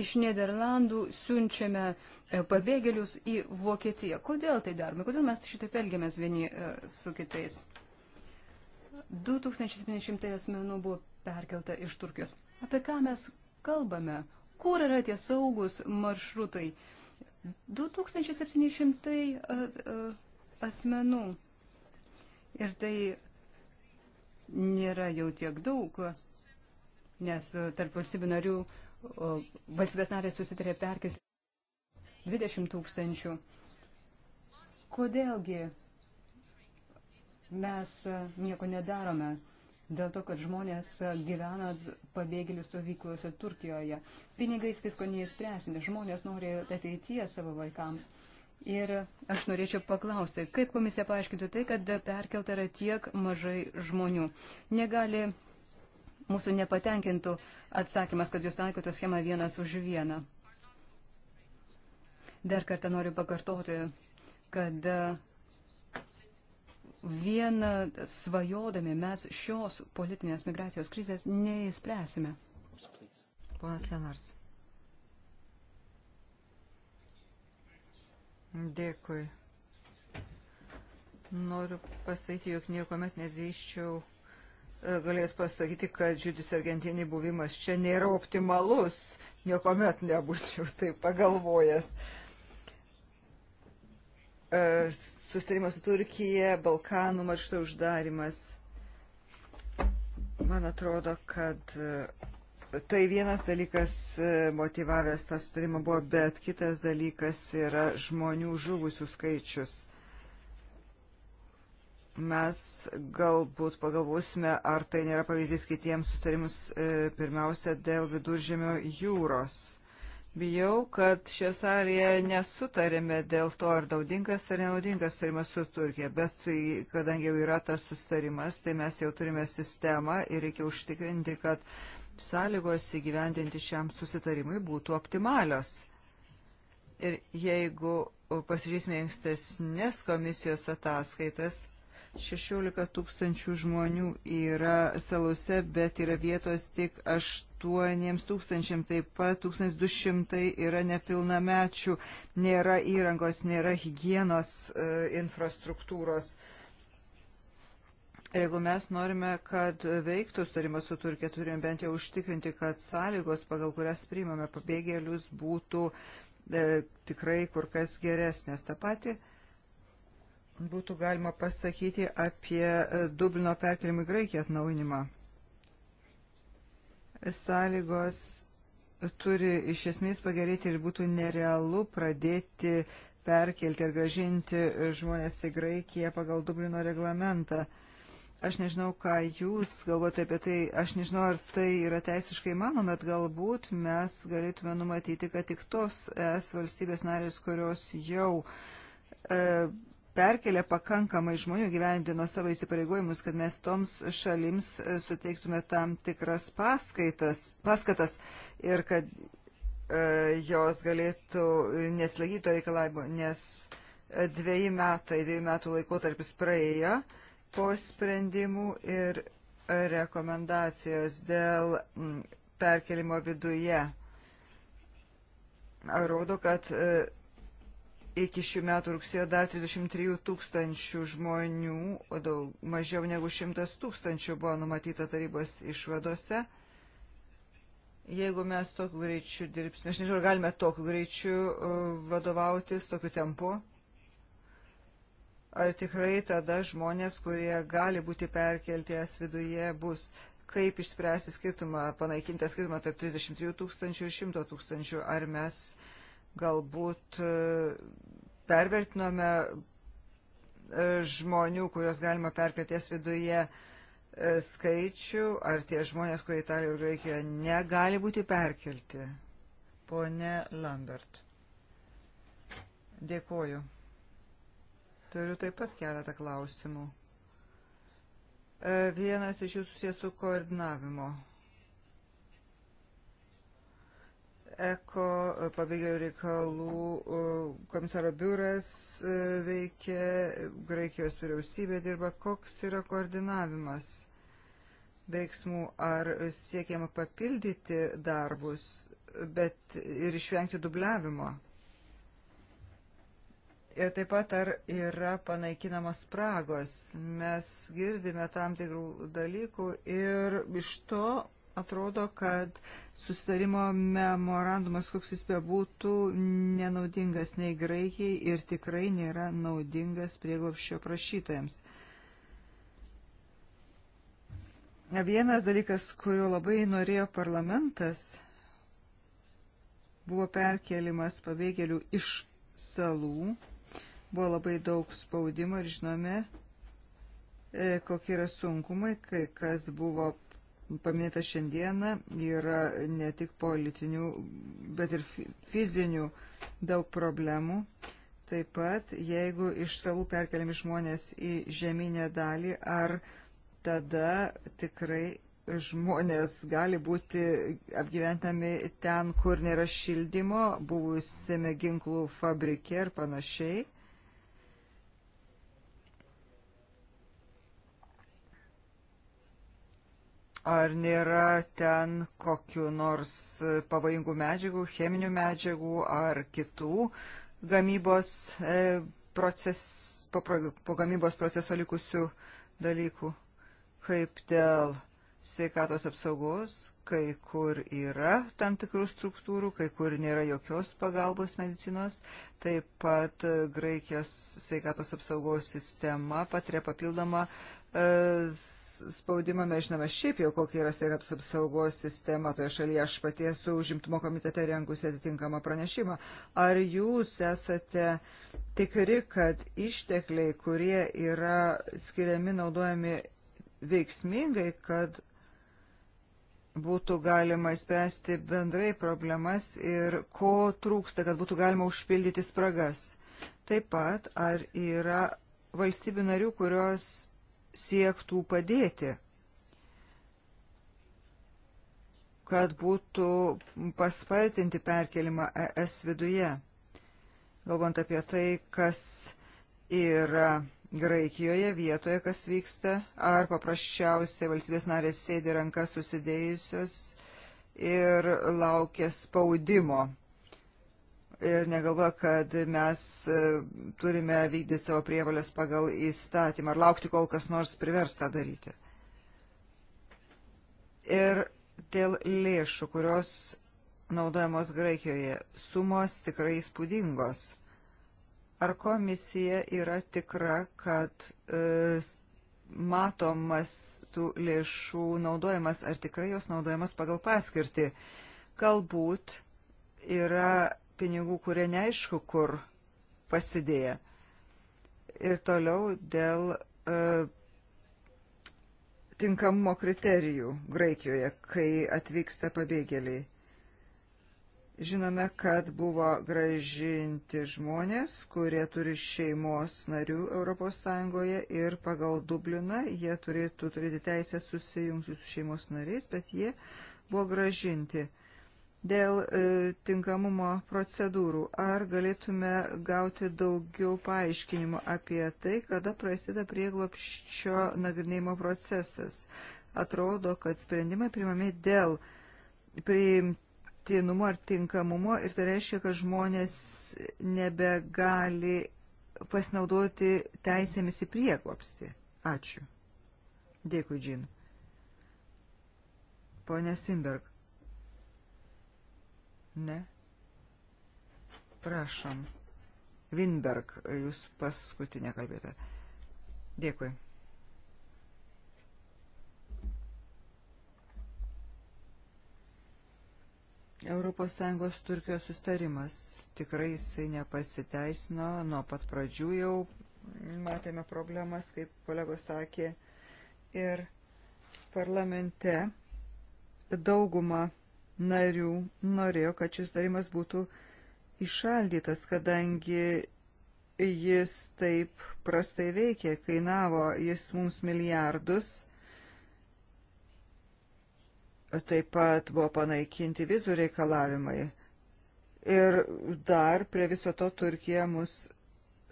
iš Niderlandų siunčiame e, pabėgėlius į Vokietiją. Kodėl tai darome? Kodėl mes šitaip elgiamės vieni e, su kitais? 2700 asmenų buvo perkelta iš Turkijos. Apie ką mes kalbame? Kur yra tie saugus maršrutai? 2700 e, asmenų. Ir tai nėra jau tiek daug, nes tarp valstybių narių uh, valstybės narės susitarė perkelti 20 tūkstančių. Kodėlgi mes nieko nedarome? Dėl to, kad žmonės gyvena pabėgėlių stovyklose Turkijoje. Pinigais visko neįspręsime. Žmonės nori ateityje savo vaikams. Ir aš norėčiau paklausti, kaip komisija paaiškintų tai, kad perkelta yra tiek mažai žmonių. Negali mūsų nepatenkintų atsakymas, kad jūs taikote schemą vienas už vieną. Dar kartą noriu pakartoti, kad e, vien svajodami mes šios politinės migracijos krizės neįspręsime. Ponas Lenars. Dėkui. Noriu pasakyti, jog niekuomet nedrįščiau E, galės pasakyti, kad Žiūdis Argentinį buvimas čia nėra optimalus, niekuomet nebūčiau (laughs) tai pagalvojęs. E, sustarimas su Turkija, Balkanų maršto uždarimas. Man atrodo, kad e, tai vienas dalykas motivavęs tą sutarimą buvo, bet kitas dalykas yra žmonių žuvusių skaičius mes galbūt pagalvosime, ar tai nėra pavyzdys kitiems sustarimus e, pirmiausia dėl viduržėmio jūros. Bijau, kad šioje salėje nesutarėme dėl to, ar naudingas ar nenaudingas sustarimas su Turkija, bet tai, kadangi jau yra tas sustarimas, tai mes jau turime sistemą ir reikia užtikrinti, kad sąlygos įgyvendinti šiam susitarimui būtų optimalios. Ir jeigu pasižiūrėsime ankstesnės komisijos ataskaitas, 16 tūkstančių žmonių yra salose, bet yra vietos tik 8 tūkstančiam, taip pat 1200 yra nepilnamečių, nėra įrangos, nėra hygienos e, infrastruktūros. Jeigu mes norime, kad veiktų sutarimas su Turkija, turim bent jau užtikrinti, kad sąlygos, pagal kurias priimame pabėgėlius, būtų e, tikrai kur kas geresnės. Ta pati e, būtų galima pasakyti apie e, Dublino perkelimą į Graikiją atnaujinimą? Sąlygos turi iš esmės pagerėti ir būtų nerealu pradėti perkelti ir gražinti žmonės į Graikiją pagal Dublino reglamentą. Aš nežinau, ką jūs galvote apie tai, aš nežinau, ar tai yra teisiškai manoma, bet galbūt mes galėtume numatyti, kad tik tos es valstybės narės, kurios jau e, perkelė pakankamai žmonių gyvendino savo įsipareigojimus, kad mes toms šalims e, suteiktume tam tikras paskaitas, paskatas ir kad e, jos galėtų neslagyti to reikalavimo, nes e, dviejų metai, dviejų metų laikotarpis praėjo po sprendimų ir e, rekomendacijos dėl perkelimo viduje rodo, kad e, iki šių metų rugsėjo dar 33 tūkstančių žmonių, o daug, mažiau negu 100 tūkstančių buvo numatyta tarybos išvadose. Jeigu mes tokiu greičiu dirbsime, aš nežinau, ar galime tokiu greičiu uh, vadovautis, tokiu tempu, ar tikrai tada žmonės, kurie gali būti perkelti es viduje, bus kaip išspręsti skirtumą, panaikinti skirtumą tarp 33 tūkstančių ir 100 tūkstančių, ar mes uh, galbūt e, pervertinome e, žmonių, kuriuos galima perkėties viduje e, skaičių, ar tie žmonės, kurie Italijoje ir Graikijoje negali būti perkelti. Pone Lambert. Dėkoju. Turiu taip pat keletą klausimų. Vienas iš jų susijęs su koordinavimo Eko pabėgėlių reikalų komisaro biuras e, veikia, Graikijos vyriausybė dirba. Koks yra koordinavimas veiksmų? Ar siekiama papildyti darbus, bet ir išvengti dubliavimo? Ir taip pat ar yra panaikinamos spragos? Mes girdime tam tikrų dalykų ir iš to atrodo, kad susitarimo memorandumas, koks jis bebūtų, nenaudingas nei Graikijai ir tikrai nėra naudingas prieglopščio prašytojams. Vienas dalykas, kurio labai norėjo parlamentas, buvo perkelimas pabėgėlių iš salų. Buvo labai daug spaudimo ir žinome, e, kokie yra sunkumai, kai kas buvo paminėta šiandieną, yra ne tik politinių, bet ir fizinių daug problemų. Taip pat, jeigu iš salų perkeliami žmonės į žemynę dalį, ar tada tikrai žmonės gali būti apgyventami ten, kur nėra šildymo, buvusime ginklų fabrike ir panašiai. Ar nėra ten kokiu nors pavojingų medžiagų, cheminių medžiagų ar kitų gamybos e, proces, po, po gamybos proceso likusių dalykų, kaip dėl sveikatos apsaugos, kai kur yra tam tikrų struktūrų, kai kur nėra jokios pagalbos medicinos. Taip pat Graikijos sveikatos apsaugos sistema patiria papildomą e, spaudimą mes žinome šiaip jau, kokia yra sveikatos apsaugos sistema toje šalyje. Aš pati esu užimtumo komitete rengusi atitinkamą pranešimą. Ar jūs esate tikri, kad ištekliai, kurie yra skiriami, naudojami veiksmingai, kad būtų galima įspręsti bendrai problemas ir ko trūksta, kad būtų galima užpildyti spragas. Taip pat, ar yra valstybių narių, kurios siektų padėti, kad būtų paspartinti perkelimą ES viduje. Galvant apie tai, kas yra Graikijoje vietoje, kas vyksta, ar paprasčiausiai valstybės narės sėdi rankas susidėjusios ir laukia spaudimo ir negalvoja, kad mes e, turime vykdyti savo prievalės pagal įstatymą ar laukti, kol kas nors privers tą daryti. Ir dėl lėšų, kurios naudojamos Graikijoje, sumos tikrai įspūdingos. Ar komisija yra tikra, kad e, matomas tų lėšų naudojimas, ar tikrai jos naudojamas pagal paskirtį? Galbūt yra pinigų, kurie neaišku, kur pasidėję. Ir toliau dėl e, tinkamumo kriterijų Graikijoje, kai atvyksta pabėgėliai. Žinome, kad buvo gražinti žmonės, kurie turi šeimos narių ES ir pagal Dubliną jie turėtų turėti teisę susijungti su šeimos nariais, bet jie buvo gražinti dėl e, tinkamumo procedūrų. Ar galėtume gauti daugiau paaiškinimų apie tai, kada prasideda prieglopščio nagrinėjimo procesas? Atrodo, kad sprendimai primami dėl priimtinumo ar tinkamumo ir tai reiškia, kad žmonės nebegali pasinaudoti teisėmis į prieglopstį. Ačiū. Dėkui, Džin. Pone Simberg. Ne. Prašom. Winberg, jūs paskutinė kalbėta. Dėkui. ES Turkijos sustarimas. Tikrai jisai nepasiteisino, nuo pat pradžių jau matėme problemas, kaip kolegos sakė, ir parlamente dauguma narių norėjo, kad šis tarimas būtų išaldytas, kadangi jis taip prastai veikė, kainavo jis mums milijardus. Taip pat buvo panaikinti vizų reikalavimai. Ir dar prie viso to Turkija mus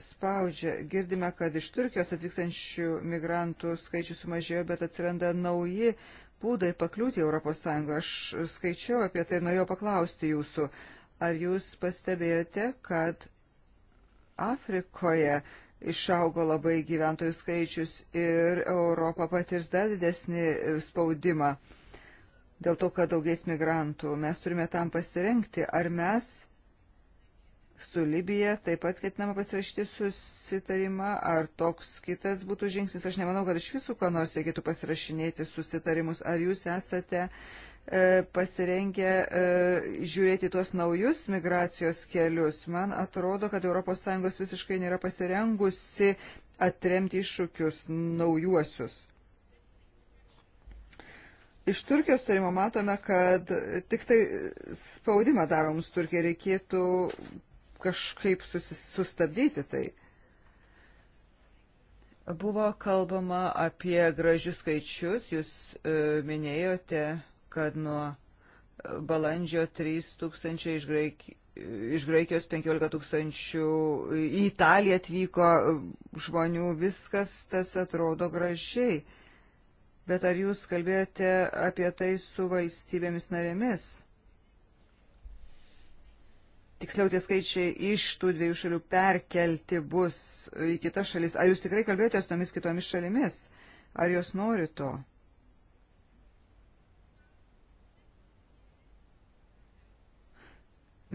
spaudžia. Girdime, kad iš Turkijos atvykstančių migrantų skaičius sumažėjo, bet atsiranda nauji būdai pakliūti Europos Sąjungą. Aš skaičiau apie tai ir norėjau paklausti jūsų, ar jūs pastebėjote, kad Afrikoje išaugo labai gyventojų skaičius ir Europa patirs dar didesnį spaudimą dėl to, kad daugės migrantų. Mes turime tam pasirengti. Ar mes su Libija, taip pat ketinama pasirašyti susitarimą, ar toks kitas būtų žingsnis. Aš nemanau, kad iš visų, ko nors reikėtų pasirašinėti susitarimus. Ar jūs esate e, pasirengę e, žiūrėti tuos naujus migracijos kelius? Man atrodo, kad ES visiškai nėra pasirengusi atremti iššūkius naujuosius. Iš Turkijos turimo matome, kad tik tai spaudimą daromams Turkija reikėtų kažkaip susis, sustabdyti tai. Buvo kalbama apie gražius skaičius, jūs e, minėjote, kad nuo e, balandžio 3 tūkstančiai iš, Graik... iš Graikijos 15 tūkstančių į Italiją atvyko e, žmonių, viskas tas atrodo gražiai. Bet ar jūs kalbėjote apie tai su valstybėmis narėmis? tiksliau tie skaičiai iš tų dviejų šalių perkelti bus į kitas šalis. Ar jūs tikrai kalbėjote su tomis kitomis šalimis? Ar jos nori to?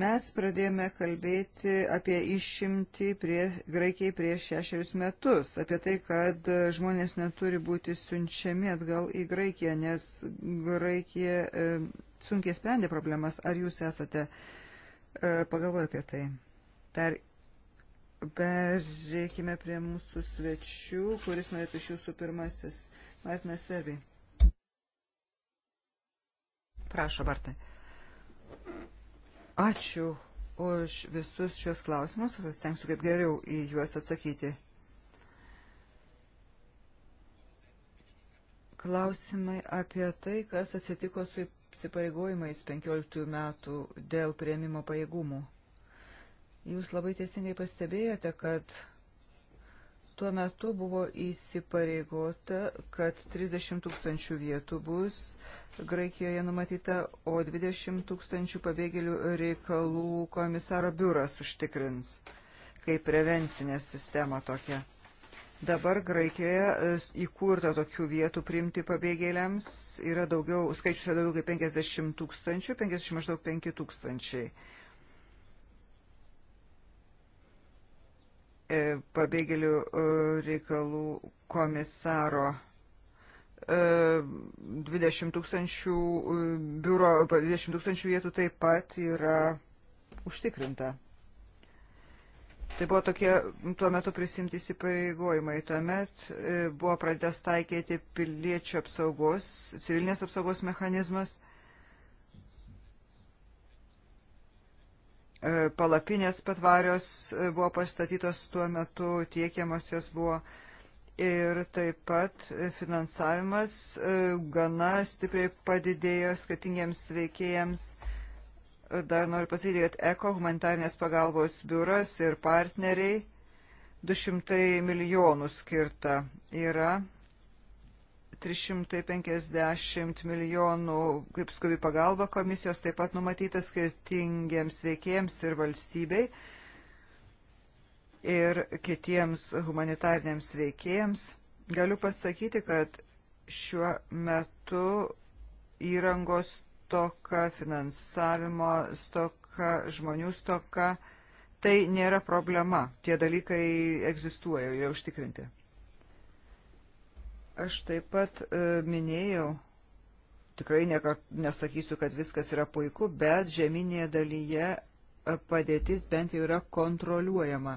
Mes pradėjome kalbėti apie išimtį prie, Graikijai prieš šešerius metus, apie tai, kad žmonės neturi būti siunčiami atgal į Graikiją, nes Graikija e, sunkiai sprendė problemas. Ar jūs esate uh, E, pagalvoju apie tai. Per, peržiūrėkime prie mūsų svečių, kuris norėtų iš jūsų pirmasis. Martinas Verbi. Prašau, Bartai. Ačiū už visus šios klausimus, stengsiu kaip geriau į juos atsakyti. Klausimai apie tai, kas atsitiko su įsipareigojimais 15 metų dėl prieimimo pajėgumų. Jūs labai teisingai pastebėjote, kad tuo metu buvo įsipareigota, kad 30 tūkstančių vietų bus Graikijoje numatyta, o 20 tūkstančių pabėgėlių reikalų komisaro biuras užtikrins kaip prevencinė sistema tokia. Dabar Graikijoje e, įkurta tokių vietų priimti pabėgėliams. Yra daugiau, skaičius yra daugiau kaip 50 tūkstančių, 50 maždaug 5 tūkstančiai. E, pabėgėlių e, reikalų komisaro 20 tūkstančių biuro, 20 tūkstančių vietų taip pat yra užtikrinta. Tai buvo tokie tuo metu prisimti įsipareigojimai. Tuomet e, buvo pradės taikyti piliečių apsaugos, civilinės apsaugos mechanizmas, e, palapinės patvarios e, buvo pastatytos tuo metu, tiekiamos jos buvo ir taip pat finansavimas gana stipriai padidėjo skatingiems veikėjams dar noriu pasakyti, kad ECO humanitarnės pagalbos biuras ir partneriai 200 milijonų skirta yra 350 milijonų kaip skubi pagalba komisijos taip pat numatyta skirtingiems veikėjams ir valstybei ir kitiems humanitariniams veikėjams. Galiu pasakyti, kad šiuo metu įrangos stoka, finansavimo stoka, žmonių stoka. Tai nėra problema. Tie dalykai egzistuoja ir užtikrinti. Aš taip pat e, minėjau, tikrai ne, nesakysiu, kad viskas yra puiku, bet žeminėje dalyje e, padėtis bent jau yra kontroliuojama.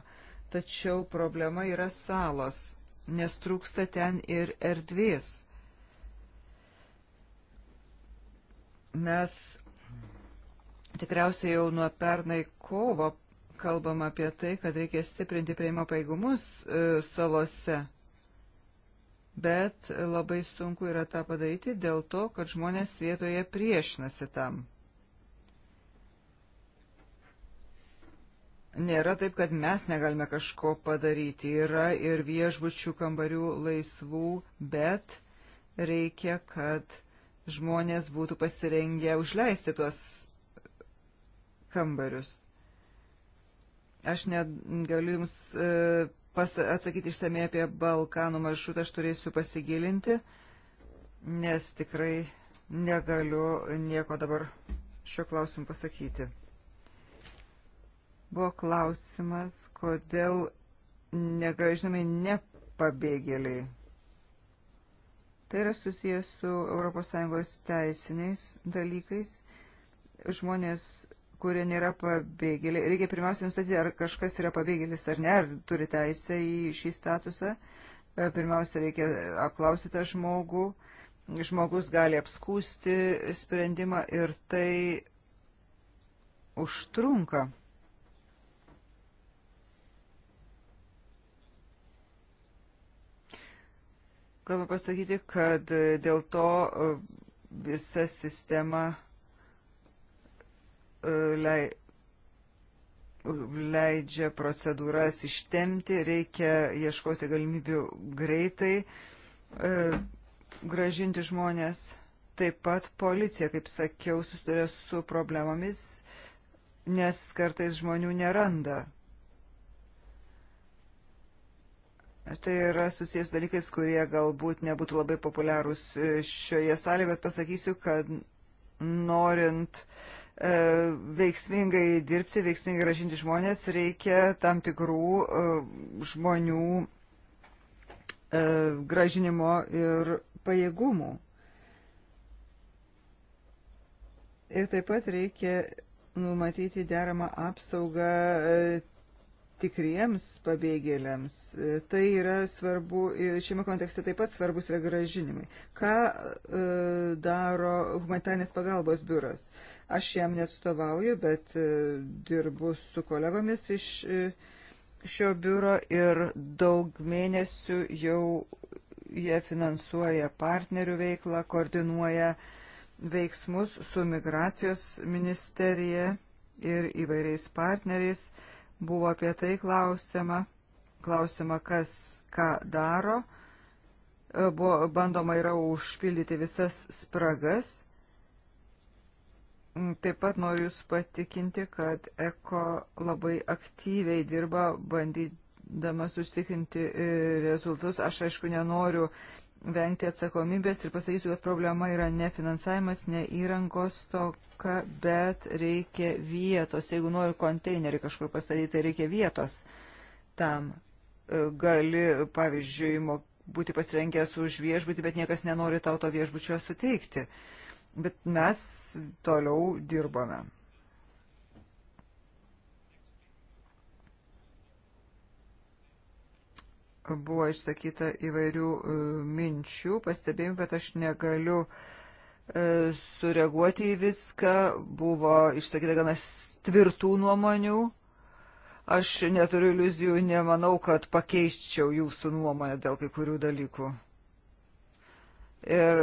Tačiau problema yra salos, nes trūksta ten ir erdvės Mes tikriausiai jau nuo pernai kovo kalbam apie tai, kad reikia stiprinti prieimo paėgumus e, salose. Bet labai sunku yra tą padaryti dėl to, kad žmonės vietoje priešinasi tam. Nėra taip, kad mes negalime kažko padaryti. Yra ir viešbučių kambarių laisvų, bet reikia, kad žmonės būtų pasirengę užleisti tuos kambarius. Aš negaliu Jums e, atsakyti išsamei apie Balkanų maršrutą, aš turėsiu pasigilinti, nes tikrai negaliu nieko dabar šiuo klausimu pasakyti. Buvo klausimas, kodėl negražinami nepabėgėliai. Tai yra susijęs su ES teisiniais dalykais. Žmonės, kurie nėra pabėgėliai, reikia pirmiausia nustatyti, ar kažkas yra pabėgėlis ar ne, ar turi teisę į šį statusą. E, pirmiausia, reikia apklausyti tą žmogų. Žmogus gali apskūsti sprendimą ir tai užtrunka. galima pasakyti, kad e, dėl to e, visa sistema e, lei, leidžia procedūras ištemti, reikia ieškoti galimybių greitai gražinti žmonės. Taip pat policija, kaip sakiau, susiduria su problemomis, nes kartais žmonių neranda Tai yra susijęs dalykais, kurie galbūt nebūtų labai populiarūs e, šioje salėje, bet pasakysiu, kad norint e, veiksmingai dirbti, veiksmingai gražinti žmonės, reikia tam tikrų e, žmonių e, gražinimo ir pajėgumų. Ir taip pat reikia numatyti deramą apsaugą e, tikriems pabėgėliams. E, tai yra svarbu, e, šiame kontekste taip pat svarbus yra gražinimai. Ką e, daro humanitarnės pagalbos biuras? Aš jam nestovauju, bet e, dirbu su kolegomis iš e, šio biuro ir daug mėnesių jau jie finansuoja partnerių veiklą, koordinuoja veiksmus su migracijos ministerija ir įvairiais partneriais. E, buvo apie tai klausima, klausima kas ką daro, e, buvo bandoma yra užpildyti visas spragas. Mm, taip pat noriu Jūs patikinti, kad ECO labai aktyviai dirba bandydama susitikinti e, rezultatus. Aš aišku nenoriu vengti atsakomybės ir pasakysiu, kad problema yra ne finansavimas, ne įrangos toka, bet reikia vietos. Jeigu nori konteinerį kažkur pastatyti, tai reikia vietos tam. E, gali, pavyzdžiui, būti pasirengęs už viešbutį, bet niekas nenori tau to viešbučio suteikti. Bet mes toliau dirbame. buvo išsakyta įvairių e, minčių, pastebėjimų, bet aš negaliu e, sureaguoti į viską. Buvo išsakyta gana tvirtų nuomonių. Aš neturiu iliuzijų, nemanau, kad pakeiščiau jūsų nuomonę dėl kai kurių dalykų. Ir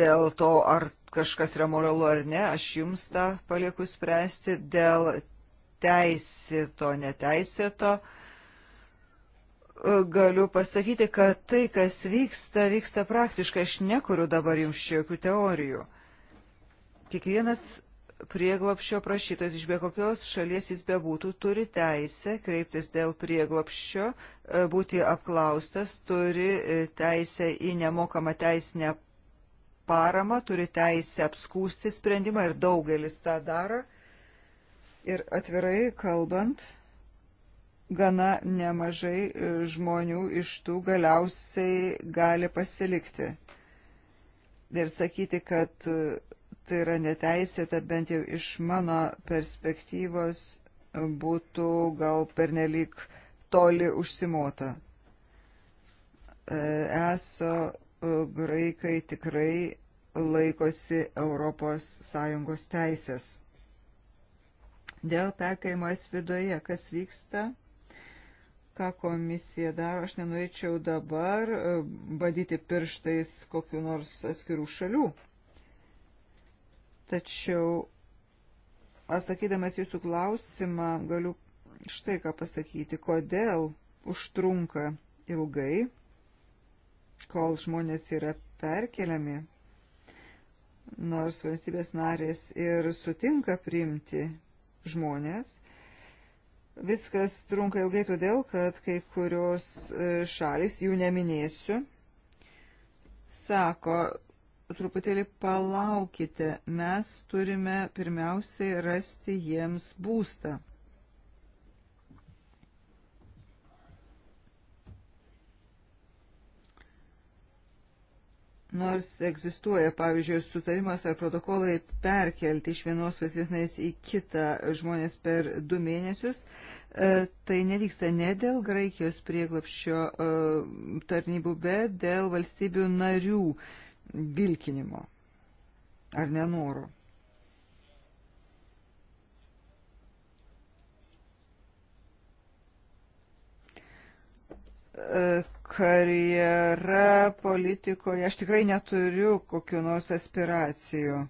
dėl to, ar kažkas yra moralu ar ne, aš jums tą palieku spręsti dėl teisėto, neteisėto. Uh, galiu pasakyti, kad tai, kas vyksta, vyksta praktiškai. Aš nekuriu dabar jums jokių teorijų. Kiekvienas prieglopščio prašytojas iš be kokios šalies jis bebūtų turi teisę kreiptis dėl prieglopščio, e, būti apklaustas, turi e, teisę į nemokamą teisinę paramą, turi teisę apskūsti sprendimą ir daugelis tą daro. Ir atvirai kalbant, gana nemažai e, žmonių iš tų galiausiai gali pasilikti. Ir sakyti, kad e, tai yra neteisėta, bent jau iš mano perspektyvos, e, būtų gal pernelyg toli užsimota. Eso graikai tikrai laikosi ES teisės. Dėl perkaimos viduje, kas vyksta? ką komisija daro. Aš nenorėčiau dabar e, badyti pirštais kokiu nors atskirų šalių. Tačiau, atsakydamas jūsų klausimą, galiu štai ką pasakyti, kodėl užtrunka ilgai, kol žmonės yra perkeliami, nors valstybės narės ir sutinka priimti žmonės – Viskas trunka ilgai todėl, kad kai kurios e, šalis, jų neminėsiu, sako, truputėlį palaukite, mes turime pirmiausiai rasti jiems būstą. Nors egzistuoja, pavyzdžiui, sutarimas ar protokolai perkelti iš vienos valstybės narės į kitą žmonės per du mėnesius, e, tai nevyksta ne dėl Graikijos prieglapščio e, tarnybų, bet dėl valstybių narių vilkinimo ar nenoro. Uh, karjera politikoje, aš tikrai neturiu kokiu nors aspiracijų.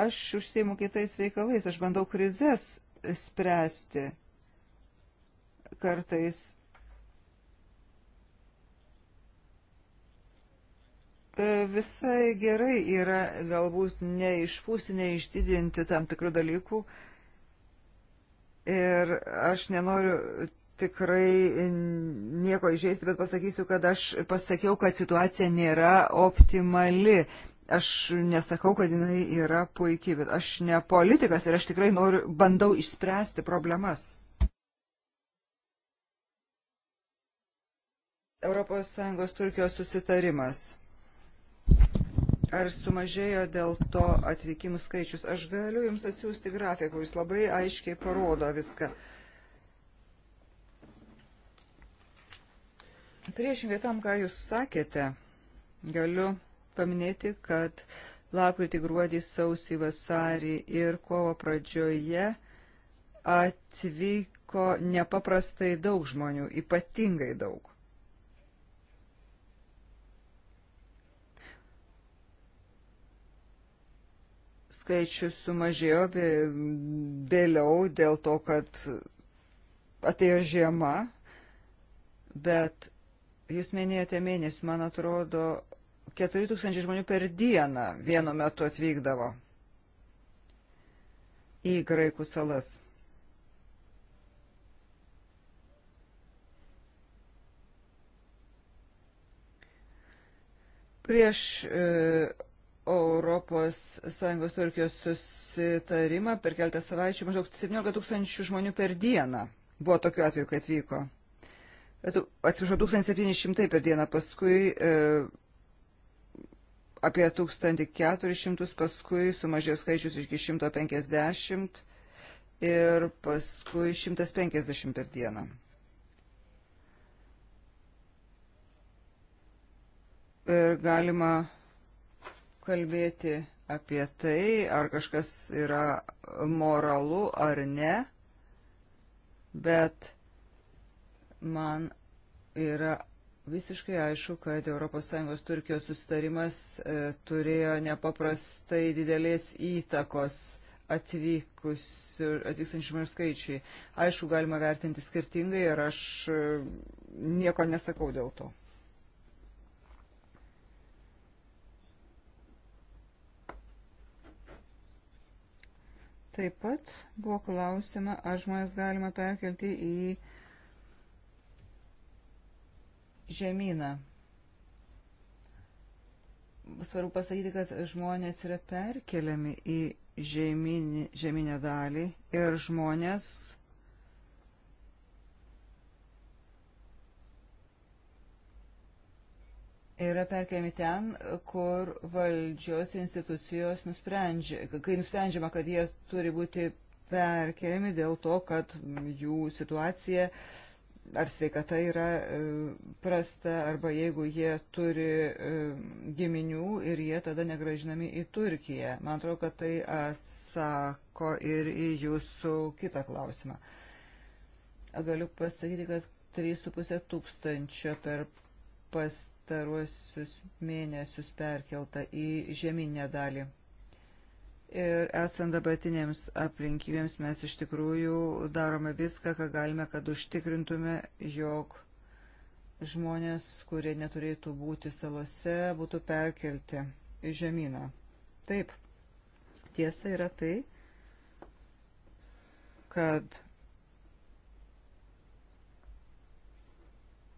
Aš užsieimu kitais reikalais, aš bandau krizės spręsti kartais. Visai gerai yra galbūt neišpūsti, neišdidinti tam tikrų dalykų. Ir aš nenoriu tikrai nieko įžeisti, bet pasakysiu, kad aš pasakiau, kad situacija nėra optimali. Aš nesakau, kad jinai yra puikiai, bet aš ne politikas ir aš tikrai noriu, bandau išspręsti problemas. ES Turkijos susitarimas. Ar sumažėjo dėl to atvykimų skaičius? Aš galiu Jums atsiųsti grafiką, kuris labai aiškiai parodo viską. Uh, Priešingai tam, ką Jūs sakėte, galiu paminėti, kad lapkritį, gruodį, sausį, vasarį ir kovo pradžioje atvyko nepaprastai daug žmonių, ypatingai daug. Skaičius sumažėjo vėliau dėl to, kad atėjo žiema, bet Jūs minėjote mėnesį, man atrodo, 4000 žmonių per dieną vienu metu atvykdavo į Graikų salas. Prieš ES Turkijos susitarimą per keltą savaičių maždaug 17 tūkstančių žmonių per dieną buvo tokiu atveju, kai atvyko. E, atsiprašau, 1700 per dieną, paskui e, apie 1400, paskui sumažėjo skaičius iki 150 ir paskui 150 per dieną. Ir galima kalbėti apie tai, ar kažkas yra moralu ar ne, bet man yra visiškai aišku, kad ES Turkijos sustarimas e, turėjo nepaprastai didelės įtakos atvykstančių žmonių skaičiai. Aišku, galima vertinti skirtingai ir aš e, nieko nesakau dėl to. Taip pat buvo klausima, ar žmonės galima perkelti į žemyną. Svarbu pasakyti, kad žmonės yra perkeliami į žemynį, žemynę dalį ir žmonės yra perkeliami ten, kur valdžios institucijos nusprendžia, kai nusprendžiama, kad jie turi būti perkeliami dėl to, kad jų situacija uh, ar sveikata yra e, prasta, arba jeigu jie turi e, giminių ir jie tada negražinami į Turkiją. Man atrodo, kad tai atsako ir į jūsų kitą klausimą. Galiu pasakyti, kad 3,5 tūkstančio per pastaruosius mėnesius perkelta į žemynę dalį. Ir esant dabartinėms aplinkybėms mes iš tikrųjų darome viską, ką galime, kad užtikrintume, jog žmonės, kurie neturėtų būti salose, būtų perkelti į žemyną. Taip, tiesa yra tai, kad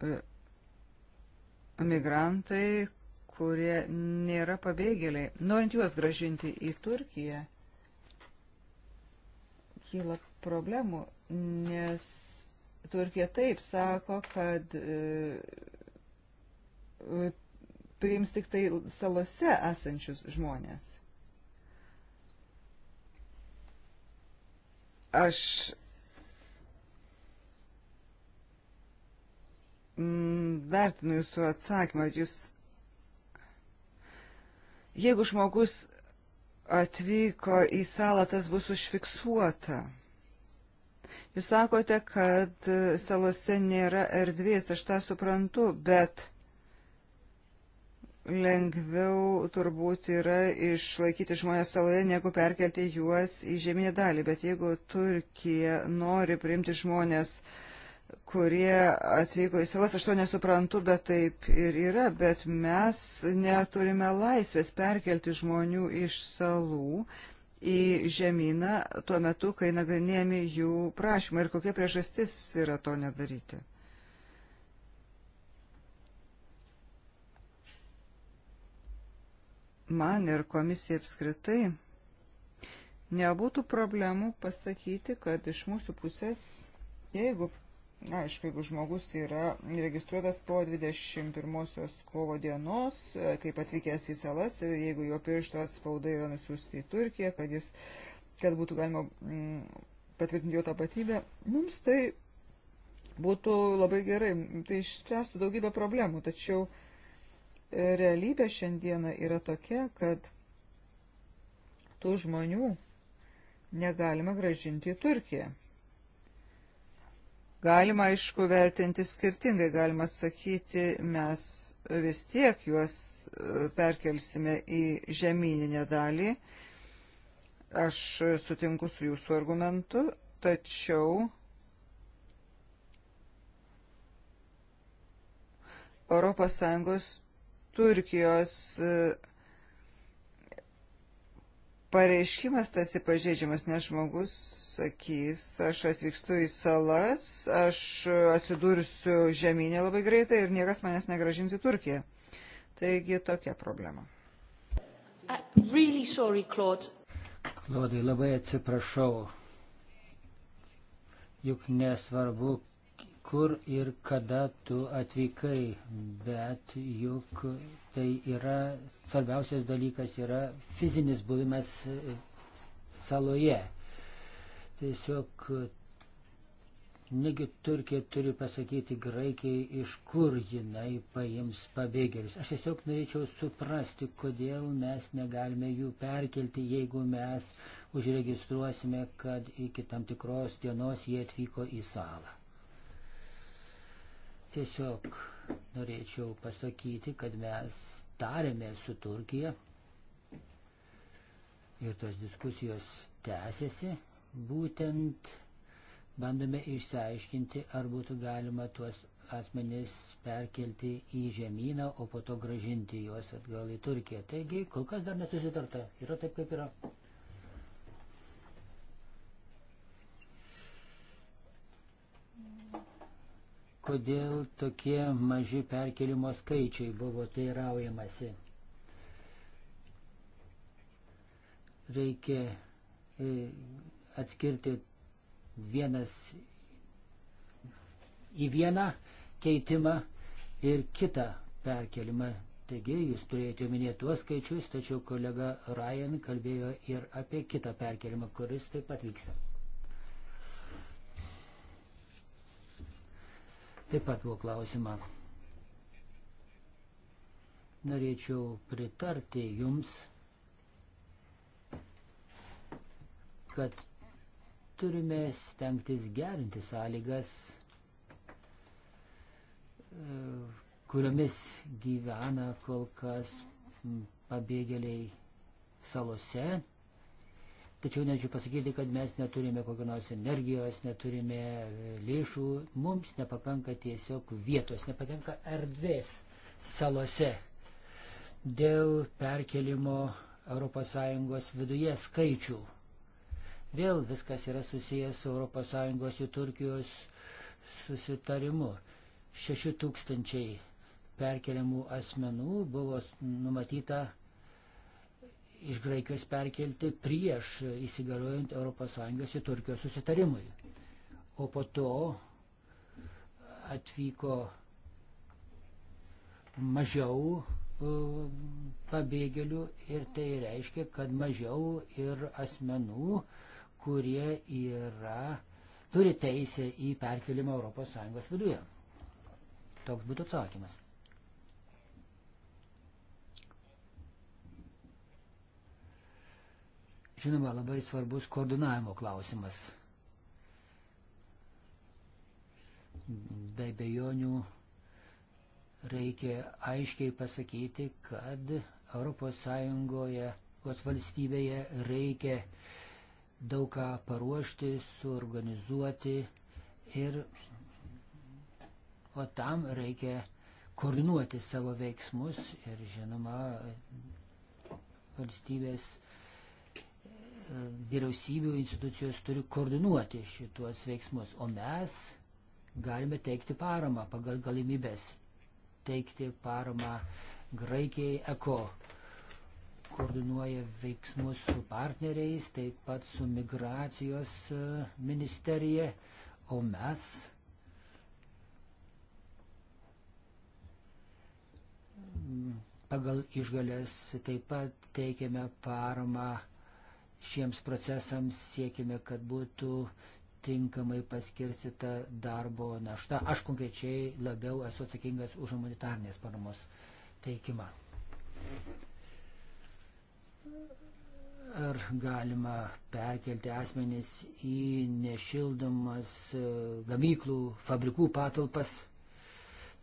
e, migrantai, kurie nėra pabėgėliai. Norint juos gražinti į Turkiją, kyla problemų, nes Turkija taip sako, kad e, priims tik tai salose esančius žmonės. Aš vertinu jūsų atsakymą, jūs Jeigu žmogus atvyko į salą, tas bus užfiksuota. Jūs sakote, kad salose nėra erdvės, aš tą suprantu, bet lengviau turbūt yra išlaikyti žmonės saloje, negu perkelti juos į žemynę dalį. Bet jeigu Turkija nori priimti žmonės uh, kurie atvyko į salas, aš to nesuprantu, bet taip ir yra, bet mes neturime laisvės perkelti žmonių iš salų į žemyną tuo metu, kai nagrinėjami jų prašymai ir kokia priežastis yra to nedaryti. Man ir komisija apskritai nebūtų problemų pasakyti, kad iš mūsų pusės, jeigu aišku, jeigu žmogus yra registruotas po 21 kovo dienos, e, kaip atvykęs į salas ir jeigu jo piršto atspaudai yra nusiųsti į Turkiją, kad, jis, kad būtų galima mm, patvirtinti jo tapatybę, mums tai būtų labai gerai, tai išspręstų daugybę problemų, tačiau e, realybė šiandieną yra tokia, kad tų žmonių negalima gražinti į Turkiją. Galima, aišku, vertinti skirtingai, galima sakyti, mes vis tiek juos e, perkelsime į žemyninę dalį. Aš sutinku su jūsų argumentu, tačiau ES Turkijos e, pareiškimas tarsi pažeidžiamas, nes žmogus sakys, aš atvykstu į salas, aš atsidursiu žemynė labai greitai ir niekas manęs negražins į Turkiją. Taigi tokia problema. Really sorry, Claude. Klaudai, labai atsiprašau. Juk nesvarbu, kur ir kada tu atvykai, bet juk tai yra svarbiausias dalykas yra fizinis buvimas e, saloje. Tiesiog Negi Turkija turi pasakyti Graikijai, iš kur jinai paims pabėgėlius. Aš tiesiog norėčiau suprasti, kodėl mes negalime jų perkelti, jeigu mes užregistruosime, kad iki tam tikros dienos jie atvyko į salą. Tiesiog norėčiau pasakyti, kad mes tarėme su Turkija ir tos diskusijos tęsiasi. Būtent bandome išsiaiškinti, ar būtų galima tuos asmenys perkelti į žemyną, o po to gražinti juos atgal į Turkiją. Taigi, kol kas dar nesusitarta. Yra taip, kaip yra. kodėl tokie maži perkelimo skaičiai buvo teiraujamasi. Reikia e, atskirti vienas į vieną keitimą ir kitą perkelimą. Taigi jūs turėjote minėti tuos skaičius, tačiau kolega Ryan kalbėjo ir apie kitą perkelimą, kuris taip pat vyksta. taip pat buvo klausimą. Norėčiau pritarti jums, kad turime stengtis gerinti sąlygas, e, kuriomis gyvena kol kas pabėgėliai salose Tačiau norėčiau pasakyti, kad mes neturime kokios nors energijos, neturime e, lėšų, mums nepakanka tiesiog vietos, nepakanka erdvės salose. Dėl perkelimo ES viduje skaičių. Vėl viskas yra susijęs su ES ir Turkijos susitarimu. 6 tūkstančiai perkeliamų asmenų buvo numatyta iš Graikijos perkelti prieš įsigaliojant ES ir Turkijos susitarimui. O po to atvyko mažiau e, pabėgėlių ir tai reiškia, kad mažiau ir asmenų, kurie yra, turi teisę į perkelimą ES viduje. Toks būtų atsakymas. Žinoma, labai svarbus koordinavimo klausimas. Be bejonių reikia aiškiai pasakyti, kad ES valstybėje reikia daug ką paruošti, suorganizuoti ir o tam reikia koordinuoti savo veiksmus ir žinoma valstybės vyriausybių institucijos turi koordinuoti šituos veiksmus, o mes galime teikti paramą pagal galimybės, teikti paramą Graikijai ECO, koordinuoja veiksmus su partneriais, taip pat su migracijos e, ministerija, o mes pagal išgalės taip pat teikiame paramą šiems procesams, siekime, kad būtų tinkamai paskirstita darbo našta. Aš konkrečiai labiau esu atsakingas už humanitarnės paramos teikimą. Ar galima perkelti asmenis į nešildomas e, gamyklų, fabrikų patalpas?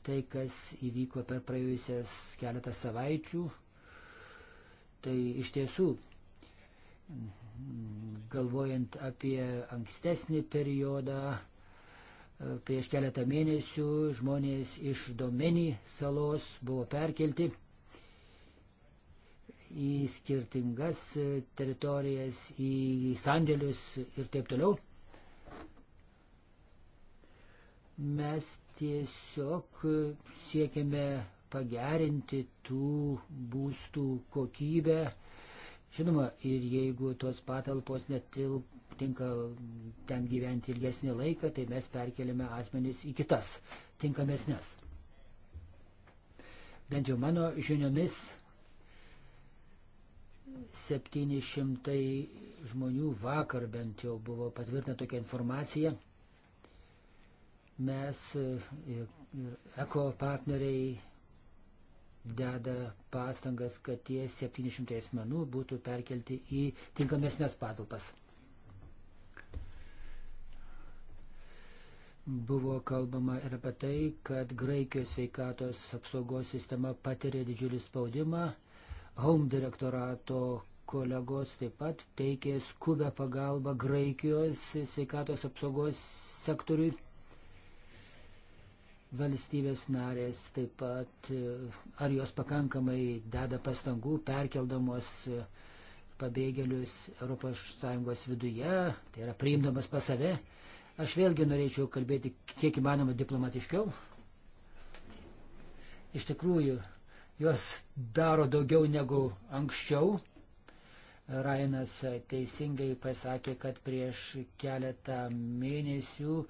Tai, kas įvyko per praėjusias keletą savaičių, tai iš tiesų galvojant apie ankstesnį periodą, e, prieš keletą mėnesių žmonės iš Domenį salos buvo perkelti į skirtingas e, teritorijas, į sandėlius ir taip toliau. Mes tiesiog e, siekiame pagerinti tų būstų kokybę Žinoma, ir jeigu tos patalpos netinka ten gyventi ilgesnį laiką, tai mes perkeliame asmenys į kitas tinkamesnės. Bent jau mano žiniomis 700 žmonių vakar bent jau buvo patvirtinta tokia informacija. Mes e, ir, ir eko partneriai deda pastangas, kad tie 700 asmenų būtų perkelti į tinkamesnės patalpas. Buvo kalbama ir apie tai, kad Graikijos sveikatos apsaugos sistema patiria didžiulį spaudimą. Home direktorato kolegos taip pat teikė skubę pagalbą Graikijos sveikatos apsaugos sektoriui valstybės narės taip pat, e, ar jos pakankamai deda pastangų perkeldamos e, pabėgėlius ES viduje, tai yra priimdamas pas save. Aš vėlgi norėčiau kalbėti kiek įmanoma diplomatiškiau. Iš tikrųjų, jos daro daugiau negu anksčiau. Rainas teisingai pasakė, kad prieš keletą mėnesių uh,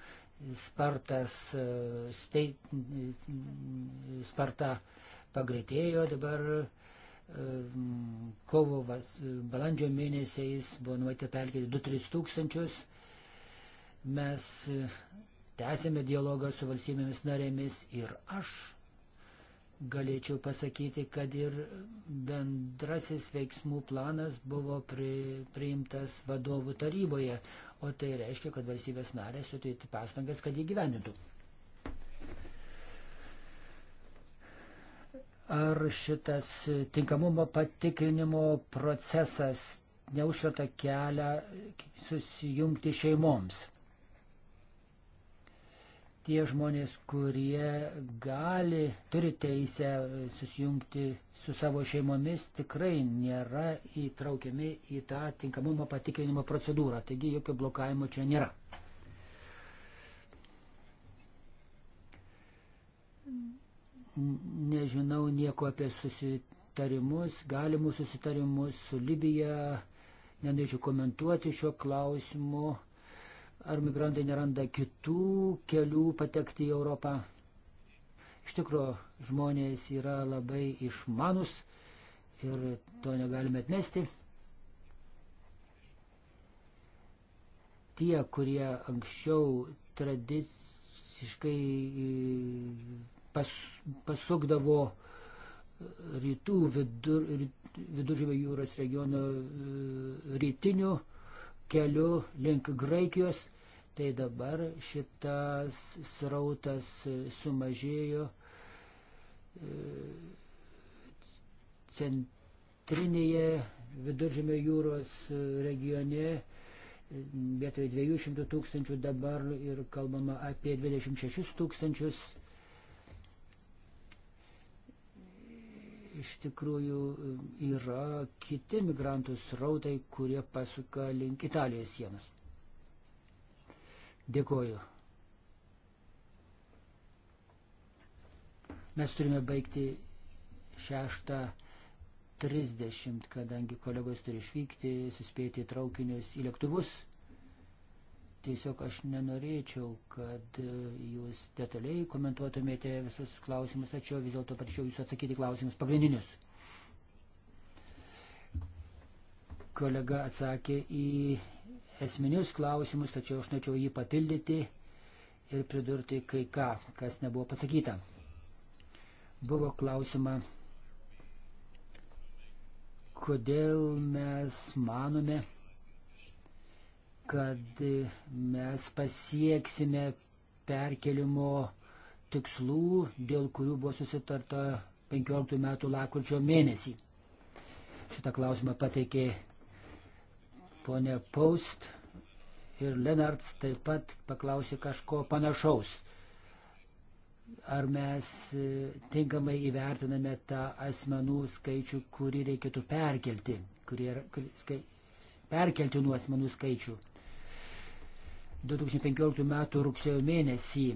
spartas, e, stei, e, sparta pagreitėjo, dabar e, kovo vas, balandžio mėnesiais buvo numatyta perkelti 2-3 tūkstančius. Mes tęsėme dialogą su valstybėmis narėmis ir aš galėčiau pasakyti, kad ir bendrasis veiksmų planas buvo pri, priimtas vadovų taryboje, o tai reiškia, kad valstybės narės sutėti pastangas, kad jį gyvenintų. Ar šitas tinkamumo patikrinimo procesas neužkerta kelią susijungti šeimoms? tie žmonės, kurie gali, turi teisę susijungti su savo šeimomis, tikrai nėra įtraukiami į tą tinkamumo patikrinimo procedūrą. Taigi jokio blokavimo čia nėra. Nežinau nieko apie susitarimus, galimus susitarimus su Libija. Nenorėčiau komentuoti šio klausimu Ar migrantai neranda kitų kelių patekti į Europą? Iš tikrųjų, žmonės yra labai išmanus ir to negalime atmesti. Tie, kurie anksčiau tradiciškai e, pas, pasukdavo rytų vidur, viduržymio jūros regiono e, rytiniu keliu link Graikijos, tai dabar šitas srautas sumažėjo e, centrinėje viduržėmio jūros regione vietoj 200 tūkstančių dabar ir kalbama apie 26 tūkstančius iš tikrųjų yra kiti migrantų srautai, kurie pasuka link Italijos sienos. Dėkoju. Mes turime baigti 6.30, kadangi kolegos turi išvykti, suspėti traukinius į lėktuvus. Tiesiog aš nenorėčiau, kad e, jūs detaliai komentuotumėte visus klausimus, tačiau vis dėlto prašiau jūs atsakyti klausimus pagrindinius. Kolega atsakė į esminius klausimus, tačiau aš norėčiau jį papildyti ir pridurti kai ką, kas nebuvo pasakyta. Buvo klausima, kodėl mes manome, kad mes pasieksime perkelimo tikslų, dėl kurių buvo susitarta 15 metų lakurčio mėnesį. Šitą klausimą pateikė ponė Paust ir Lenarts taip pat paklausė kažko panašaus. Ar mes e, tinkamai įvertiname tą asmenų skaičių, kurį reikėtų perkelti, kurie, kurie, skai, perkeltinų asmenų skaičių. 2015 m. rugsėjo mėnesį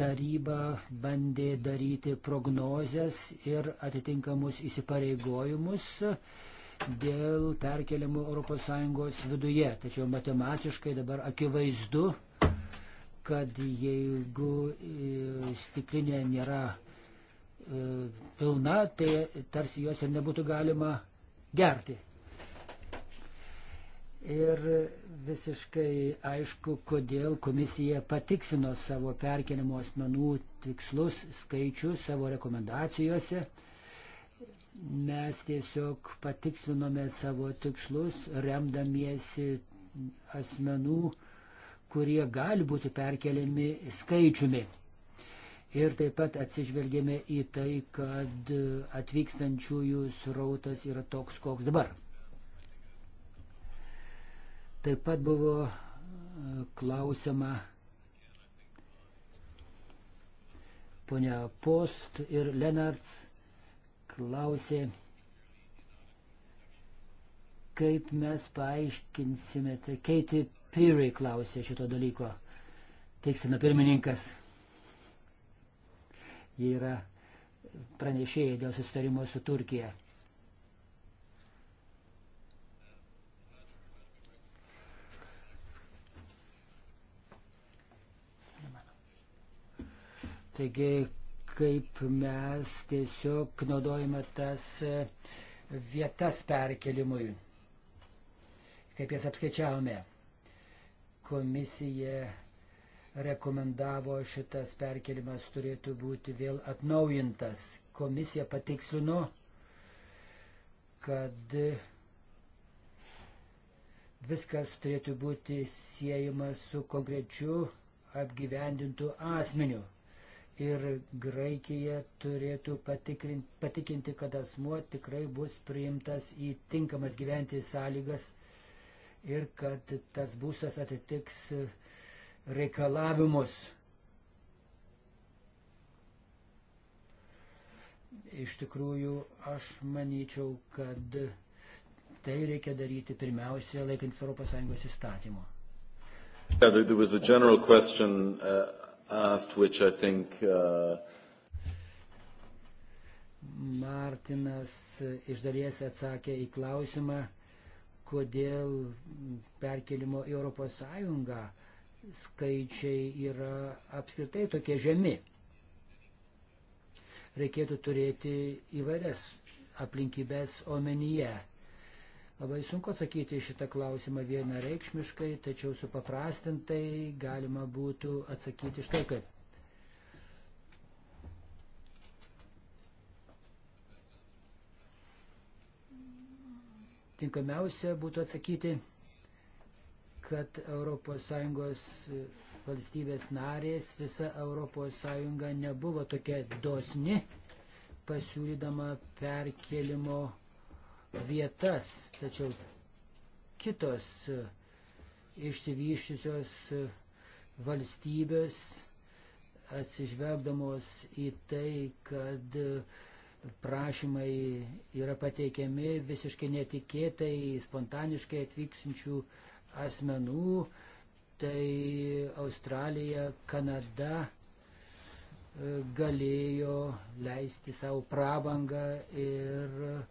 taryba bandė daryti prognozes ir atitinkamus įsipareigojimus dėl perkeliamų ES viduje. Tačiau matematiškai dabar akivaizdu, kad jeigu e, stiklinė nėra e, pilna, tai tarsi jos ir nebūtų galima gerti. Ir visiškai aišku, kodėl komisija patiksino savo perkelimo asmenų tikslus, skaičius savo rekomendacijose. Mes tiesiog patiksinome savo tikslus, remdamiesi asmenų, kurie gali būti perkeliami skaičiumi. Ir taip pat atsižvelgėme į tai, kad atvykstančiųjų srautas yra toks, koks dabar. Taip pat buvo e, klausima ponia Post ir Lenarts klausė, kaip mes paaiškinsime, tai Keiti Pyrai klausė šito dalyko, teiksime pirmininkas. Jie yra pranešėjai dėl susitarimo su Turkija. Taigi, kaip mes tiesiog naudojame tas e, vietas perkelimui, kaip jas apskaičiavome. Komisija rekomendavo šitas perkelimas turėtų būti vėl atnaujintas. Komisija patikslino, kad viskas turėtų būti siejama su konkrečiu apgyvendintų asmeniu ir Graikija turėtų patikinti, kad asmuo tikrai bus priimtas į tinkamas gyventi sąlygas ir kad tas būstas atitiks reikalavimus. Iš tikrųjų, aš manyčiau, kad tai reikia daryti pirmiausia laikant ES įstatymo. Yeah, there was a general question uh, asked, which I think. Uh... Martinas iš dalies atsakė į klausimą, kodėl perkelimo į Europos Sąjungą skaičiai yra apskritai tokie žemi. Reikėtų turėti įvairias aplinkybės omenyje Labai sunku atsakyti šitą klausimą vienareikšmiškai, tačiau supaprastintai galima būtų atsakyti štai kaip. Tinkamiausia būtų atsakyti, kad ES valstybės narės, visa ES nebuvo tokia dosni pasiūlydama perkelimo vietas, tačiau kitos e, išsivyščiusios e, valstybės atsižvelgdamos į tai, kad e, prašymai yra pateikiami visiškai netikėtai, spontaniškai atvyksinčių asmenų, tai Australija, Kanada galėjo leisti savo prabangą ir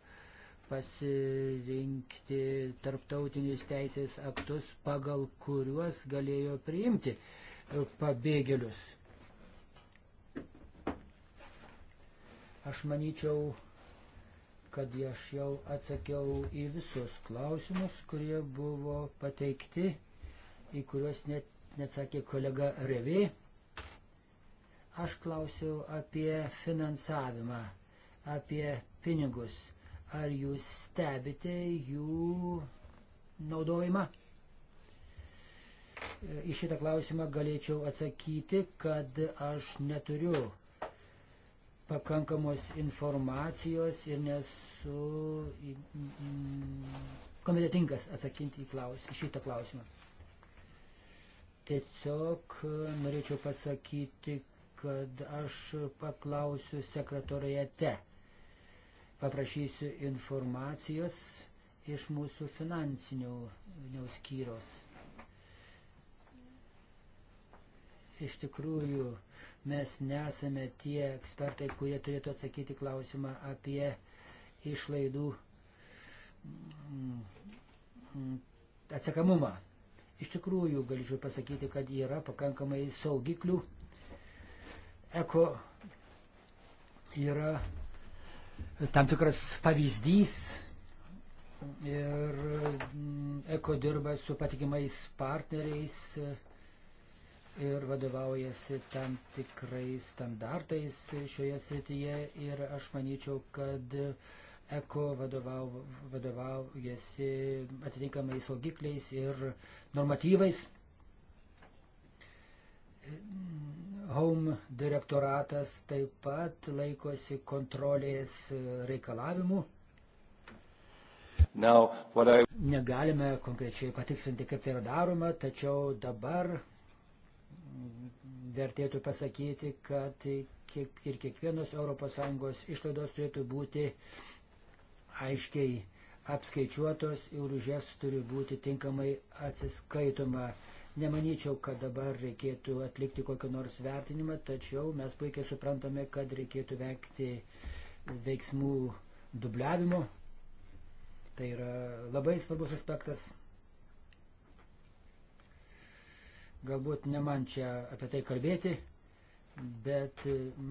pasirinkti tarptautinius teisės aktus, pagal kuriuos galėjo priimti e, pabėgėlius. Aš manyčiau, kad aš jau atsakiau į visus klausimus, kurie buvo pateikti, į kuriuos net, net sakė kolega Revė. Aš klausiau apie finansavimą, apie pinigus. Ar jūs stebite jų naudojimą? Į šitą klausimą galėčiau atsakyti, kad aš neturiu pakankamos informacijos ir nesu mm, kompetentingas atsakyti į klaus, šitą klausimą. Tiesiog norėčiau pasakyti, kad aš paklausiu sekretoriate paprašysiu informacijos iš mūsų finansinio skyrios. Iš tikrųjų, mes nesame tie ekspertai, kurie turėtų atsakyti klausimą apie išlaidų mm, mm, atsakamumą. Iš tikrųjų, galėčiau pasakyti, kad yra pakankamai saugiklių. Eko yra tam tikras pavyzdys ir mm, Eko dirba su patikimais partneriais ir vadovaujasi tam tikrais standartais šioje srityje ir aš manyčiau, kad Eko vadovau, vadovaujasi atitinkamais saugikliais ir normatyvais Home direktoratas taip pat laikosi kontrolės reikalavimų. Now, I... Negalime konkrečiai patiksinti, kaip tai yra daroma, tačiau dabar vertėtų pasakyti, kad ir kiekvienos ES išlaidos turėtų būti aiškiai apskaičiuotos ir už jas turi būti tinkamai atsiskaitoma. Nemanyčiau, kad dabar reikėtų atlikti kokį nors vertinimą, tačiau mes puikiai suprantame, kad reikėtų vengti veiksmų dubliavimo. Tai yra labai svarbus aspektas. Galbūt ne man čia apie tai kalbėti, bet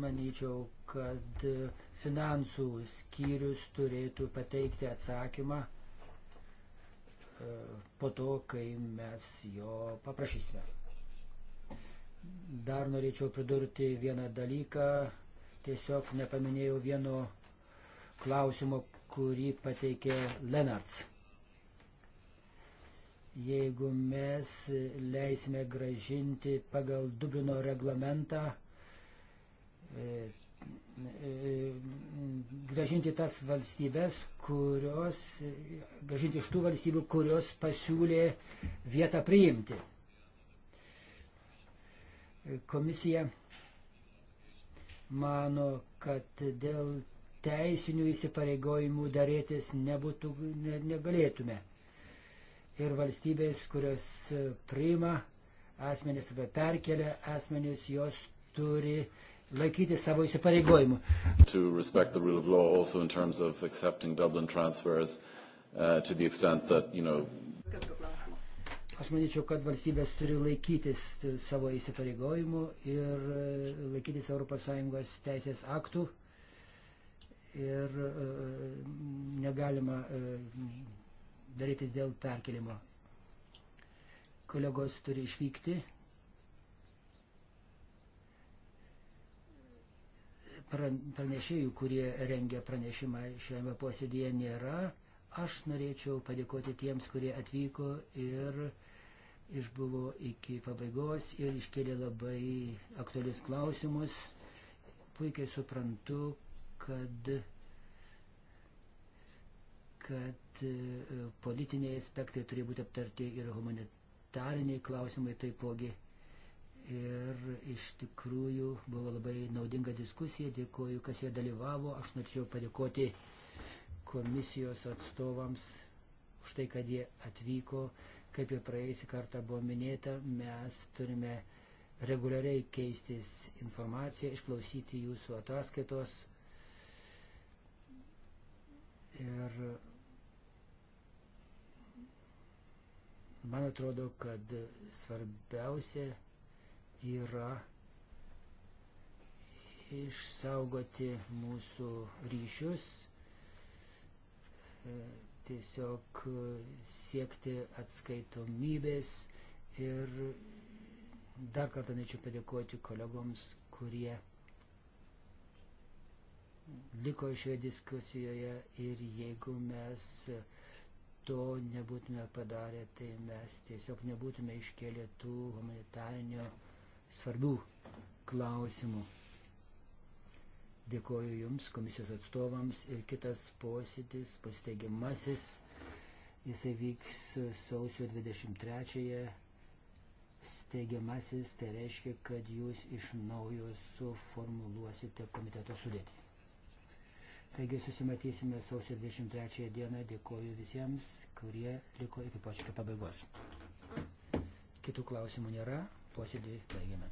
manyčiau, kad finansų skyrius turėtų pateikti atsakymą po to, kai mes jo paprašysime. Dar norėčiau pridurti vieną dalyką. Tiesiog nepaminėjau vieno klausimo, kurį pateikė Lenarts. Jeigu mes leisime gražinti pagal Dublino reglamentą e, E, gražinti tas valstybės, kurios, gražinti iš tų valstybių, kurios pasiūlė vietą priimti. Komisija mano, kad dėl teisinių įsipareigojimų darėtis nebūtų, ne, negalėtume. Ir valstybės, kurios priima asmenys arba perkelia asmenys, jos turi uh, laikyti savo įsipareigojimų. Uh, Aš manyčiau, kad valstybės turi laikytis savo įsipareigojimų ir uh, laikytis ES teisės aktų ir uh, negalima darytis dėl perkelimo. Kolegos turi išvykti. pranešėjų, kurie rengia pranešimą šiame posėdėje nėra. Aš norėčiau padėkoti tiems, kurie atvyko ir išbuvo iki pabaigos ir iškėlė labai aktualius klausimus. Puikiai suprantu, kad kad e, politiniai aspektai turi būti aptarti ir humanitariniai klausimai taipogi. Ir iš tikrųjų buvo labai naudinga diskusija, dėkoju, kas jie dalyvavo. Aš norėčiau padėkoti komisijos atstovams už tai, kad jie atvyko. Kaip ir praėjusį kartą buvo minėta, mes turime reguliariai keistis informaciją, išklausyti jūsų ataskaitos. Ir man atrodo, kad svarbiausia yra išsaugoti mūsų ryšius, e, tiesiog siekti atskaitomybės ir dar kartą norėčiau padėkoti kolegoms, kurie liko šioje diskusijoje ir jeigu mes to nebūtume padarę, tai mes tiesiog nebūtume iškėlę tų humanitarinių svarbių klausimų. Dėkoju Jums, komisijos atstovams ir kitas posėdis, pasiteigiamasis. Jisai vyks sausio 23-ąją. Steigiamasis tai reiškia, kad Jūs iš naujo suformuluosite komiteto sudėtį. Taigi susimatysime sausio 23 dieną. Dėkoju visiems, kurie liko iki pačio pabaigos. Kitų klausimų nėra. Posėdį baigiame.